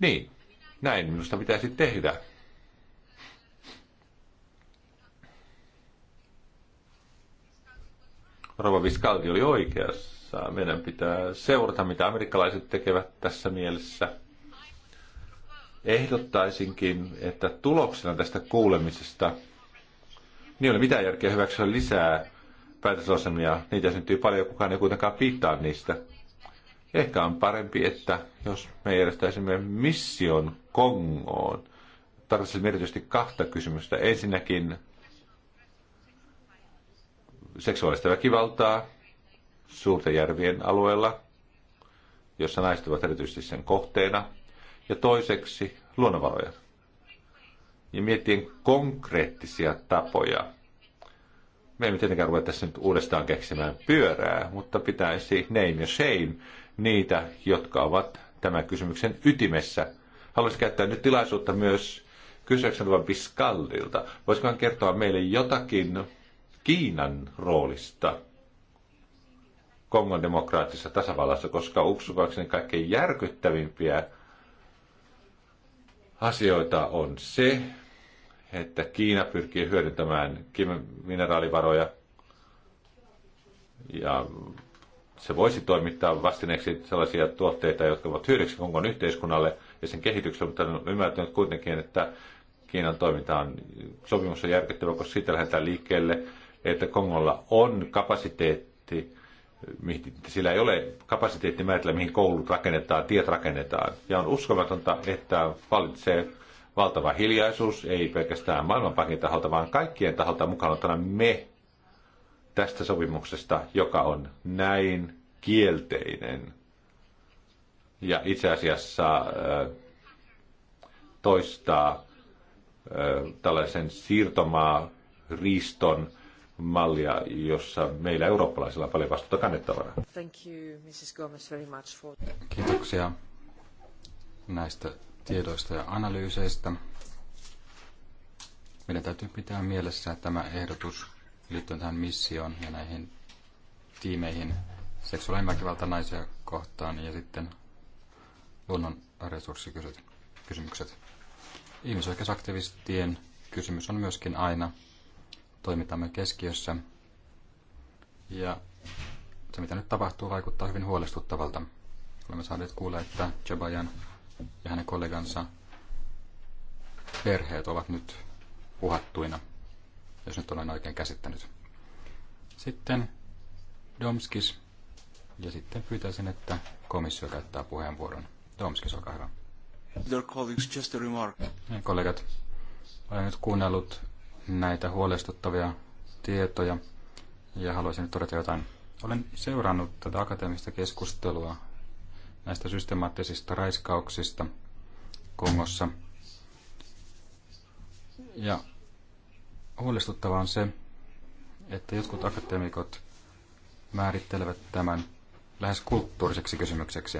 niin näin minusta pitäisi tehdä. Rova Viskaldi oli oikeassa. Meidän pitää seurata, mitä amerikkalaiset tekevät tässä mielessä – ehdottaisinkin, että tuloksena tästä kuulemisesta niin ei ole mitään järkeä hyväksyä lisää päätösasemia, Niitä syntyy paljon, kukaan ei kuitenkaan piittaa niistä. Ehkä on parempi, että jos me järjestäisimme mission Kongoon, tarvitsisimme erityisesti kahta kysymystä. Ensinnäkin seksuaalista väkivaltaa suurten järvien alueella, jossa naiset ovat erityisesti sen kohteena – ja toiseksi luonnonvaroja. Ja miettien konkreettisia tapoja. Me emme tietenkään ruveta tässä nyt uudestaan keksimään pyörää, mutta pitäisi name ja shame niitä, jotka ovat tämän kysymyksen ytimessä. Haluaisin käyttää nyt tilaisuutta myös kysyäkseni luvan Piskallilta. Voisiko hän kertoa meille jotakin Kiinan roolista Kongon demokraattisessa tasavallassa, koska uksukaakseni kaikkein järkyttävimpiä asioita on se, että Kiina pyrkii hyödyntämään mineraalivaroja ja se voisi toimittaa vastineeksi sellaisia tuotteita, jotka ovat hyödyksi Kongon yhteiskunnalle ja sen kehitykselle, mutta on ymmärtänyt kuitenkin, että Kiinan toiminta on, sopimus on järkyttävä, koska siitä lähdetään liikkeelle, että Kongolla on kapasiteetti sillä ei ole kapasiteetti määritellä, mihin koulut rakennetaan, tiet rakennetaan. Ja on uskomatonta, että valitsee valtava hiljaisuus, ei pelkästään maailmanpankin taholta, vaan kaikkien taholta mukaan ottana me tästä sopimuksesta, joka on näin kielteinen. Ja itse asiassa äh, toistaa äh, tällaisen siirtomaa riiston mallia, jossa meillä eurooppalaisilla on paljon vastuuta kannettavana. Thank you, Mrs. Gomez, very much for... Kiitoksia näistä tiedoista ja analyyseistä. Meidän täytyy pitää mielessä tämä ehdotus liittyen tähän missioon ja näihin tiimeihin seksuaalinen väkivalta naisia kohtaan ja sitten luonnon resurssikysymykset. Ihmisoikeusaktivistien kysymys on myöskin aina toimintamme keskiössä. Ja se, mitä nyt tapahtuu, vaikuttaa hyvin huolestuttavalta. Olemme saaneet kuulla, että Jebajan ja hänen kollegansa perheet ovat nyt uhattuina, jos nyt olen oikein käsittänyt. Sitten Domskis ja sitten pyytäisin, että komissio käyttää puheenvuoron. Domskis, olkaa hyvä. colleagues, just a remark. Niin, kollegat, olen nyt kuunnellut näitä huolestuttavia tietoja ja haluaisin nyt todeta jotain. Olen seurannut tätä akateemista keskustelua näistä systemaattisista raiskauksista Kongossa. Ja huolestuttavaa on se, että jotkut akateemikot määrittelevät tämän lähes kulttuuriseksi kysymykseksi.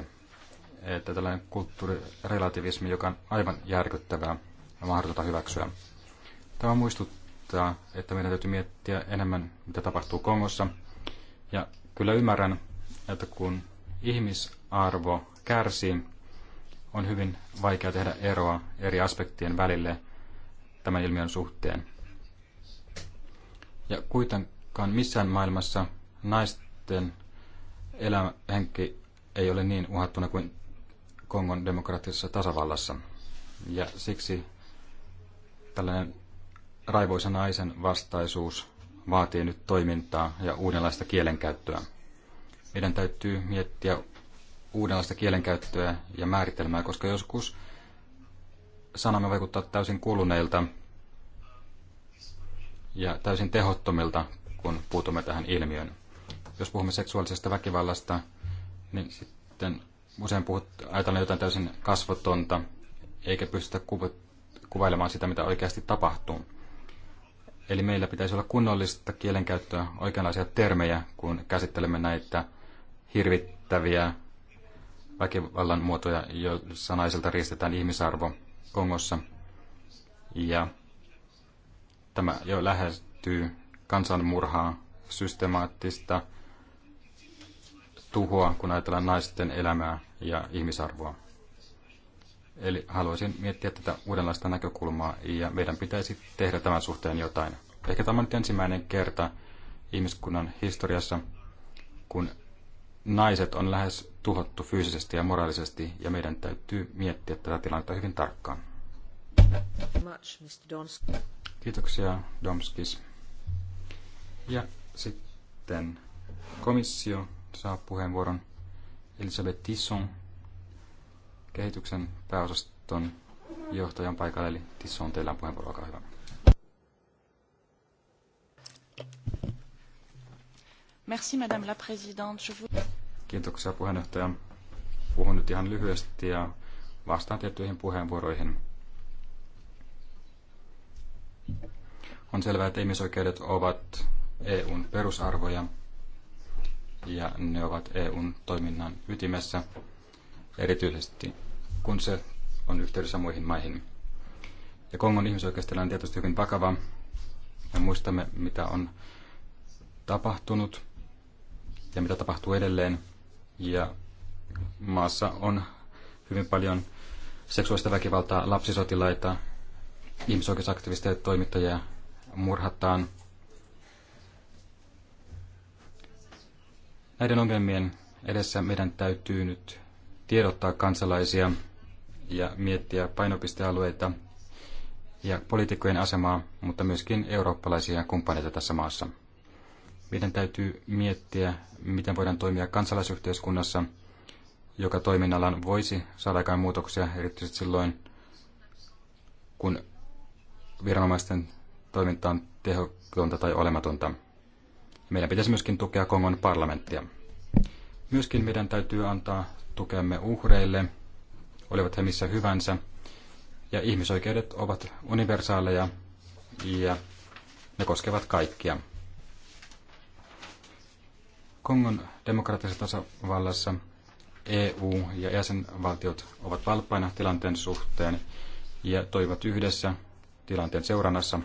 Että tällainen kulttuurirelativismi, joka on aivan järkyttävää ja mahdotonta hyväksyä. Tämä muistuttaa, että meidän täytyy miettiä enemmän, mitä tapahtuu Kongossa. Ja kyllä ymmärrän, että kun ihmisarvo kärsii, on hyvin vaikea tehdä eroa eri aspektien välille tämän ilmiön suhteen. Ja kuitenkaan missään maailmassa naisten elämähenki ei ole niin uhattuna kuin Kongon demokraattisessa tasavallassa. Ja siksi tällainen raivoisa naisen vastaisuus vaatii nyt toimintaa ja uudenlaista kielenkäyttöä. Meidän täytyy miettiä uudenlaista kielenkäyttöä ja määritelmää, koska joskus sanamme vaikuttaa täysin kuluneilta ja täysin tehottomilta, kun puutumme tähän ilmiön. Jos puhumme seksuaalisesta väkivallasta, niin sitten usein puhut, ajatellaan jotain täysin kasvotonta, eikä pystytä kuvailemaan sitä, mitä oikeasti tapahtuu. Eli meillä pitäisi olla kunnollista kielenkäyttöä, oikeanlaisia termejä, kun käsittelemme näitä hirvittäviä väkivallan muotoja, jo sanaiselta riistetään ihmisarvo Kongossa. Ja tämä jo lähestyy kansanmurhaa, systemaattista tuhoa, kun ajatellaan naisten elämää ja ihmisarvoa. Eli haluaisin miettiä tätä uudenlaista näkökulmaa ja meidän pitäisi tehdä tämän suhteen jotain. Ehkä tämä on nyt ensimmäinen kerta ihmiskunnan historiassa, kun naiset on lähes tuhottu fyysisesti ja moraalisesti ja meidän täytyy miettiä tätä tilannetta hyvin tarkkaan. Kiitoksia, Domskis. Ja sitten komissio saa puheenvuoron. Elisabeth Tisson kehityksen pääosaston johtajan paikalle, eli Tisso on teillä puheenvuoro, olkaa hyvä. Merci, Madame la Présidente. Je vous... Kiitoksia puheenjohtaja. Puhun nyt ihan lyhyesti ja vastaan tiettyihin puheenvuoroihin. On selvää, että ihmisoikeudet ovat EUn perusarvoja ja ne ovat EUn toiminnan ytimessä erityisesti kun se on yhteydessä muihin maihin. Ja Kongon ihmisoikeustilanne on tietysti hyvin vakava. Ja muistamme, mitä on tapahtunut ja mitä tapahtuu edelleen. Ja maassa on hyvin paljon seksuaalista väkivaltaa, lapsisotilaita, ihmisoikeusaktivisteja, toimittajia murhataan. Näiden ongelmien edessä meidän täytyy nyt tiedottaa kansalaisia ja miettiä painopistealueita ja poliitikkojen asemaa, mutta myöskin eurooppalaisia kumppaneita tässä maassa. Meidän täytyy miettiä, miten voidaan toimia kansalaisyhteiskunnassa, joka toiminnallaan voisi saada aikaan muutoksia, erityisesti silloin, kun viranomaisten toiminta on tehokonta tai olematonta. Meidän pitäisi myöskin tukea Kongon parlamenttia. Myöskin meidän täytyy antaa tukemme uhreille, olivat he missä hyvänsä. Ja ihmisoikeudet ovat universaaleja ja ne koskevat kaikkia. Kongon demokraattisessa tasavallassa EU ja jäsenvaltiot ovat valppaina tilanteen suhteen ja toivat yhdessä tilanteen seurannassa.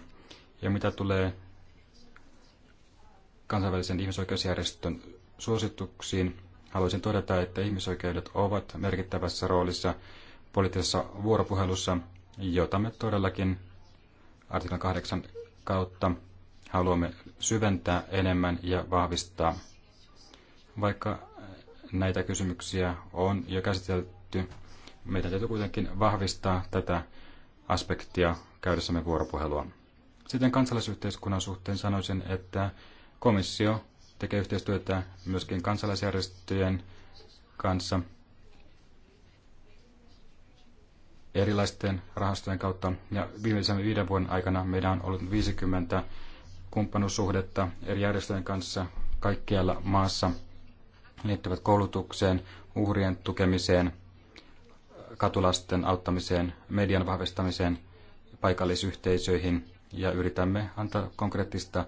Ja mitä tulee kansainvälisen ihmisoikeusjärjestön suosituksiin, haluaisin todeta, että ihmisoikeudet ovat merkittävässä roolissa poliittisessa vuoropuhelussa, jota me todellakin artiklan 8 kautta haluamme syventää enemmän ja vahvistaa. Vaikka näitä kysymyksiä on jo käsitelty, meidän täytyy kuitenkin vahvistaa tätä aspektia käydessämme vuoropuhelua. Sitten kansalaisyhteiskunnan suhteen sanoisin, että komissio tekee yhteistyötä myöskin kansalaisjärjestöjen kanssa erilaisten rahastojen kautta. Ja viimeisen viiden vuoden aikana meillä on ollut 50 kumppanuussuhdetta eri järjestöjen kanssa kaikkialla maassa liittyvät koulutukseen, uhrien tukemiseen, katulasten auttamiseen, median vahvistamiseen, paikallisyhteisöihin ja yritämme antaa konkreettista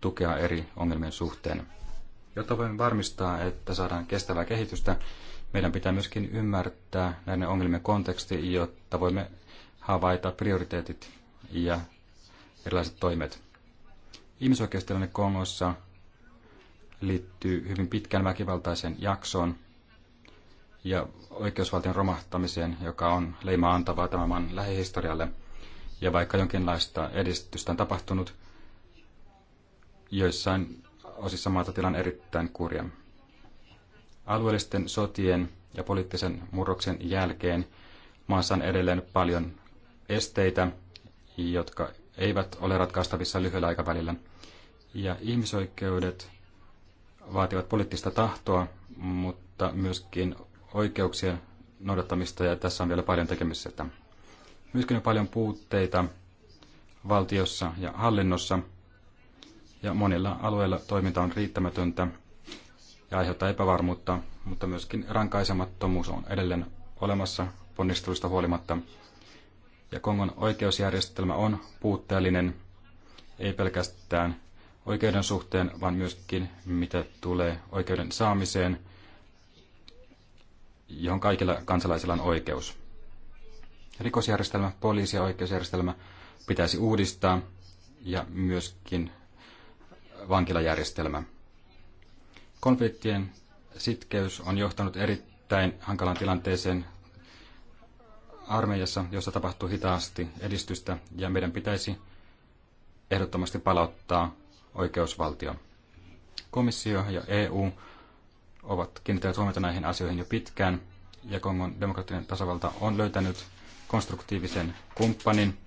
tukea eri ongelmien suhteen. Jotta voimme varmistaa, että saadaan kestävää kehitystä, meidän pitää myöskin ymmärtää näiden ongelmien konteksti, jotta voimme havaita prioriteetit ja erilaiset toimet. Ihmisoikeustilanne Kongossa liittyy hyvin pitkään väkivaltaiseen jaksoon ja oikeusvaltion romahtamiseen, joka on leimaa antavaa tämän maan lähihistorialle. Ja vaikka jonkinlaista edistystä on tapahtunut, joissain osissa maata tilan erittäin kurja. Alueellisten sotien ja poliittisen murroksen jälkeen maassa on edelleen paljon esteitä, jotka eivät ole ratkaistavissa lyhyellä aikavälillä. Ja ihmisoikeudet vaativat poliittista tahtoa, mutta myöskin oikeuksien noudattamista, ja tässä on vielä paljon tekemistä. Myöskin on paljon puutteita valtiossa ja hallinnossa, ja monilla alueilla toiminta on riittämätöntä ja aiheuttaa epävarmuutta, mutta myöskin rankaisemattomuus on edelleen olemassa ponnistelusta huolimatta. Ja Kongon oikeusjärjestelmä on puutteellinen, ei pelkästään oikeuden suhteen, vaan myöskin mitä tulee oikeuden saamiseen, johon kaikilla kansalaisilla on oikeus. Rikosjärjestelmä, poliisi ja oikeusjärjestelmä pitäisi uudistaa ja myöskin vankilajärjestelmä. Konfliktien sitkeys on johtanut erittäin hankalaan tilanteeseen armeijassa, jossa tapahtuu hitaasti edistystä, ja meidän pitäisi ehdottomasti palauttaa oikeusvaltio. Komissio ja EU ovat kiinnittäneet huomiota näihin asioihin jo pitkään, ja Kongon demokraattinen tasavalta on löytänyt konstruktiivisen kumppanin.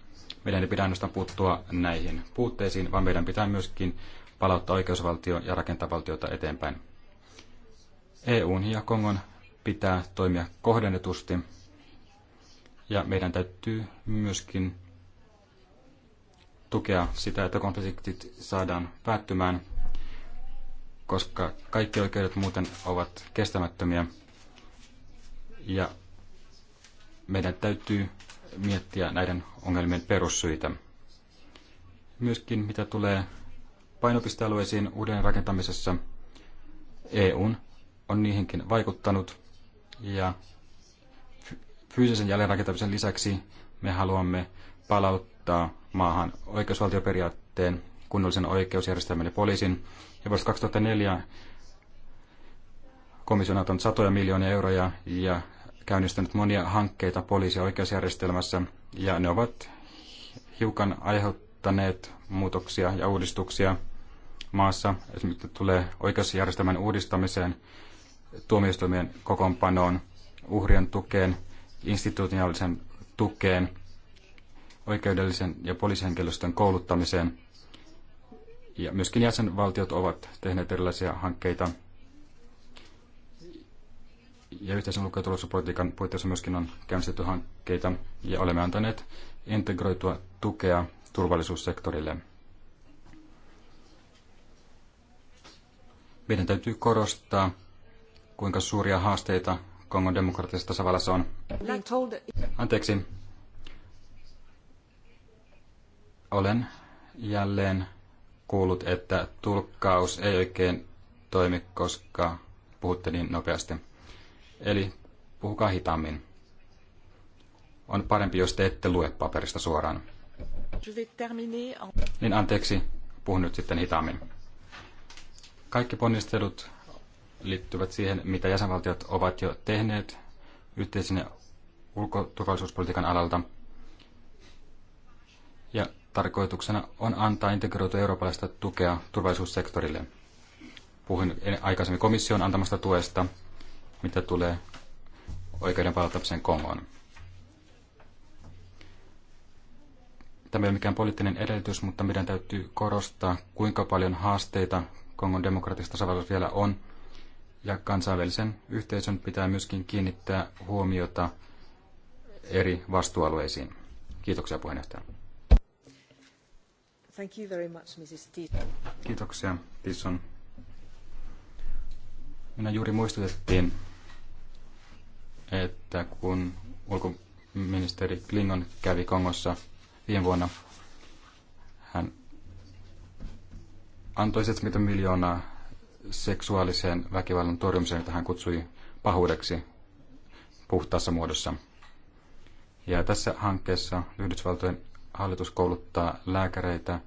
Meidän ei pidä ainoastaan puuttua näihin puutteisiin, vaan meidän pitää myöskin palauttaa oikeusvaltio ja rakentaa valtiota eteenpäin. EUn ja Kongon pitää toimia kohdennetusti ja meidän täytyy myöskin tukea sitä, että konfliktit saadaan päättymään, koska kaikki oikeudet muuten ovat kestämättömiä. Ja meidän täytyy miettiä näiden ongelmien perussyitä. Myöskin mitä tulee painopistealueisiin uuden rakentamisessa. EUn on niihinkin vaikuttanut ja fyysisen jälleenrakentamisen lisäksi me haluamme palauttaa maahan oikeusvaltioperiaatteen, kunnollisen oikeusjärjestelmän ja poliisin. Ja vuosi 2004 komissio on satoja miljoonia euroja ja käynnistänyt monia hankkeita poliisi- ja oikeusjärjestelmässä, ja ne ovat hiukan aiheuttaneet muutoksia ja uudistuksia maassa, esimerkiksi tulee oikeusjärjestelmän uudistamiseen, tuomioistuimien kokoonpanoon, uhrien tukeen, institutionaalisen tukeen, oikeudellisen ja poliisihenkilöstön kouluttamiseen. Ja myöskin jäsenvaltiot ovat tehneet erilaisia hankkeita. Ja yhteisen ulko- ja turvallisuuspolitiikan puitteissa myöskin on käynnistetty hankkeita ja olemme antaneet integroitua tukea turvallisuussektorille. Meidän täytyy korostaa, kuinka suuria haasteita Kongon demokraattisessa tasavallassa on. Anteeksi. Olen jälleen kuullut, että tulkkaus ei oikein toimi, koska puhutte niin nopeasti. Eli puhukaa hitaammin. On parempi, jos te ette lue paperista suoraan. Niin anteeksi, puhun nyt sitten hitaammin. Kaikki ponnistelut liittyvät siihen, mitä jäsenvaltiot ovat jo tehneet yhteisen ulkoturvallisuuspolitiikan alalta. Ja tarkoituksena on antaa integroitua eurooppalaista tukea turvallisuussektorille. Puhuin aikaisemmin komission antamasta tuesta, mitä tulee oikeuden palauttamiseen Kongoon. Tämä ei ole mikään poliittinen edellytys, mutta meidän täytyy korostaa, kuinka paljon haasteita Kongon demokratista tasavallassa vielä on. Ja kansainvälisen yhteisön pitää myöskin kiinnittää huomiota eri vastuualueisiin. Kiitoksia puheenjohtaja. Thank you very much, Mrs. Kiitoksia, Tisson. Minä juuri muistutettiin, että kun ulkoministeri Klingon kävi Kongossa viime vuonna, hän antoi 70 miljoonaa seksuaalisen väkivallan torjumiseen, jota hän kutsui pahuudeksi puhtaassa muodossa. Ja tässä hankkeessa Yhdysvaltojen hallitus kouluttaa lääkäreitä,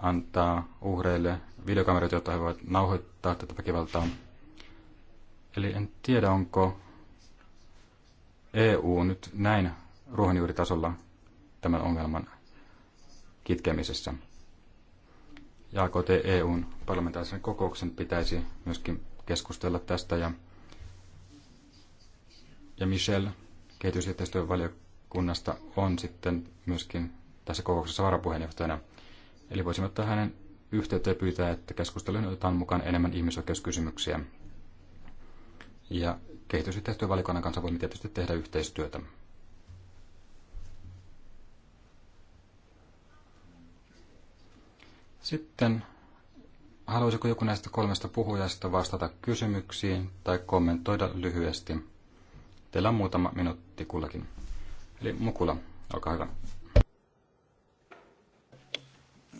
antaa uhreille videokameroita, joita he voivat nauhoittaa tätä väkivaltaa. Eli en tiedä, onko EU nyt näin ruohonjuuritasolla tämän ongelman kitkemisessä ja AKT EUn parlamentaarisen kokouksen pitäisi myöskin keskustella tästä. Ja, ja Michel kehitysyhteistyön valiokunnasta on sitten myöskin tässä kokouksessa varapuheenjohtajana. Eli voisimme ottaa hänen yhteyttä ja pyytää, että keskusteluun otetaan mukaan enemmän ihmisoikeuskysymyksiä. Ja kehitysyhteistyövalikunnan kanssa voimme tietysti tehdä yhteistyötä. Sitten haluaisiko joku näistä kolmesta puhujasta vastata kysymyksiin tai kommentoida lyhyesti? Teillä on muutama minuutti kullakin. Eli Mukula, olkaa hyvä.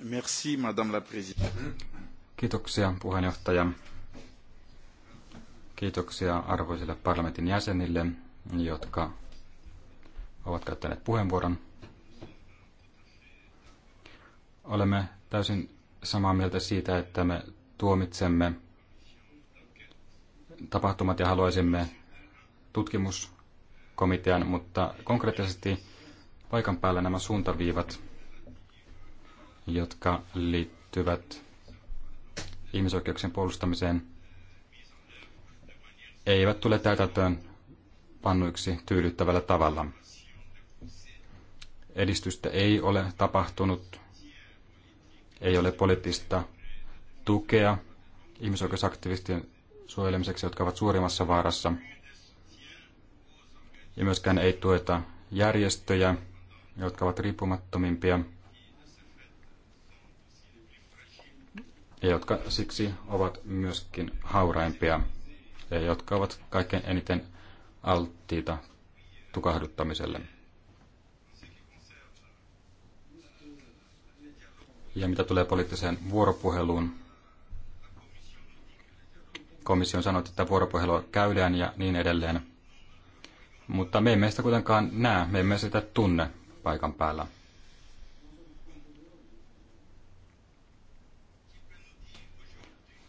Merci, Madame la Présidente. Kiitoksia puheenjohtaja. Kiitoksia arvoisille parlamentin jäsenille, jotka ovat käyttäneet puheenvuoron. Olemme täysin samaa mieltä siitä, että me tuomitsemme tapahtumat ja haluaisimme tutkimuskomitean, mutta konkreettisesti paikan päällä nämä suuntaviivat, jotka liittyvät ihmisoikeuksien puolustamiseen, eivät tule täytäntöön pannuiksi tyydyttävällä tavalla. Edistystä ei ole tapahtunut ei ole poliittista tukea ihmisoikeusaktivistien suojelemiseksi, jotka ovat suurimmassa vaarassa. Ja myöskään ei tueta järjestöjä, jotka ovat riippumattomimpia ja jotka siksi ovat myöskin hauraimpia ja jotka ovat kaikkein eniten alttiita tukahduttamiselle. Ja mitä tulee poliittiseen vuoropuheluun, komissio on sanonut, että vuoropuhelua käydään ja niin edelleen. Mutta me emme sitä kuitenkaan näe, me emme sitä tunne paikan päällä.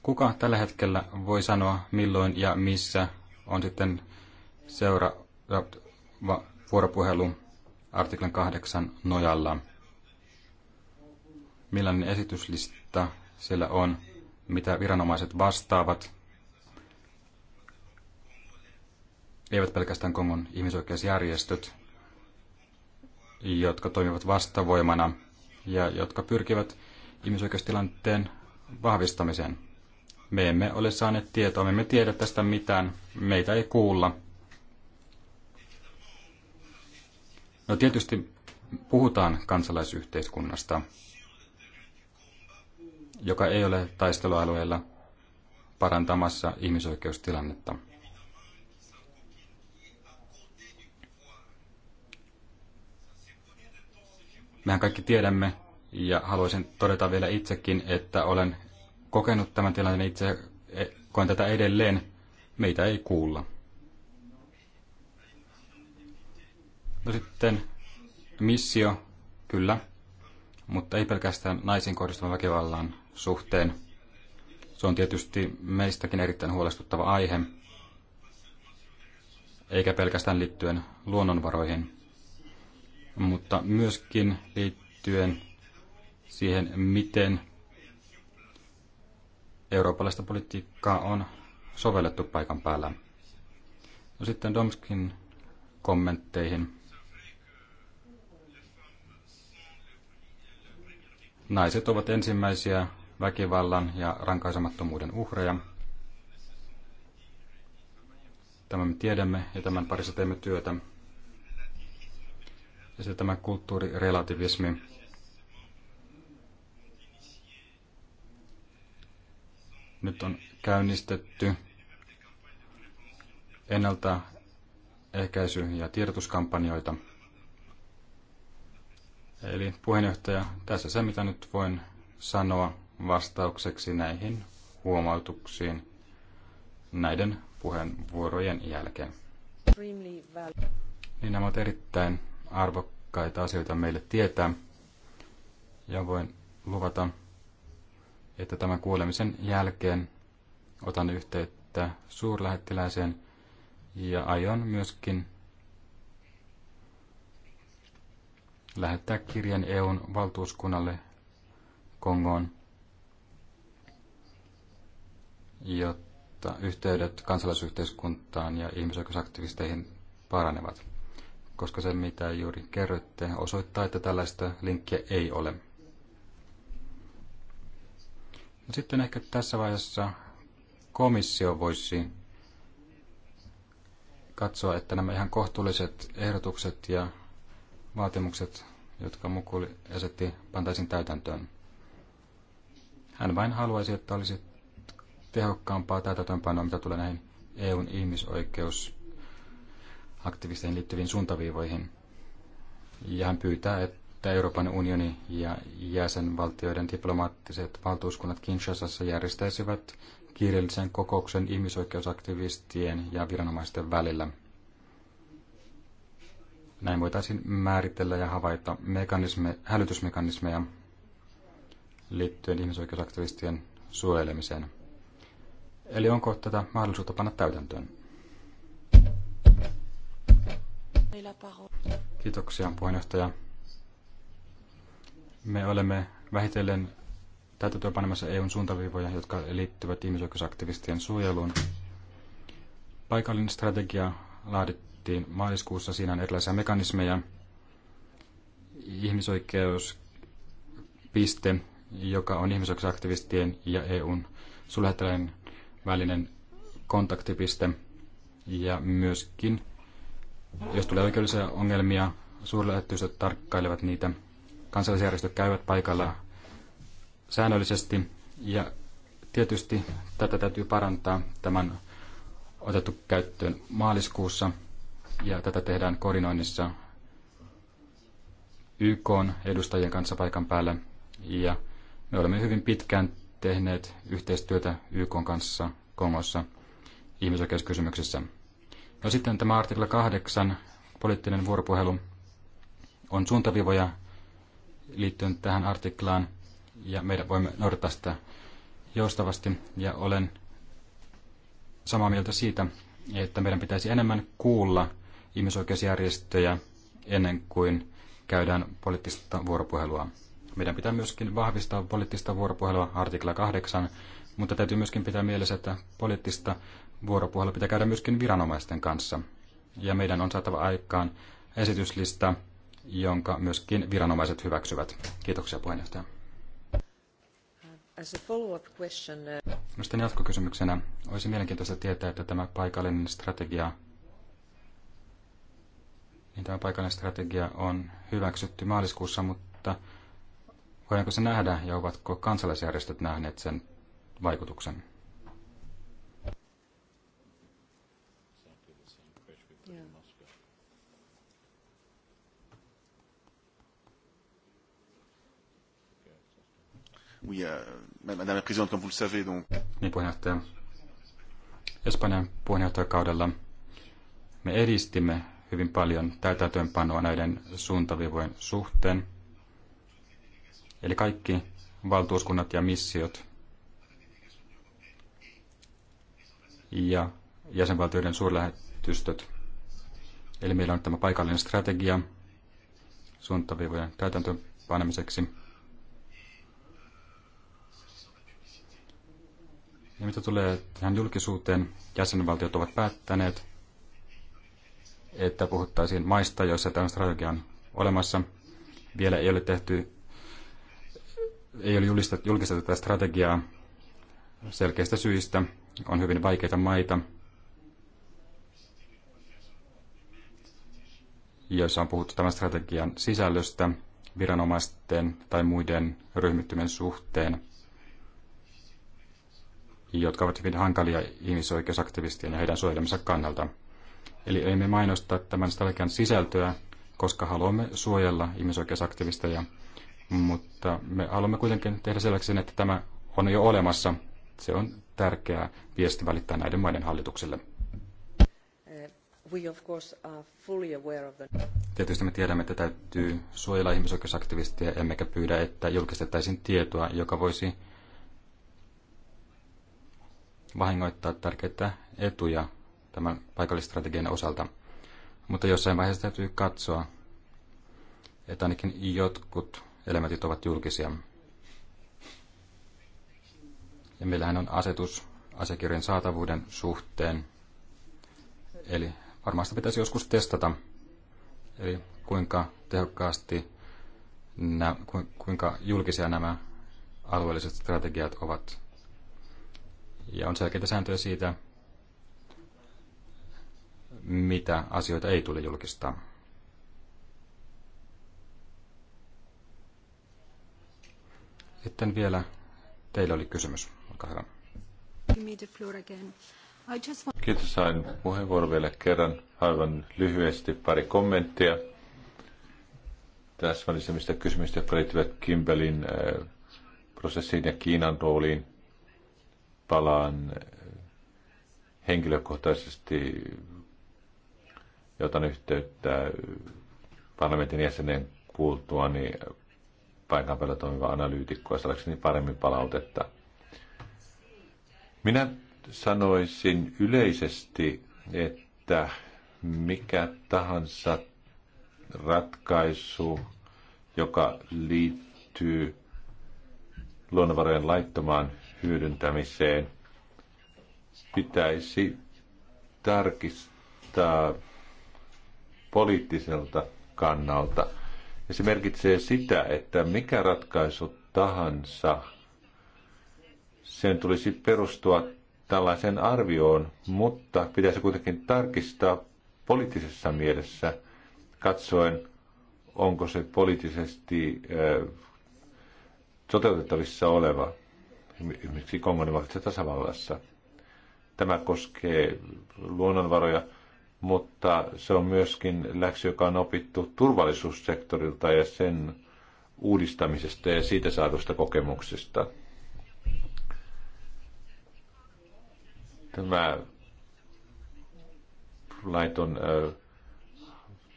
Kuka tällä hetkellä voi sanoa milloin ja missä on sitten seuraava vuoropuhelu artiklan 8 nojalla? millainen esityslista siellä on, mitä viranomaiset vastaavat, eivät pelkästään Kongon ihmisoikeusjärjestöt, jotka toimivat vastavoimana ja jotka pyrkivät ihmisoikeustilanteen vahvistamiseen. Me emme ole saaneet tietoa, me emme tiedä tästä mitään, meitä ei kuulla. No tietysti puhutaan kansalaisyhteiskunnasta, joka ei ole taistelualueella parantamassa ihmisoikeustilannetta. Mehän kaikki tiedämme, ja haluaisin todeta vielä itsekin, että olen kokenut tämän tilanteen itse, e, koen tätä edelleen, meitä ei kuulla. No sitten missio, kyllä, mutta ei pelkästään naisiin kohdistuvan väkivallan suhteen. Se on tietysti meistäkin erittäin huolestuttava aihe, eikä pelkästään liittyen luonnonvaroihin, mutta myöskin liittyen siihen, miten eurooppalaista politiikkaa on sovellettu paikan päällä. No sitten Domskin kommentteihin. Naiset ovat ensimmäisiä väkivallan ja rankaisemattomuuden uhreja. Tämän me tiedämme ja tämän parissa teemme työtä. Ja sitten tämä kulttuurirelativismi. Nyt on käynnistetty ennalta ehkäisy- ja tiedotuskampanjoita. Eli puheenjohtaja, tässä se mitä nyt voin sanoa vastaukseksi näihin huomautuksiin näiden puheenvuorojen jälkeen. Niin nämä ovat erittäin arvokkaita asioita meille tietää. Ja voin luvata, että tämän kuulemisen jälkeen otan yhteyttä suurlähettiläiseen ja aion myöskin lähettää kirjan EUn valtuuskunnalle Kongoon jotta yhteydet kansalaisyhteiskuntaan ja ihmisoikeusaktivisteihin paranevat. Koska se, mitä juuri kerroitte, osoittaa, että tällaista linkkiä ei ole. Ja no sitten ehkä tässä vaiheessa komissio voisi katsoa, että nämä ihan kohtuulliset ehdotukset ja vaatimukset, jotka Mukuli esitti, pantaisin täytäntöön. Hän vain haluaisi, että olisi tehokkaampaa täytäntöönpanoa, mitä tulee näihin EUn ihmisoikeusaktivisteihin liittyviin suuntaviivoihin. Ja hän pyytää, että Euroopan unioni ja jäsenvaltioiden diplomaattiset valtuuskunnat Kinshasassa järjestäisivät kiireellisen kokouksen ihmisoikeusaktivistien ja viranomaisten välillä. Näin voitaisiin määritellä ja havaita mekanisme, hälytysmekanismeja liittyen ihmisoikeusaktivistien suojelemiseen. Eli onko tätä mahdollisuutta panna täytäntöön? Kiitoksia puheenjohtaja. Me olemme vähitellen täytäntöön panemassa EUn suuntaviivoja, jotka liittyvät ihmisoikeusaktivistien suojeluun. Paikallinen strategia laadittiin maaliskuussa. Siinä on erilaisia mekanismeja. Ihmisoikeuspiste, joka on ihmisoikeusaktivistien ja EUn sulhettelyn välinen kontaktipiste ja myöskin, jos tulee oikeudellisia ongelmia, suurlähettyiset tarkkailevat niitä. Kansallisjärjestöt käyvät paikalla säännöllisesti ja tietysti tätä täytyy parantaa. Tämän otettu käyttöön maaliskuussa ja tätä tehdään koordinoinnissa YK edustajien kanssa paikan päällä ja me olemme hyvin pitkään tehneet yhteistyötä YK kanssa Kongossa ihmisoikeuskysymyksissä. No sitten tämä artikla 8, poliittinen vuoropuhelu, on suuntavivoja liittyen tähän artiklaan, ja meidän voimme noudattaa sitä joustavasti, ja olen samaa mieltä siitä, että meidän pitäisi enemmän kuulla ihmisoikeusjärjestöjä ennen kuin käydään poliittista vuoropuhelua. Meidän pitää myöskin vahvistaa poliittista vuoropuhelua artikla 8, mutta täytyy myöskin pitää mielessä, että poliittista vuoropuhelua pitää käydä myöskin viranomaisten kanssa. Ja meidän on saatava aikaan esityslista, jonka myöskin viranomaiset hyväksyvät. Kiitoksia puheenjohtaja. As a follow-up question, uh... Sitten jatkokysymyksenä olisi mielenkiintoista tietää, että tämä paikallinen strategia niin tämä paikallinen strategia on hyväksytty maaliskuussa, mutta Voidaanko se nähdä ja ovatko kansalaisjärjestöt nähneet sen vaikutuksen? Oui, euh, Madame la Présidente, comme vous le savez, donc... Niin puheenjohtaja. Espanjan puheenjohtajakaudella me edistimme hyvin paljon täytäntöönpanoa näiden suuntavivojen suhteen. Eli kaikki valtuuskunnat ja missiot ja jäsenvaltioiden suurlähetystöt. Eli meillä on tämä paikallinen strategia suuntaviivojen täytäntöön panemiseksi. Ja mitä tulee tähän julkisuuteen, jäsenvaltiot ovat päättäneet, että puhuttaisiin maista, joissa tämä strategia on olemassa. Vielä ei ole tehty ei ole julistettu, julkistettu tätä strategiaa selkeistä syistä. On hyvin vaikeita maita, joissa on puhuttu tämän strategian sisällöstä viranomaisten tai muiden ryhmittymien suhteen, jotka ovat hyvin hankalia ihmisoikeusaktivistien ja heidän suojelemisensa kannalta. Eli emme mainosta tämän strategian sisältöä, koska haluamme suojella ihmisoikeusaktivisteja – mutta me haluamme kuitenkin tehdä selväksi sen, että tämä on jo olemassa. Se on tärkeää viesti välittää näiden maiden hallitukselle. Eh, Tietysti me tiedämme, että täytyy suojella ihmisoikeusaktivisteja, emmekä pyydä, että julkistettaisiin tietoa, joka voisi vahingoittaa tärkeitä etuja tämän paikallistrategian osalta. Mutta jossain vaiheessa täytyy katsoa, että ainakin jotkut elementit ovat julkisia. Ja meillähän on asetus asiakirjojen saatavuuden suhteen. Eli varmasti pitäisi joskus testata, eli kuinka tehokkaasti, nä, kuinka julkisia nämä alueelliset strategiat ovat. Ja on selkeitä sääntöjä siitä, mitä asioita ei tule julkistaa. Sitten vielä teillä oli kysymys. Olkaa hyvä. Kiitos, sain puheenvuoron vielä kerran. Aivan lyhyesti pari kommenttia tässä täsmällisemmistä kysymystä, jotka liittyvät Kimbelin äh, prosessiin ja Kiinan rooliin. Palaan äh, henkilökohtaisesti jotan yhteyttä äh, parlamentin jäsenen niin paikan päällä toimiva analyytikko ja saadakseni paremmin palautetta. Minä sanoisin yleisesti, että mikä tahansa ratkaisu, joka liittyy luonnonvarojen laittomaan hyödyntämiseen, pitäisi tarkistaa poliittiselta kannalta – ja se merkitsee sitä, että mikä ratkaisu tahansa, sen tulisi perustua tällaiseen arvioon, mutta pitäisi kuitenkin tarkistaa poliittisessa mielessä katsoen, onko se poliittisesti toteutettavissa oleva, esimerkiksi Kongon tasavallassa. Tämä koskee luonnonvaroja, mutta se on myöskin läksy, joka on opittu turvallisuussektorilta ja sen uudistamisesta ja siitä saadusta kokemuksista. Tämä laiton ö,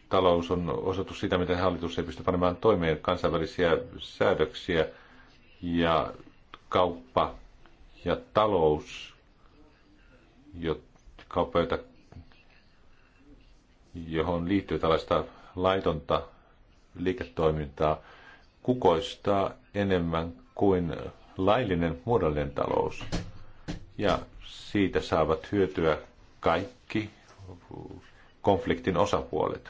talous on osoitus sitä, miten hallitus ei pysty panemaan toimeen kansainvälisiä säädöksiä ja kauppa ja talous, jo, kauppa, jota johon liittyy tällaista laitonta liiketoimintaa, kukoistaa enemmän kuin laillinen muodollinen talous. Ja siitä saavat hyötyä kaikki konfliktin osapuolet.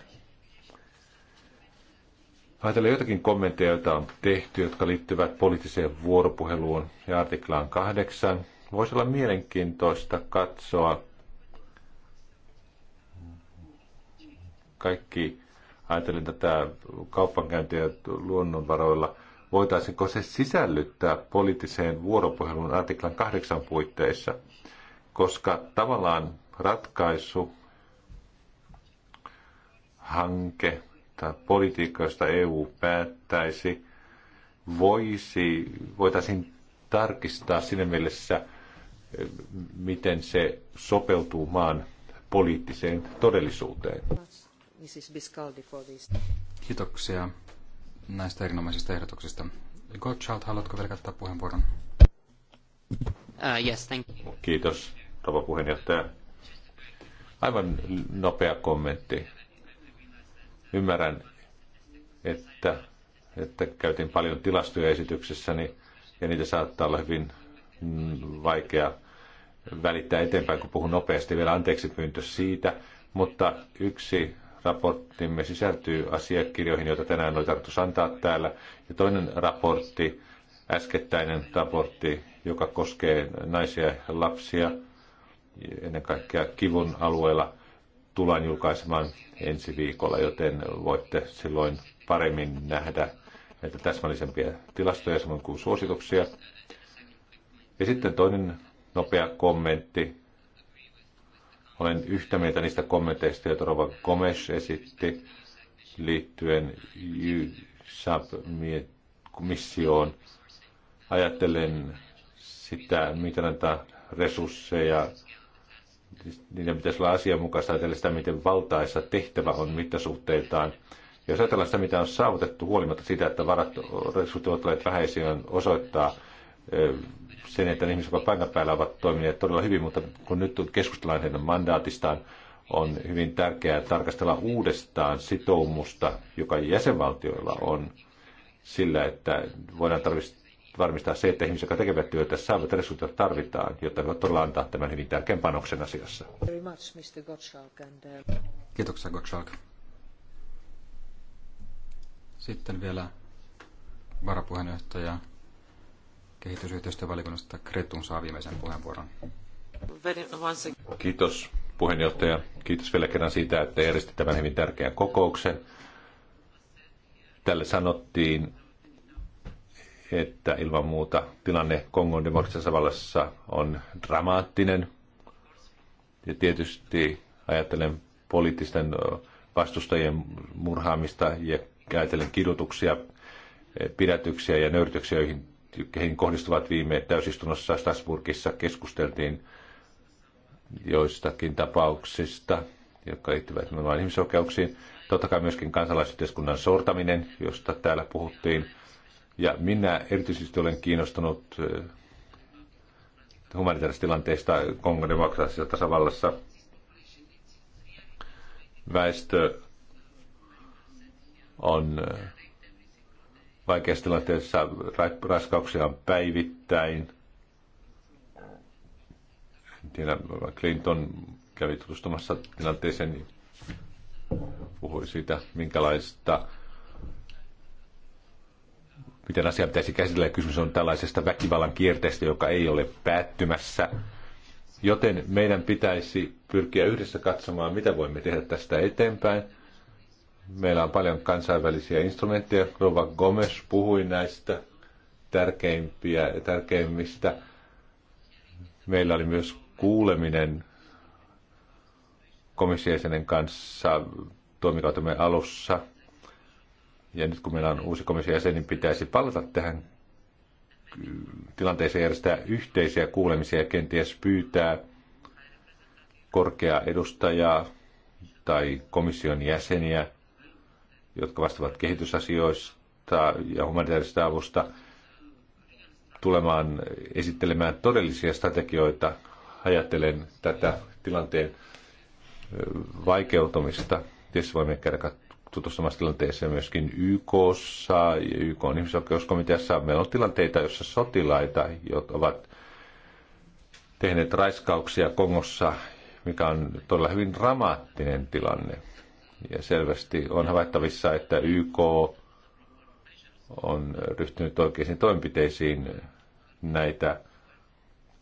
Ajatellaan jotakin kommentteja, joita on tehty, jotka liittyvät poliittiseen vuoropuheluun ja artiklaan kahdeksan. Voisi olla mielenkiintoista katsoa, kaikki, ajatellen tätä kauppankäyntiä luonnonvaroilla, voitaisiinko se sisällyttää poliittiseen vuoropuheluun artiklan kahdeksan puitteissa, koska tavallaan ratkaisu, hanke tai politiikka, josta EU päättäisi, voisi, voitaisiin tarkistaa siinä mielessä, miten se sopeutuu maan poliittiseen todellisuuteen. Mrs. Biscaldi for this. Kiitoksia näistä erinomaisista ehdotuksista. Gottschalk, haluatko vielä käyttää puheenvuoron? Uh, yes, thank you. Kiitos, rouva puheenjohtaja. Aivan nopea kommentti. Ymmärrän, että, että käytin paljon tilastoja esityksessäni ja niitä saattaa olla hyvin mm, vaikea välittää eteenpäin, kun puhun nopeasti. Vielä anteeksi pyyntö siitä, mutta yksi raporttimme sisältyy asiakirjoihin, joita tänään oli tarkoitus antaa täällä. Ja toinen raportti, äskettäinen raportti, joka koskee naisia ja lapsia, ennen kaikkea kivun alueella, tullaan julkaisemaan ensi viikolla, joten voitte silloin paremmin nähdä näitä täsmällisempiä tilastoja samoin kuin suosituksia. Ja sitten toinen nopea kommentti olen yhtä mieltä niistä kommenteista, joita Rova Gomes esitti liittyen YSAP-missioon. Ajattelen sitä, miten antaa resursseja. Niiden pitäisi olla asianmukaista ajatella sitä, miten valtaisa tehtävä on mittasuhteiltaan. Jos ajatellaan sitä, mitä on saavutettu huolimatta siitä, että varat resurssit ovat olleet vähäisiä, on osoittaa, sen, että ne ihmiset, jotka paikan päällä ovat toimineet todella hyvin, mutta kun nyt keskustellaan heidän mandaatistaan, on hyvin tärkeää tarkastella uudestaan sitoumusta, joka jäsenvaltioilla on sillä, että voidaan varmistaa se, että ihmiset, jotka tekevät työtä, saavat resursseja, joita tarvitaan, jotta he todella antaa tämän hyvin tärkeän panoksen asiassa. Uh, Kiitoksia, Gottschalk. Sitten vielä varapuheenjohtaja kehitysyhteistyövaliokunnasta Kretun saa viimeisen puheenvuoron. Kiitos puheenjohtaja. Kiitos vielä kerran siitä, että järjestit tämän hyvin tärkeän kokouksen. Tälle sanottiin, että ilman muuta tilanne Kongon demokraattisessa vallassa on dramaattinen. Ja tietysti ajattelen poliittisten vastustajien murhaamista ja ajattelen kidutuksia, pidätyksiä ja nöyrtyksiä joihin heihin kohdistuvat viime täysistunnossa Strasbourgissa keskusteltiin joistakin tapauksista, jotka liittyvät nimenomaan ihmisoikeuksiin. Totta kai myöskin kansalaisyhteiskunnan sortaminen, josta täällä puhuttiin. Ja minä erityisesti olen kiinnostunut eh, humanitaarisesta tilanteesta Kongon demokraattisessa tasavallassa. Väestö on eh, vaikeassa tilanteessa raskauksia on päivittäin. Tiedä, Clinton kävi tutustumassa tilanteeseen, niin puhui siitä, minkälaista miten asia pitäisi käsitellä. Kysymys on tällaisesta väkivallan kierteestä, joka ei ole päättymässä. Joten meidän pitäisi pyrkiä yhdessä katsomaan, mitä voimme tehdä tästä eteenpäin – Meillä on paljon kansainvälisiä instrumentteja. Rova Gomes puhui näistä tärkeimpiä, tärkeimmistä. Meillä oli myös kuuleminen komissiojäsenen kanssa toimikautemme alussa. Ja nyt kun meillä on uusi komissiojäsen, niin pitäisi palata tähän tilanteeseen järjestää yhteisiä kuulemisia ja kenties pyytää korkea edustajaa tai komission jäseniä – jotka vastaavat kehitysasioista ja humanitaarisesta avusta, tulemaan esittelemään todellisia strategioita. Ajattelen tätä tilanteen vaikeutumista. Tietysti voimme käydä tutustumassa tilanteeseen myöskin YKssa ja YK on ihmisoikeuskomiteassa. Meillä on tilanteita, joissa sotilaita, jotka ovat tehneet raiskauksia Kongossa, mikä on todella hyvin dramaattinen tilanne. Ja selvästi on havaittavissa, että YK on ryhtynyt oikeisiin toimenpiteisiin näitä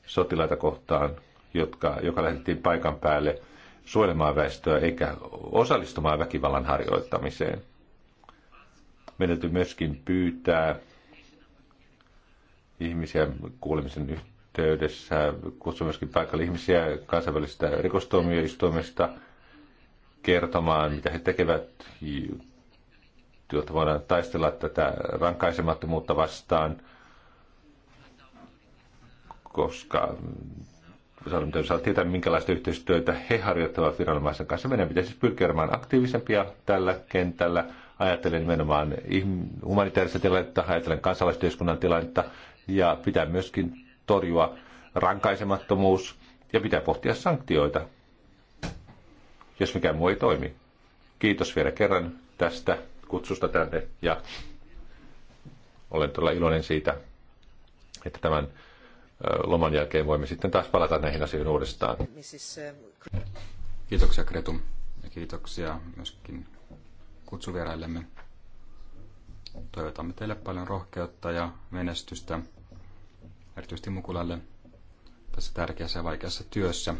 sotilaita kohtaan, jotka, joka lähetettiin paikan päälle suojelemaan väestöä eikä osallistumaan väkivallan harjoittamiseen. Meidän täytyy myöskin pyytää ihmisiä kuulemisen yhteydessä, kutsua myöskin paikalle ihmisiä kansainvälisestä rikostuomioistuimesta – kertomaan, mitä he tekevät, jotta voidaan taistella tätä rankaisemattomuutta vastaan, koska saa tietää, minkälaista yhteistyötä he harjoittavat viranomaisen kanssa. Meidän pitäisi siis pyrkiä olemaan aktiivisempia tällä kentällä. Ajattelen nimenomaan humanitaarista tilannetta, ajattelen kansalaisyhteiskunnan tilannetta ja pitää myöskin torjua rankaisemattomuus ja pitää pohtia sanktioita jos mikään muu ei toimi. Kiitos vielä kerran tästä kutsusta tänne ja olen todella iloinen siitä, että tämän loman jälkeen voimme sitten taas palata näihin asioihin uudestaan. Kiitoksia Kretu ja kiitoksia myöskin kutsuvieraillemme. Toivotamme teille paljon rohkeutta ja menestystä, erityisesti Mukulalle tässä tärkeässä ja vaikeassa työssä.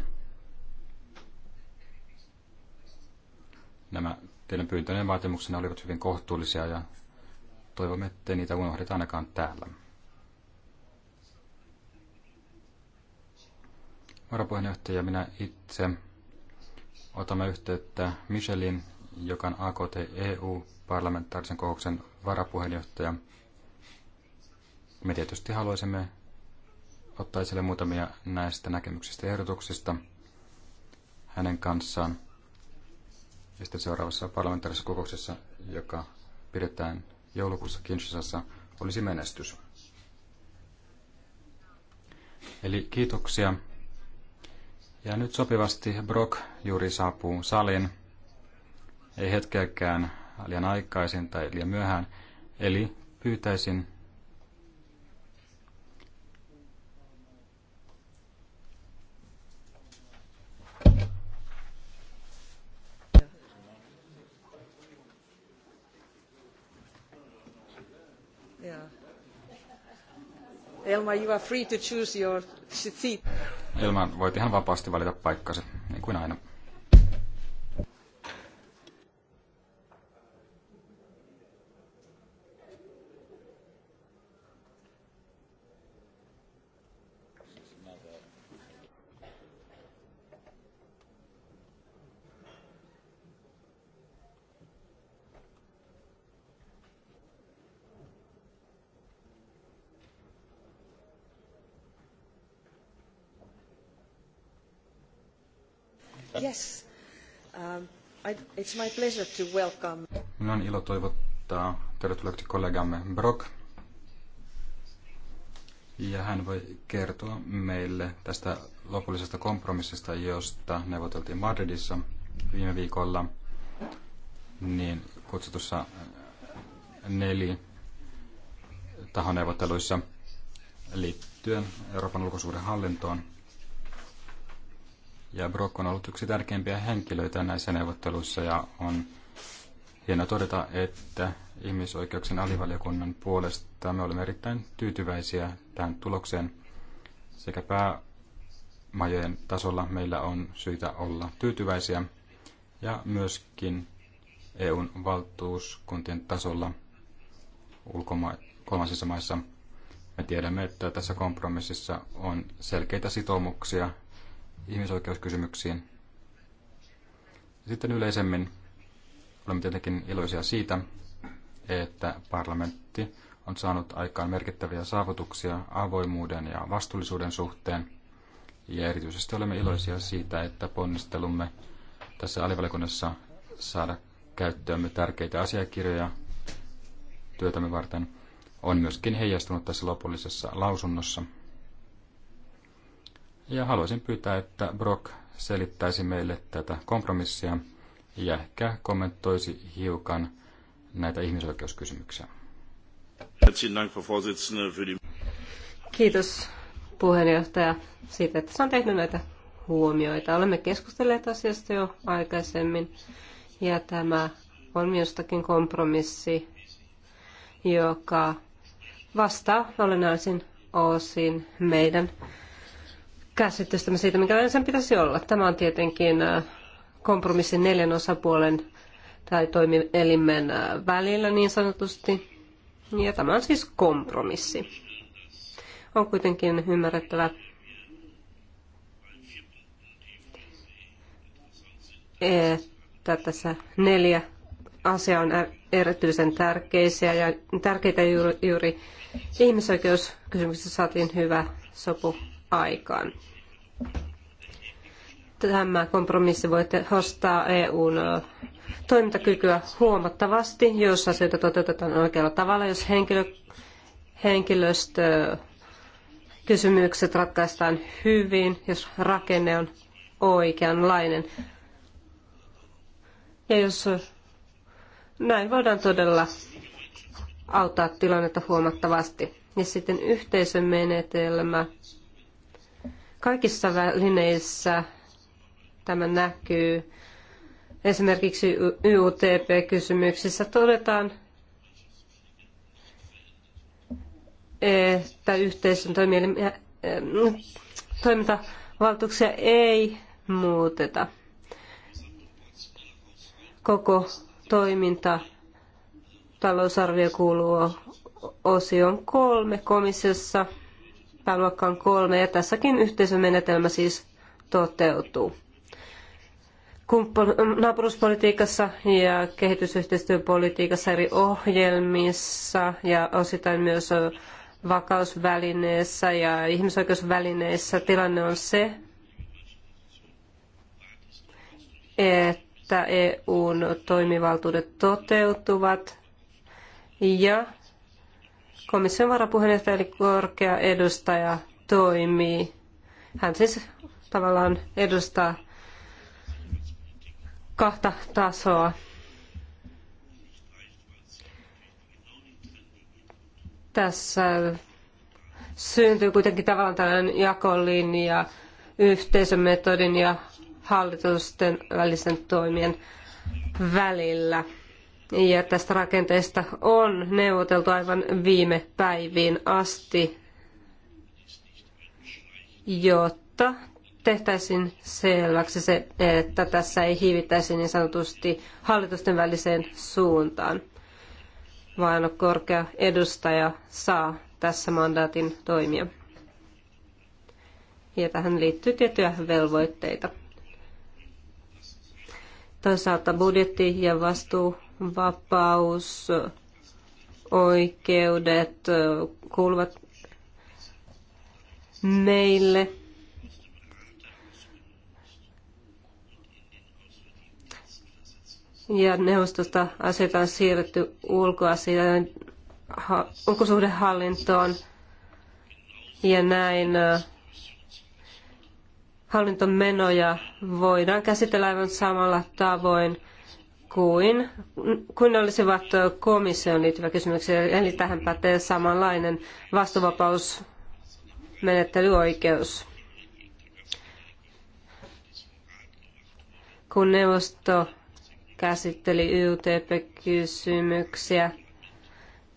Nämä teidän pyyntöjen ja vaatimuksenne olivat hyvin kohtuullisia ja toivomme, ettei niitä unohdeta ainakaan täällä. Varapuheenjohtaja minä itse otamme yhteyttä Michelin, joka on AKT-EU-parlamentaarisen kokouksen varapuheenjohtaja. Me tietysti haluaisimme ottaa esille muutamia näistä näkemyksistä ja ehdotuksista hänen kanssaan. Ja sitten seuraavassa parlamentaarisessa kokouksessa, joka pidetään joulukuussa Kinshasassa, olisi menestys. Eli kiitoksia. Ja nyt sopivasti Brock juuri saapuu saliin. Ei hetkeäkään liian aikaisin tai liian myöhään. Eli pyytäisin Elma, you are free to choose your seat. Elma, voit ihan vapaasti valita paikkansa, niin kuin aina. Yes. Um, I, it's my pleasure to welcome. Minun on ilo toivottaa tervetulleeksi kollegamme Brock. Ja hän voi kertoa meille tästä lopullisesta kompromissista, josta neuvoteltiin Madridissa viime viikolla niin kutsutussa äh, neli tahoneuvotteluissa liittyen Euroopan ulkosuuden hallintoon ja Brock on ollut yksi tärkeimpiä henkilöitä näissä neuvotteluissa ja on hienoa todeta, että ihmisoikeuksien alivaliokunnan puolesta me olemme erittäin tyytyväisiä tähän tulokseen. Sekä päämajojen tasolla meillä on syytä olla tyytyväisiä ja myöskin EUn valtuuskuntien tasolla ulkoma- kolmansissa maissa. Me tiedämme, että tässä kompromississa on selkeitä sitoumuksia ihmisoikeuskysymyksiin. Sitten yleisemmin olemme tietenkin iloisia siitä, että parlamentti on saanut aikaan merkittäviä saavutuksia avoimuuden ja vastuullisuuden suhteen. Ja erityisesti olemme iloisia siitä, että ponnistelumme tässä alivalikunnassa saada käyttöömme tärkeitä asiakirjoja työtämme varten on myöskin heijastunut tässä lopullisessa lausunnossa – ja haluaisin pyytää, että Brock selittäisi meille tätä kompromissia ja ehkä kommentoisi hiukan näitä ihmisoikeuskysymyksiä. Kiitos puheenjohtaja siitä, että se on tehnyt näitä huomioita. Olemme keskustelleet asiasta jo aikaisemmin ja tämä on minustakin kompromissi, joka vastaa olennaisin osin meidän käsitystämme siitä, mikä sen pitäisi olla. Tämä on tietenkin äh, kompromissin neljän osapuolen tai toimielimen äh, välillä niin sanotusti. Ja tämä on siis kompromissi. On kuitenkin ymmärrettävä, että tässä neljä asiaa on erityisen tärkeisiä ja tärkeitä juuri, juuri ihmisoikeuskysymyksissä saatiin hyvä sopu aikaan. Tämä kompromissi voi hostaa EUn toimintakykyä huomattavasti, jos asioita toteutetaan oikealla tavalla, jos henkilö, henkilöstö kysymykset ratkaistaan hyvin, jos rakenne on oikeanlainen. Ja jos näin voidaan todella auttaa tilannetta huomattavasti. Ja sitten yhteisömenetelmä Kaikissa välineissä tämä näkyy. Esimerkiksi YUTP-kysymyksissä todetaan, että yhteisön toimintavaltuuksia ei muuteta. Koko toiminta talousarvio kuuluu osion kolme komissiossa pääluokkaan kolme ja tässäkin yhteisömenetelmä siis toteutuu. Kumppon, naapuruspolitiikassa ja kehitysyhteistyöpolitiikassa eri ohjelmissa ja osittain myös vakausvälineessä ja ihmisoikeusvälineissä tilanne on se, että EUn toimivaltuudet toteutuvat ja komission varapuheenjohtaja eli korkea edustaja toimii. Hän siis tavallaan edustaa kahta tasoa. Tässä syntyy kuitenkin tavallaan tällainen jakolinja metodin ja hallitusten välisen toimien välillä. Ja tästä rakenteesta on neuvoteltu aivan viime päiviin asti, jotta tehtäisiin selväksi se, että tässä ei hiivittäisi niin sanotusti hallitusten väliseen suuntaan, vaan korkea edustaja saa tässä mandaatin toimia. Ja tähän liittyy tiettyjä velvoitteita. Toisaalta budjetti- ja vastuu vapaus, oikeudet kuuluvat meille. Ja neuvostosta asioita on siirretty ulkoasioiden ulkosuhdehallintoon ja näin hallintomenoja voidaan käsitellä aivan samalla tavoin – kuin, ne olisivat komissioon liittyviä kysymyksiä, eli tähän pätee samanlainen vastuvapausmenettelyoikeus. Kun neuvosto käsitteli YTP-kysymyksiä,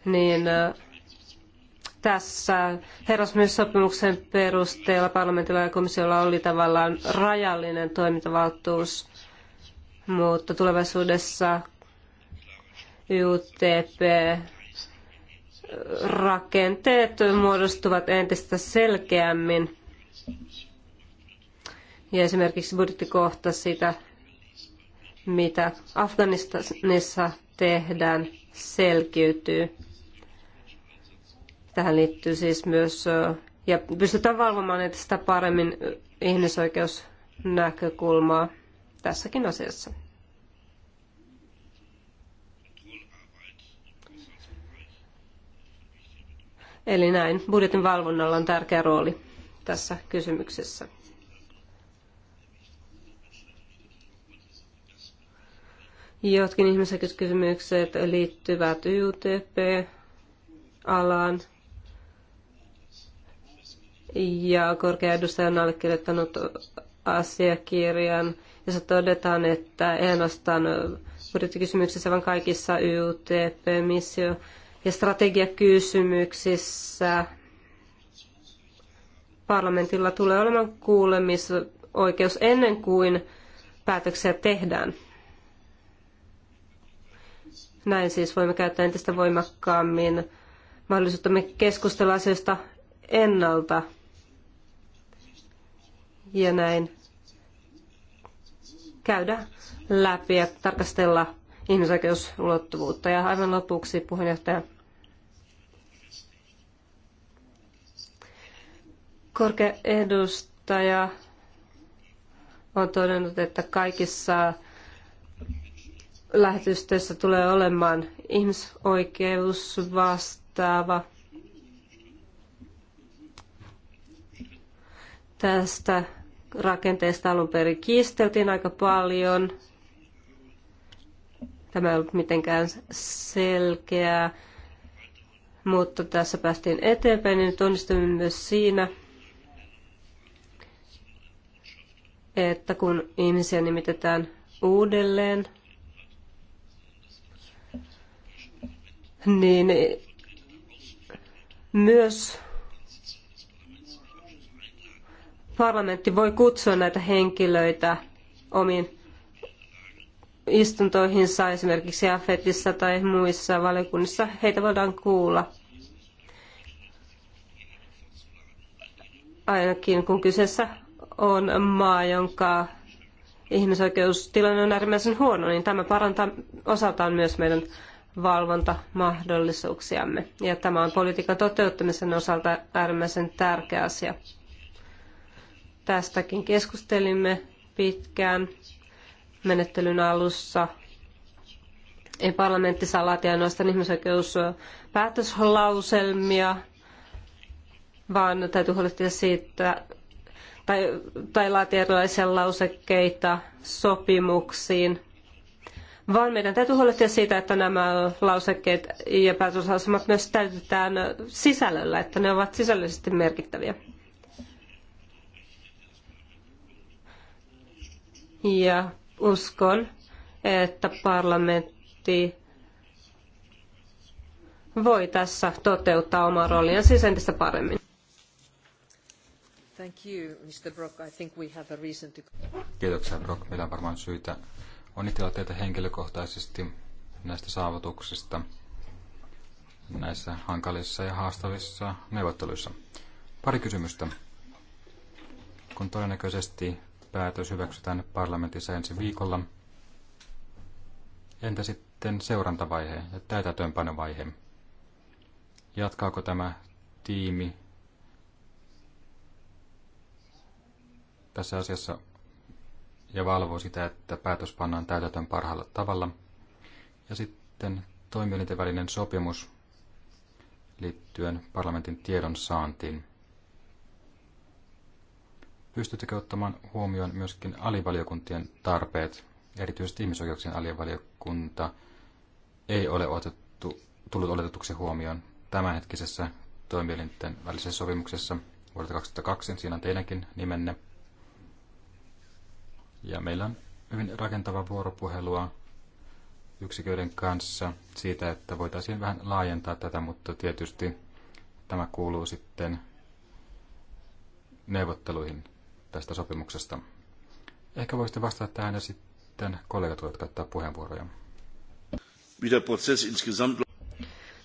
niin äh, tässä herrasmyyssopimuksen perusteella parlamentilla ja komissiolla oli tavallaan rajallinen toimintavaltuus mutta tulevaisuudessa UTP rakenteet muodostuvat entistä selkeämmin. Ja esimerkiksi budjettikohta sitä, mitä Afganistanissa tehdään, selkiytyy. Tähän liittyy siis myös, ja pystytään valvomaan entistä paremmin ihmisoikeusnäkökulmaa tässäkin asiassa. Eli näin, budjetin valvonnalla on tärkeä rooli tässä kysymyksessä. Jotkin ihmisoikeuskysymykset liittyvät YTP-alaan. Ja korkea edustaja on allekirjoittanut asiakirjan jossa todetaan, että ainoastaan budjettikysymyksissä, vaan kaikissa YUTP, missio- ja strategiakysymyksissä parlamentilla tulee olemaan kuulemisoikeus ennen kuin päätöksiä tehdään. Näin siis voimme käyttää entistä voimakkaammin mahdollisuuttamme keskustella asioista ennalta. Ja näin käydä läpi ja tarkastella ihmisoikeusulottuvuutta. Ja aivan lopuksi puheenjohtaja korkea edustaja on todennut, että kaikissa lähetystöissä tulee olemaan ihmisoikeus vastaava. Tästä rakenteesta alun perin kiisteltiin aika paljon. Tämä ei ollut mitenkään selkeää, mutta tässä päästiin eteenpäin, niin nyt onnistuimme myös siinä, että kun ihmisiä nimitetään uudelleen, niin myös parlamentti voi kutsua näitä henkilöitä omiin istuntoihinsa esimerkiksi AFETissa tai muissa valiokunnissa. Heitä voidaan kuulla. Ainakin kun kyseessä on maa, jonka ihmisoikeustilanne on äärimmäisen huono, niin tämä parantaa osaltaan myös meidän valvontamahdollisuuksiamme. Ja tämä on politiikan toteuttamisen osalta äärimmäisen tärkeä asia. Tästäkin keskustelimme pitkään menettelyn alussa. Ei parlamentti saa laatia ainoastaan ihmisoikeuspäätöslauselmia, vaan täytyy huolehtia siitä, tai, tai laatia erilaisia lausekkeita sopimuksiin, vaan meidän täytyy huolehtia siitä, että nämä lausekkeet ja päätösasemat myös täytetään sisällöllä, että ne ovat sisällöllisesti merkittäviä. Ja uskon, että parlamentti voi tässä toteuttaa oman roolinsa siis entistä paremmin. Thank you, Mr. Brock. I think we have a reason to... Kiitoksia, Brock. Meillä on varmaan syytä onnitella teitä henkilökohtaisesti näistä saavutuksista näissä hankalissa ja haastavissa neuvotteluissa. Pari kysymystä. Kun todennäköisesti päätös hyväksytään parlamentissa ensi viikolla. Entä sitten seurantavaihe ja täytäntöönpanovaihe? Jatkaako tämä tiimi tässä asiassa ja valvoo sitä, että päätös pannaan täytäntöön parhaalla tavalla? Ja sitten toimielinten välinen sopimus liittyen parlamentin tiedon saantiin pystyttekö ottamaan huomioon myöskin alivaliokuntien tarpeet? Erityisesti ihmisoikeuksien alivaliokunta ei ole otettu, tullut oletetuksi huomioon tämänhetkisessä toimielinten välisessä sopimuksessa vuodelta 2002. Siinä on teidänkin nimenne. Ja meillä on hyvin rakentava vuoropuhelua yksiköiden kanssa siitä, että voitaisiin vähän laajentaa tätä, mutta tietysti tämä kuuluu sitten neuvotteluihin tästä sopimuksesta. Ehkä voisitte vastata tähän ja sitten kollegat voivat käyttää puheenvuoroja.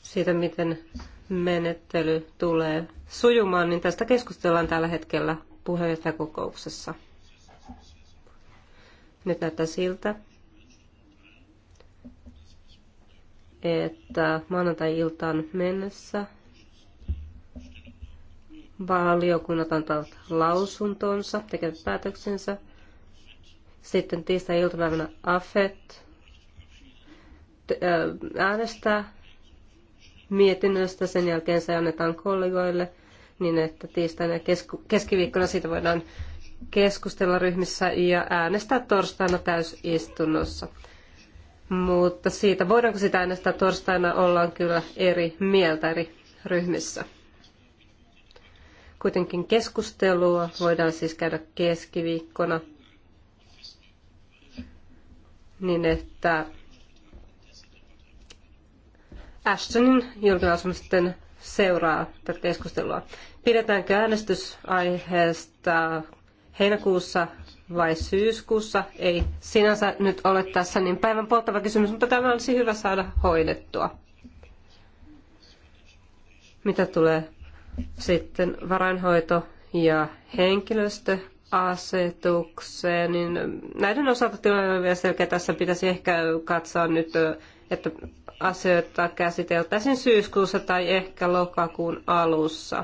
Siitä, miten menettely tulee sujumaan, niin tästä keskustellaan tällä hetkellä puheenjohtajakokouksessa. Nyt näyttää siltä, että maanantai-iltaan mennessä valiokunnat antavat lausuntonsa, tekevät päätöksensä. Sitten tiistai-iltapäivänä AFET äänestää mietinnöstä. Sen jälkeen se annetaan kollegoille niin, että tiistaina ja keskiviikkona siitä voidaan keskustella ryhmissä ja äänestää torstaina täysistunnossa. Mutta siitä, voidaanko sitä äänestää torstaina, ollaan kyllä eri mieltä eri ryhmissä. Kuitenkin keskustelua voidaan siis käydä keskiviikkona niin, että Ashtonin julkilausuma sitten seuraa tätä keskustelua. Pidetäänkö äänestysaiheesta heinäkuussa vai syyskuussa? Ei sinänsä nyt ole tässä niin päivän polttava kysymys, mutta tämä olisi hyvä saada hoidettua. Mitä tulee sitten varainhoito ja henkilöstö asetukseen, niin näiden osalta tilanne on vielä selkeä. Tässä pitäisi ehkä katsoa nyt, että asioita käsiteltäisiin syyskuussa tai ehkä lokakuun alussa.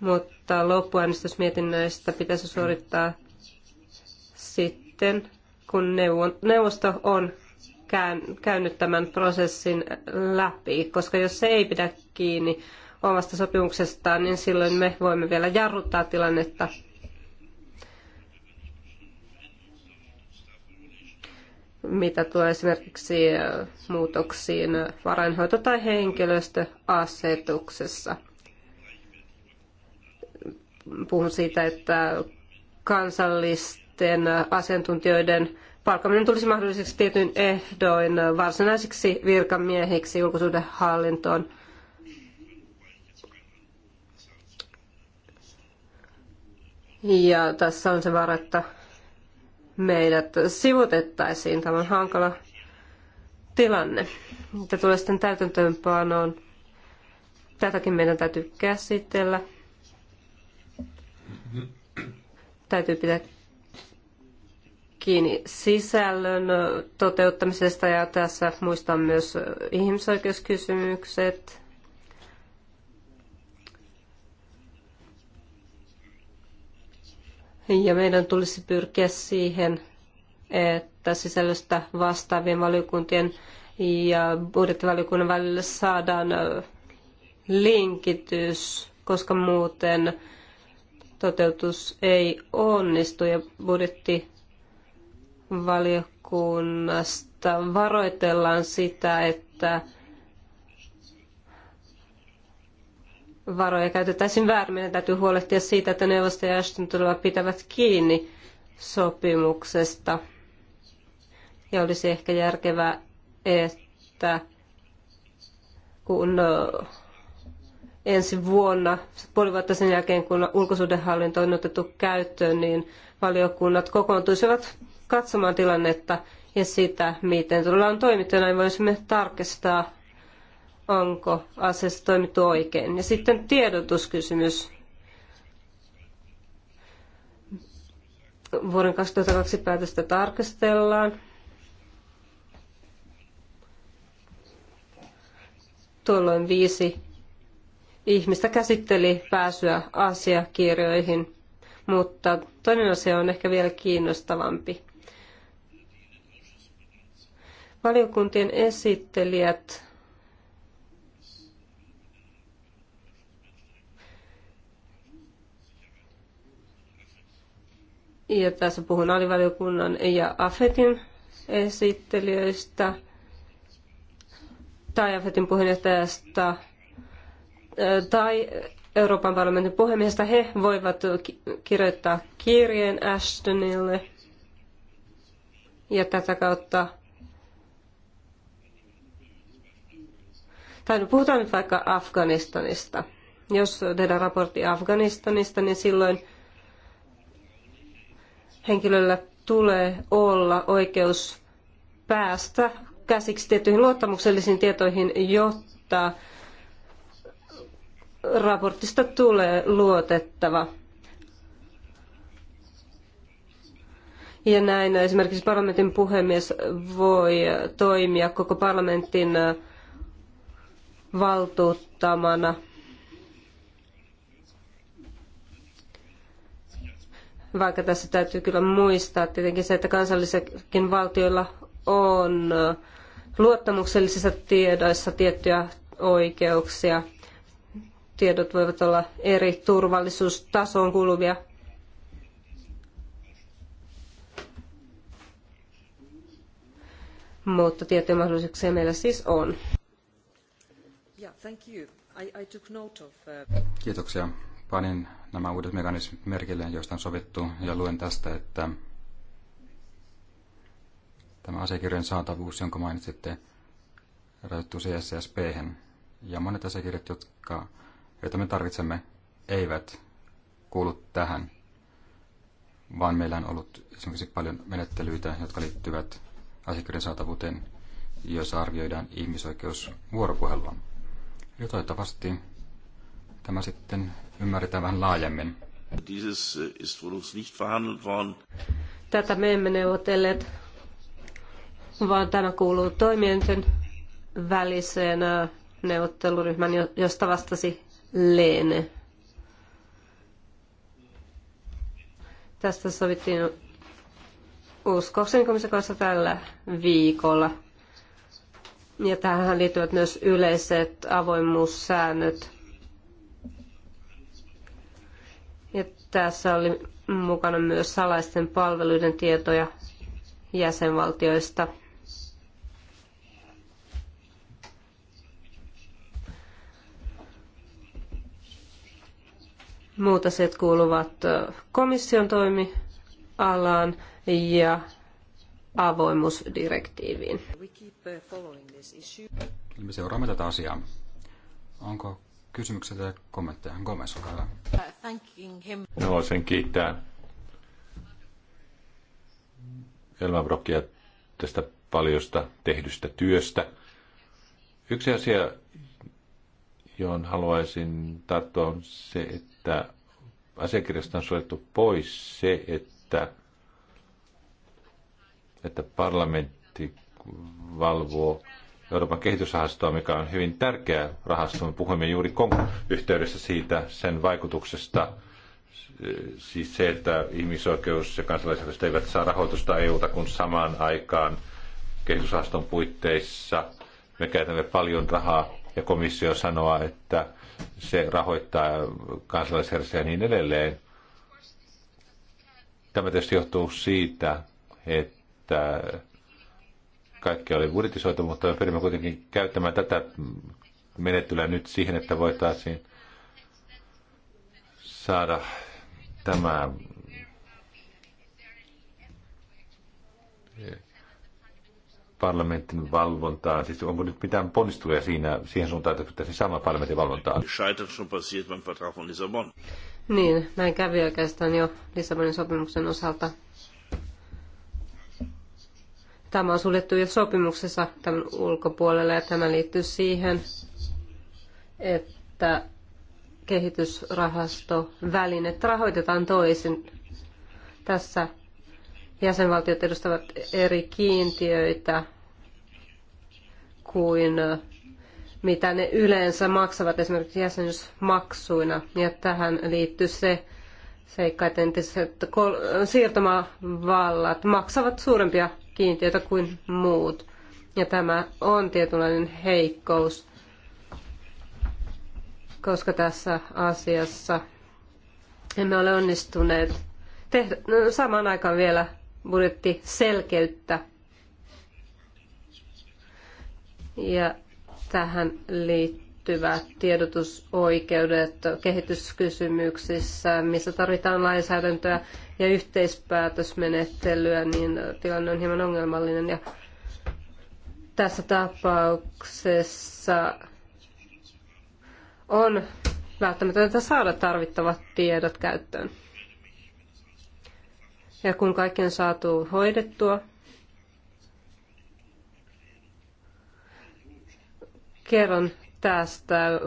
Mutta loppuäänestysmietinnöistä pitäisi suorittaa sitten, kun neuvosto on käynyt tämän prosessin läpi, koska jos se ei pidä kiinni omasta sopimuksestaan, niin silloin me voimme vielä jarruttaa tilannetta. mitä tulee esimerkiksi äh, muutoksiin varainhoito- tai henkilöstöasetuksessa. Puhun siitä, että kansallisten asiantuntijoiden palkkaminen tulisi mahdolliseksi tietyin ehdoin varsinaisiksi virkamiehiksi julkisuuden hallintoon – Ja tässä on se vaara, että meidät sivutettaisiin. Tämä on hankala tilanne. Mitä tulee sitten täytäntöönpanoon, tätäkin meidän täytyy käsitellä. Täytyy pitää kiinni sisällön toteuttamisesta ja tässä muistan myös ihmisoikeuskysymykset. Ja meidän tulisi pyrkiä siihen, että sisällöstä vastaavien valiokuntien ja budjettivaliokunnan välille saadaan linkitys, koska muuten toteutus ei onnistu ja budjettivaliokunnasta varoitellaan sitä, että varoja käytettäisiin väärin. Meidän täytyy huolehtia siitä, että neuvosto ja Ashton todella pitävät kiinni sopimuksesta. Ja olisi ehkä järkevää, että kun ensi vuonna, puoli vuotta sen jälkeen, kun ulkosuhdehallinto on otettu käyttöön, niin valiokunnat kokoontuisivat katsomaan tilannetta ja sitä, miten todella on toimittu. Näin voisimme tarkistaa onko asiassa toimittu oikein. Ja sitten tiedotuskysymys. Vuoden 2002 päätöstä tarkastellaan. Tuolloin viisi ihmistä käsitteli pääsyä asiakirjoihin, mutta toinen asia on ehkä vielä kiinnostavampi. Valiokuntien esittelijät Ja tässä puhun alivaliokunnan ja AFETin esittelijöistä tai AFETin puheenjohtajasta tai Euroopan parlamentin puhemiestä. He voivat kirjoittaa kirjeen Ashtonille ja tätä kautta tai nyt no, puhutaan nyt vaikka Afganistanista. Jos tehdään raportti Afganistanista, niin silloin henkilöllä tulee olla oikeus päästä käsiksi tiettyihin luottamuksellisiin tietoihin, jotta raportista tulee luotettava. Ja näin esimerkiksi parlamentin puhemies voi toimia koko parlamentin valtuuttamana. vaikka tässä täytyy kyllä muistaa tietenkin se, että kansallisellakin valtioilla on luottamuksellisissa tiedoissa tiettyjä oikeuksia. Tiedot voivat olla eri turvallisuustasoon kuuluvia. Mutta tiettyjä mahdollisuuksia meillä siis on. Uh, Kiitoksia panin nämä uudet mekanismit merkille, joista on sovittu, ja luen tästä, että tämä asiakirjan saatavuus, jonka mainitsitte, rajoittuu cssp ja monet asiakirjat, jotka, joita me tarvitsemme, eivät kuulu tähän, vaan meillä on ollut esimerkiksi paljon menettelyitä, jotka liittyvät asiakirjan saatavuuteen, joissa arvioidaan ihmisoikeusvuoropuhelua. Ja toivottavasti tämä sitten ymmärretään vähän laajemmin. Äh, Tätä me emme neuvotelleet, vaan tämä kuuluu toimijoiden väliseen äh, neuvotteluryhmän, josta vastasi Leene. Tästä sovittiin uskoakseni komission kanssa tällä viikolla. Ja tähän liittyvät myös yleiset avoimuussäännöt – Tässä oli mukana myös salaisten palveluiden tietoja jäsenvaltioista. Muut asiat kuuluvat komission toimialaan ja avoimuusdirektiiviin. Me seuraamme tätä asiaa. Onko kysymyksiä tai kommentteja. Gomez, olkaa hyvä. Haluaisin kiittää Elmabrockia tästä paljosta tehdystä työstä. Yksi asia, johon haluaisin tarttua, on se, että asiakirjasta on suojattu pois se, että, että parlamentti valvoo Euroopan kehitysrahastoa, mikä on hyvin tärkeä rahasto. Me puhuimme juuri Kongon yhteydessä siitä, sen vaikutuksesta, siis se, että ihmisoikeus- ja kansalaisjärjestöt eivät saa rahoitusta EUta, kun samaan aikaan kehitysrahaston puitteissa me käytämme paljon rahaa ja komissio sanoo, että se rahoittaa kansalaisjärjestöjä ja niin edelleen. Tämä tietysti johtuu siitä, että kaikki oli budjetisoitu, mutta me pyrimme kuitenkin käyttämään tätä menettelyä nyt siihen, että voitaisiin saada tämä parlamentin valvontaa? Siis onko nyt mitään ponnistuja siinä, siihen suuntaan, että pitäisi sama parlamentin valvontaa? Niin, näin kävi oikeastaan jo Lissabonin sopimuksen osalta. Tämä on suljettu jo sopimuksessa tämän ulkopuolelle ja tämä liittyy siihen, että kehitysrahasto kehitysrahastovälinet rahoitetaan toisin. Tässä jäsenvaltiot edustavat eri kiintiöitä kuin mitä ne yleensä maksavat esimerkiksi jäsenyysmaksuina. Ja tähän liittyy se seikka, että entiset siirtomaavallat maksavat suurempia kiintiötä kuin muut. Ja tämä on tietynlainen heikkous, koska tässä asiassa emme ole onnistuneet tehdä, no, samaan aikaan vielä budjetti selkeyttä. Ja tähän liittyy liittyvät tiedotusoikeudet kehityskysymyksissä, missä tarvitaan lainsäädäntöä ja yhteispäätösmenettelyä, niin tilanne on hieman ongelmallinen. Ja tässä tapauksessa on välttämätöntä saada tarvittavat tiedot käyttöön. Ja kun kaikki on saatu hoidettua, kerron tästä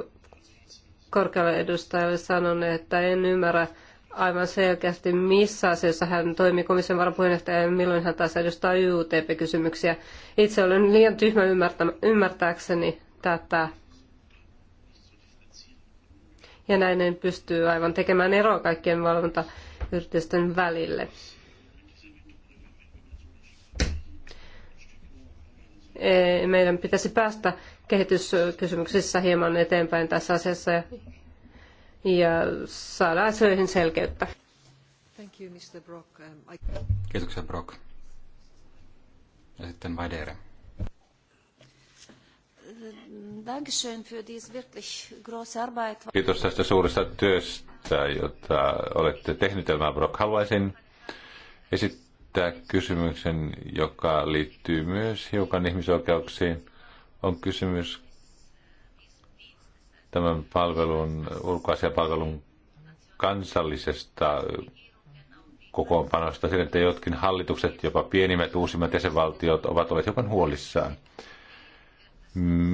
korkealle edustajalle sanonut, että en ymmärrä aivan selkeästi missä asiassa hän toimii komission varapuheenjohtaja ja milloin hän taas edustaa YUTP-kysymyksiä. Itse olen liian tyhmä ymmärtääkseni tätä. Ja näin en pysty aivan tekemään eroa kaikkien valvontayritysten välille. meidän pitäisi päästä kehityskysymyksissä hieman eteenpäin tässä asiassa ja, ja saada asioihin selkeyttä. Thank you, Mr. Brock. Um, I... Kiitoksia, Brock. Ja sitten Vaidere. Kiitos tästä suuresta työstä, jota olette tehnyt, Elmar Brock. Haluaisin esittää kysymyksen, joka liittyy myös hiukan ihmisoikeuksiin – on kysymys tämän palvelun, ulkoasiapalvelun kansallisesta kokoonpanosta, sen, että jotkin hallitukset, jopa pienimmät uusimmat jäsenvaltiot, ovat olleet hiukan huolissaan.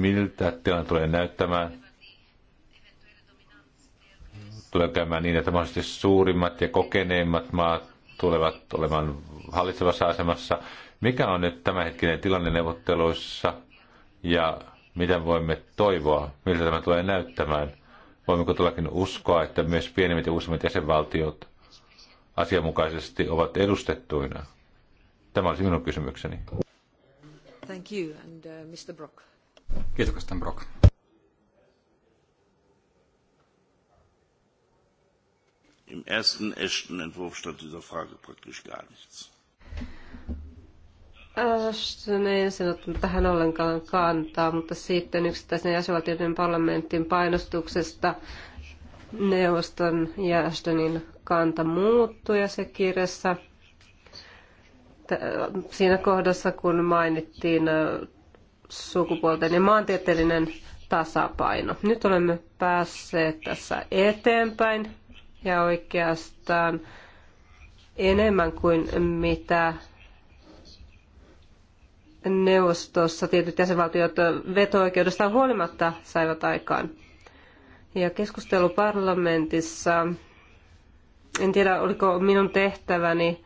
Miltä tilanne tulee näyttämään? Tulee käymään niin, että mahdollisesti suurimmat ja kokeneimmat maat tulevat olemaan hallitsevassa asemassa. Mikä on nyt tämänhetkinen tilanne neuvotteluissa – ja mitä voimme toivoa, miltä tämä tulee näyttämään. Voimmeko todellakin uskoa, että myös pienemmät ja uusimmat jäsenvaltiot asianmukaisesti ovat edustettuina? Tämä olisi minun kysymykseni. Thank you and uh, Mr. Brock. Kiitos, Mr. Brock. Im ersten echten entwurf stand dieser Frage praktisch gar nichts. Ashton ei ensin ottanut tähän ollenkaan kantaa, mutta sitten yksittäisen jäsenvaltioiden parlamentin painostuksesta neuvoston ja Ashtonin kanta muuttui ja se kirjassa siinä kohdassa, kun mainittiin sukupuolten ja maantieteellinen tasapaino. Nyt olemme päässeet tässä eteenpäin ja oikeastaan enemmän kuin mitä neuvostossa tietyt jäsenvaltiot veto-oikeudestaan huolimatta saivat aikaan. Ja keskustelu parlamentissa, en tiedä oliko minun tehtäväni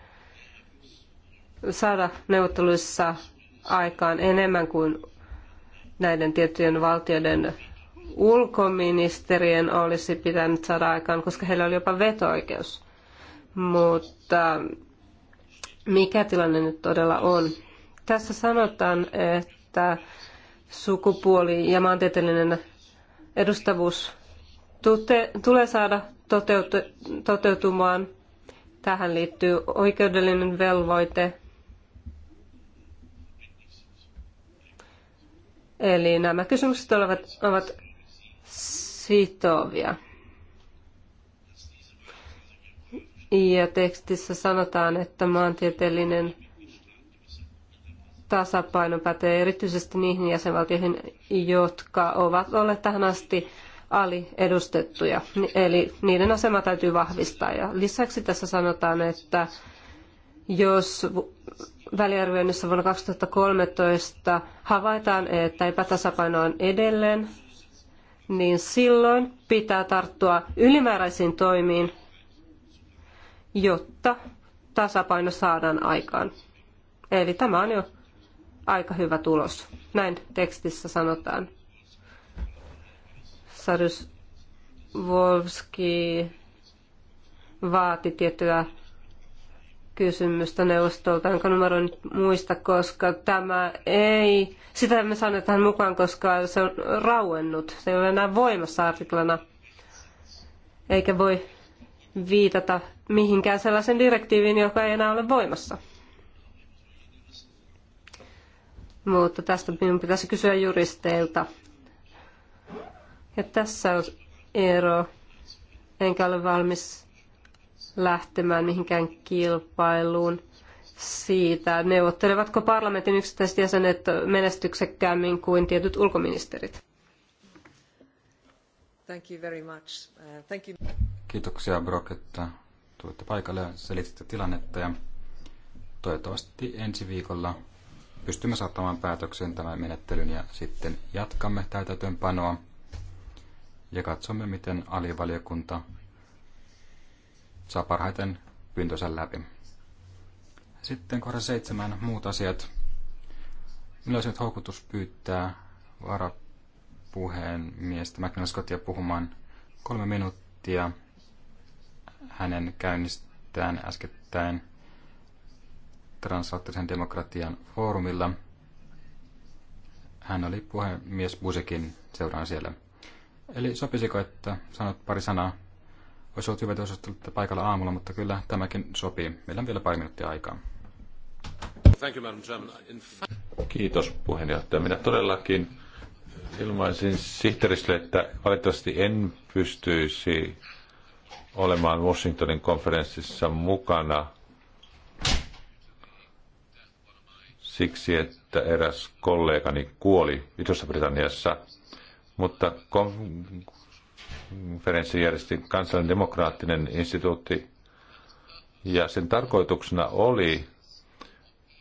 saada neuvotteluissa aikaan enemmän kuin näiden tiettyjen valtioiden ulkoministerien olisi pitänyt saada aikaan, koska heillä oli jopa veto-oikeus. Mutta mikä tilanne nyt todella on? Tässä sanotaan, että sukupuoli ja maantieteellinen edustavuus tulee saada toteutumaan. Tähän liittyy oikeudellinen velvoite. Eli nämä kysymykset ovat, ovat sitovia. Ja tekstissä sanotaan, että maantieteellinen tasapaino pätee erityisesti niihin jäsenvaltioihin, jotka ovat olleet tähän asti aliedustettuja. Eli niiden asema täytyy vahvistaa. Ja lisäksi tässä sanotaan, että jos väliarvioinnissa vuonna 2013 havaitaan, että epätasapaino on edelleen, niin silloin pitää tarttua ylimääräisiin toimiin, jotta tasapaino saadaan aikaan. Eli tämä on jo aika hyvä tulos. Näin tekstissä sanotaan. Sarus Wolski vaati tiettyä kysymystä neuvostolta, jonka numero nyt muista, koska tämä ei, sitä me saaneet tähän mukaan, koska se on rauennut. Se ei ole enää voimassa artiklana, eikä voi viitata mihinkään sellaisen direktiiviin, joka ei enää ole voimassa. mutta tästä minun pitäisi kysyä juristeilta. Ja tässä on ero. Enkä ole valmis lähtemään mihinkään kilpailuun siitä, neuvottelevatko parlamentin yksittäiset jäsenet menestyksekkäämmin kuin tietyt ulkoministerit. Thank you very much. Uh, thank you. Kiitoksia Brock, että tulitte paikalle ja selititte tilannetta. Ja toivottavasti ensi viikolla pystymme saattamaan päätöksen tämän menettelyn ja sitten jatkamme täytäntöönpanoa ja katsomme, miten alivaliokunta saa parhaiten pyyntönsä läpi. Sitten kohdassa seitsemän muut asiat. Minulla olisi nyt houkutus pyytää miestä Macmillan Scottia puhumaan kolme minuuttia hänen käynnistään äskettäin transatlanttisen demokratian foorumilla. Hän oli puhemies Busekin seuraan siellä. Eli sopisiko, että sanot pari sanaa? Olisi ollut hyvä, jos olette paikalla aamulla, mutta kyllä tämäkin sopii. Meillä on vielä pari minuuttia aikaa. Kiitos puheenjohtaja. Minä todellakin ilmaisin sihteeristölle, että valitettavasti en pystyisi olemaan Washingtonin konferenssissa mukana – siksi, että eräs kollegani kuoli Isossa Britanniassa, mutta konferenssi järjesti kansallinen demokraattinen instituutti ja sen tarkoituksena oli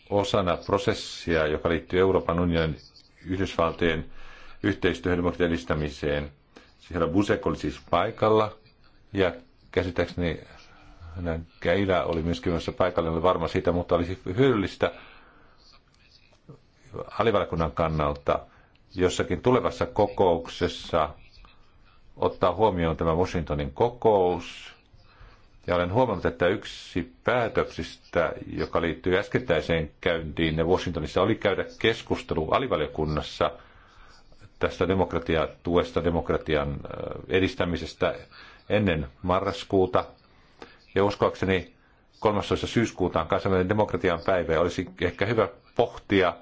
osana prosessia, joka liittyy Euroopan unionin Yhdysvaltojen yhteistyöhön demokratian edistämiseen. Siellä Busek oli siis paikalla ja käsittääkseni hänen Keila oli myöskin myös paikalla, en ole varma siitä, mutta olisi hyödyllistä – alivalkunnan kannalta jossakin tulevassa kokouksessa ottaa huomioon tämä Washingtonin kokous. Ja olen huomannut, että yksi päätöksistä, joka liittyy äskettäiseen käyntiin ja Washingtonissa, oli käydä keskustelu alivaliokunnassa tästä demokratiatuesta, demokratian edistämisestä ennen marraskuuta. Ja uskoakseni 13. syyskuuta on kansainvälinen demokratian päivä ja olisi ehkä hyvä pohtia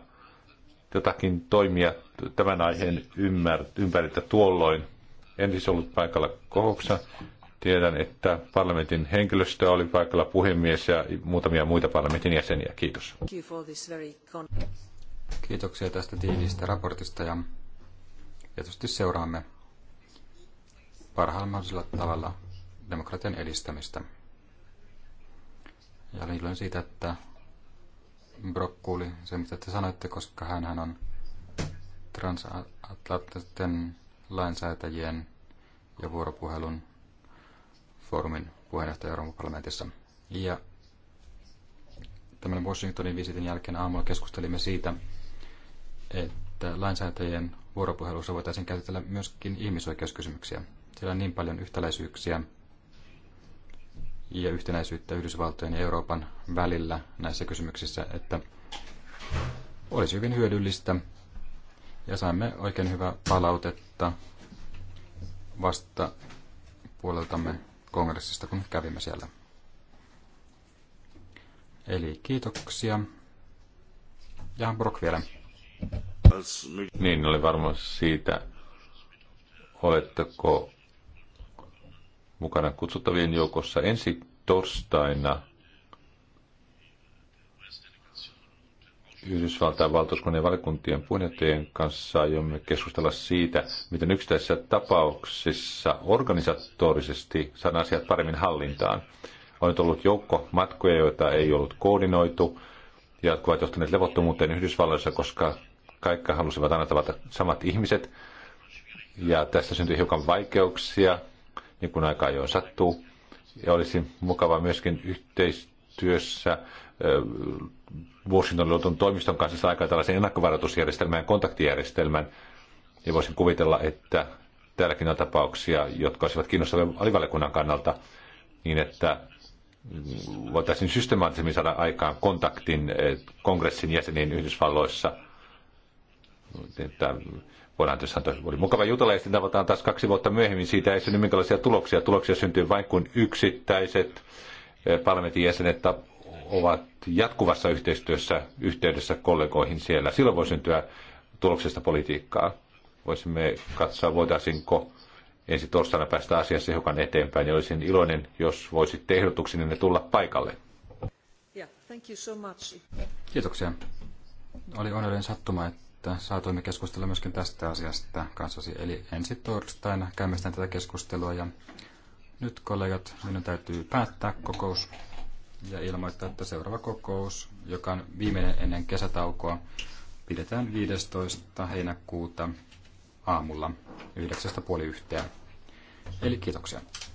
jotakin toimia tämän aiheen ympäriltä tuolloin. En siis ollut paikalla kokouksessa. Tiedän, että parlamentin henkilöstö oli paikalla puhemies ja muutamia muita parlamentin jäseniä. Kiitos. Kiitoksia tästä tiiviistä raportista ja tietysti seuraamme parhaalla mahdollisella tavalla demokratian edistämistä. Ja olen siitä, että Brokkuli, se mitä te sanoitte, koska hän on transatlanttisten lainsäätäjien ja vuoropuhelun foorumin puheenjohtaja Euroopan parlamentissa. Ja tämän Washingtonin visitin jälkeen aamulla keskustelimme siitä, että lainsäätäjien vuoropuhelussa voitaisiin käsitellä myöskin ihmisoikeuskysymyksiä. Siellä on niin paljon yhtäläisyyksiä ja yhtenäisyyttä Yhdysvaltojen ja Euroopan välillä näissä kysymyksissä, että olisi hyvin hyödyllistä ja saimme oikein hyvää palautetta vasta puoleltamme kongressista, kun kävimme siellä. Eli kiitoksia. Ja Brock vielä. Niin, oli varmaan siitä, oletteko mukana kutsuttavien joukossa ensi torstaina Yhdysvaltain valtuuskunnan ja valiokuntien puheenjohtajien kanssa aiomme keskustella siitä, miten yksittäisissä tapauksissa organisatorisesti saadaan asiat paremmin hallintaan. On nyt ollut joukko matkoja, joita ei ollut koordinoitu, ja jotka ovat johtaneet levottomuuteen Yhdysvalloissa, koska kaikki halusivat aina tavata samat ihmiset. Ja tästä syntyi hiukan vaikeuksia niin kuin aika ajoin sattuu. Ja olisi mukava myöskin yhteistyössä Washingtonin luotun toimiston kanssa saada aikaan tällaisen ennakkovaroitusjärjestelmän ja kontaktijärjestelmän. Ja voisin kuvitella, että täälläkin on tapauksia, jotka olisivat kiinnostavia alivaliokunnan kannalta, niin että voitaisiin systemaattisemmin saada aikaan kontaktin kongressin jäseniin Yhdysvalloissa. Että Voidaan tässä sanoa, että oli mukava jutella ja sitten tavataan taas kaksi vuotta myöhemmin. Siitä ei synny minkälaisia tuloksia. Tuloksia syntyy vain kun yksittäiset eh, parlamentin jäsenet ovat jatkuvassa yhteistyössä yhteydessä kollegoihin siellä. Silloin voi syntyä tuloksesta politiikkaa. Voisimme katsoa, voitaisinko ensi torstaina päästä asiassa hiukan eteenpäin, ja olisin iloinen, jos voisitte ehdotuksinne ne tulla paikalle. Yeah, thank you so much. Kiitoksia. Oli onnellinen sattuma, että että saatoimme keskustella myöskin tästä asiasta kanssasi. Eli ensi torstaina käymme tätä keskustelua ja nyt kollegat, minun täytyy päättää kokous ja ilmoittaa, että seuraava kokous, joka on viimeinen ennen kesätaukoa, pidetään 15. heinäkuuta aamulla 9.30. Eli kiitoksia.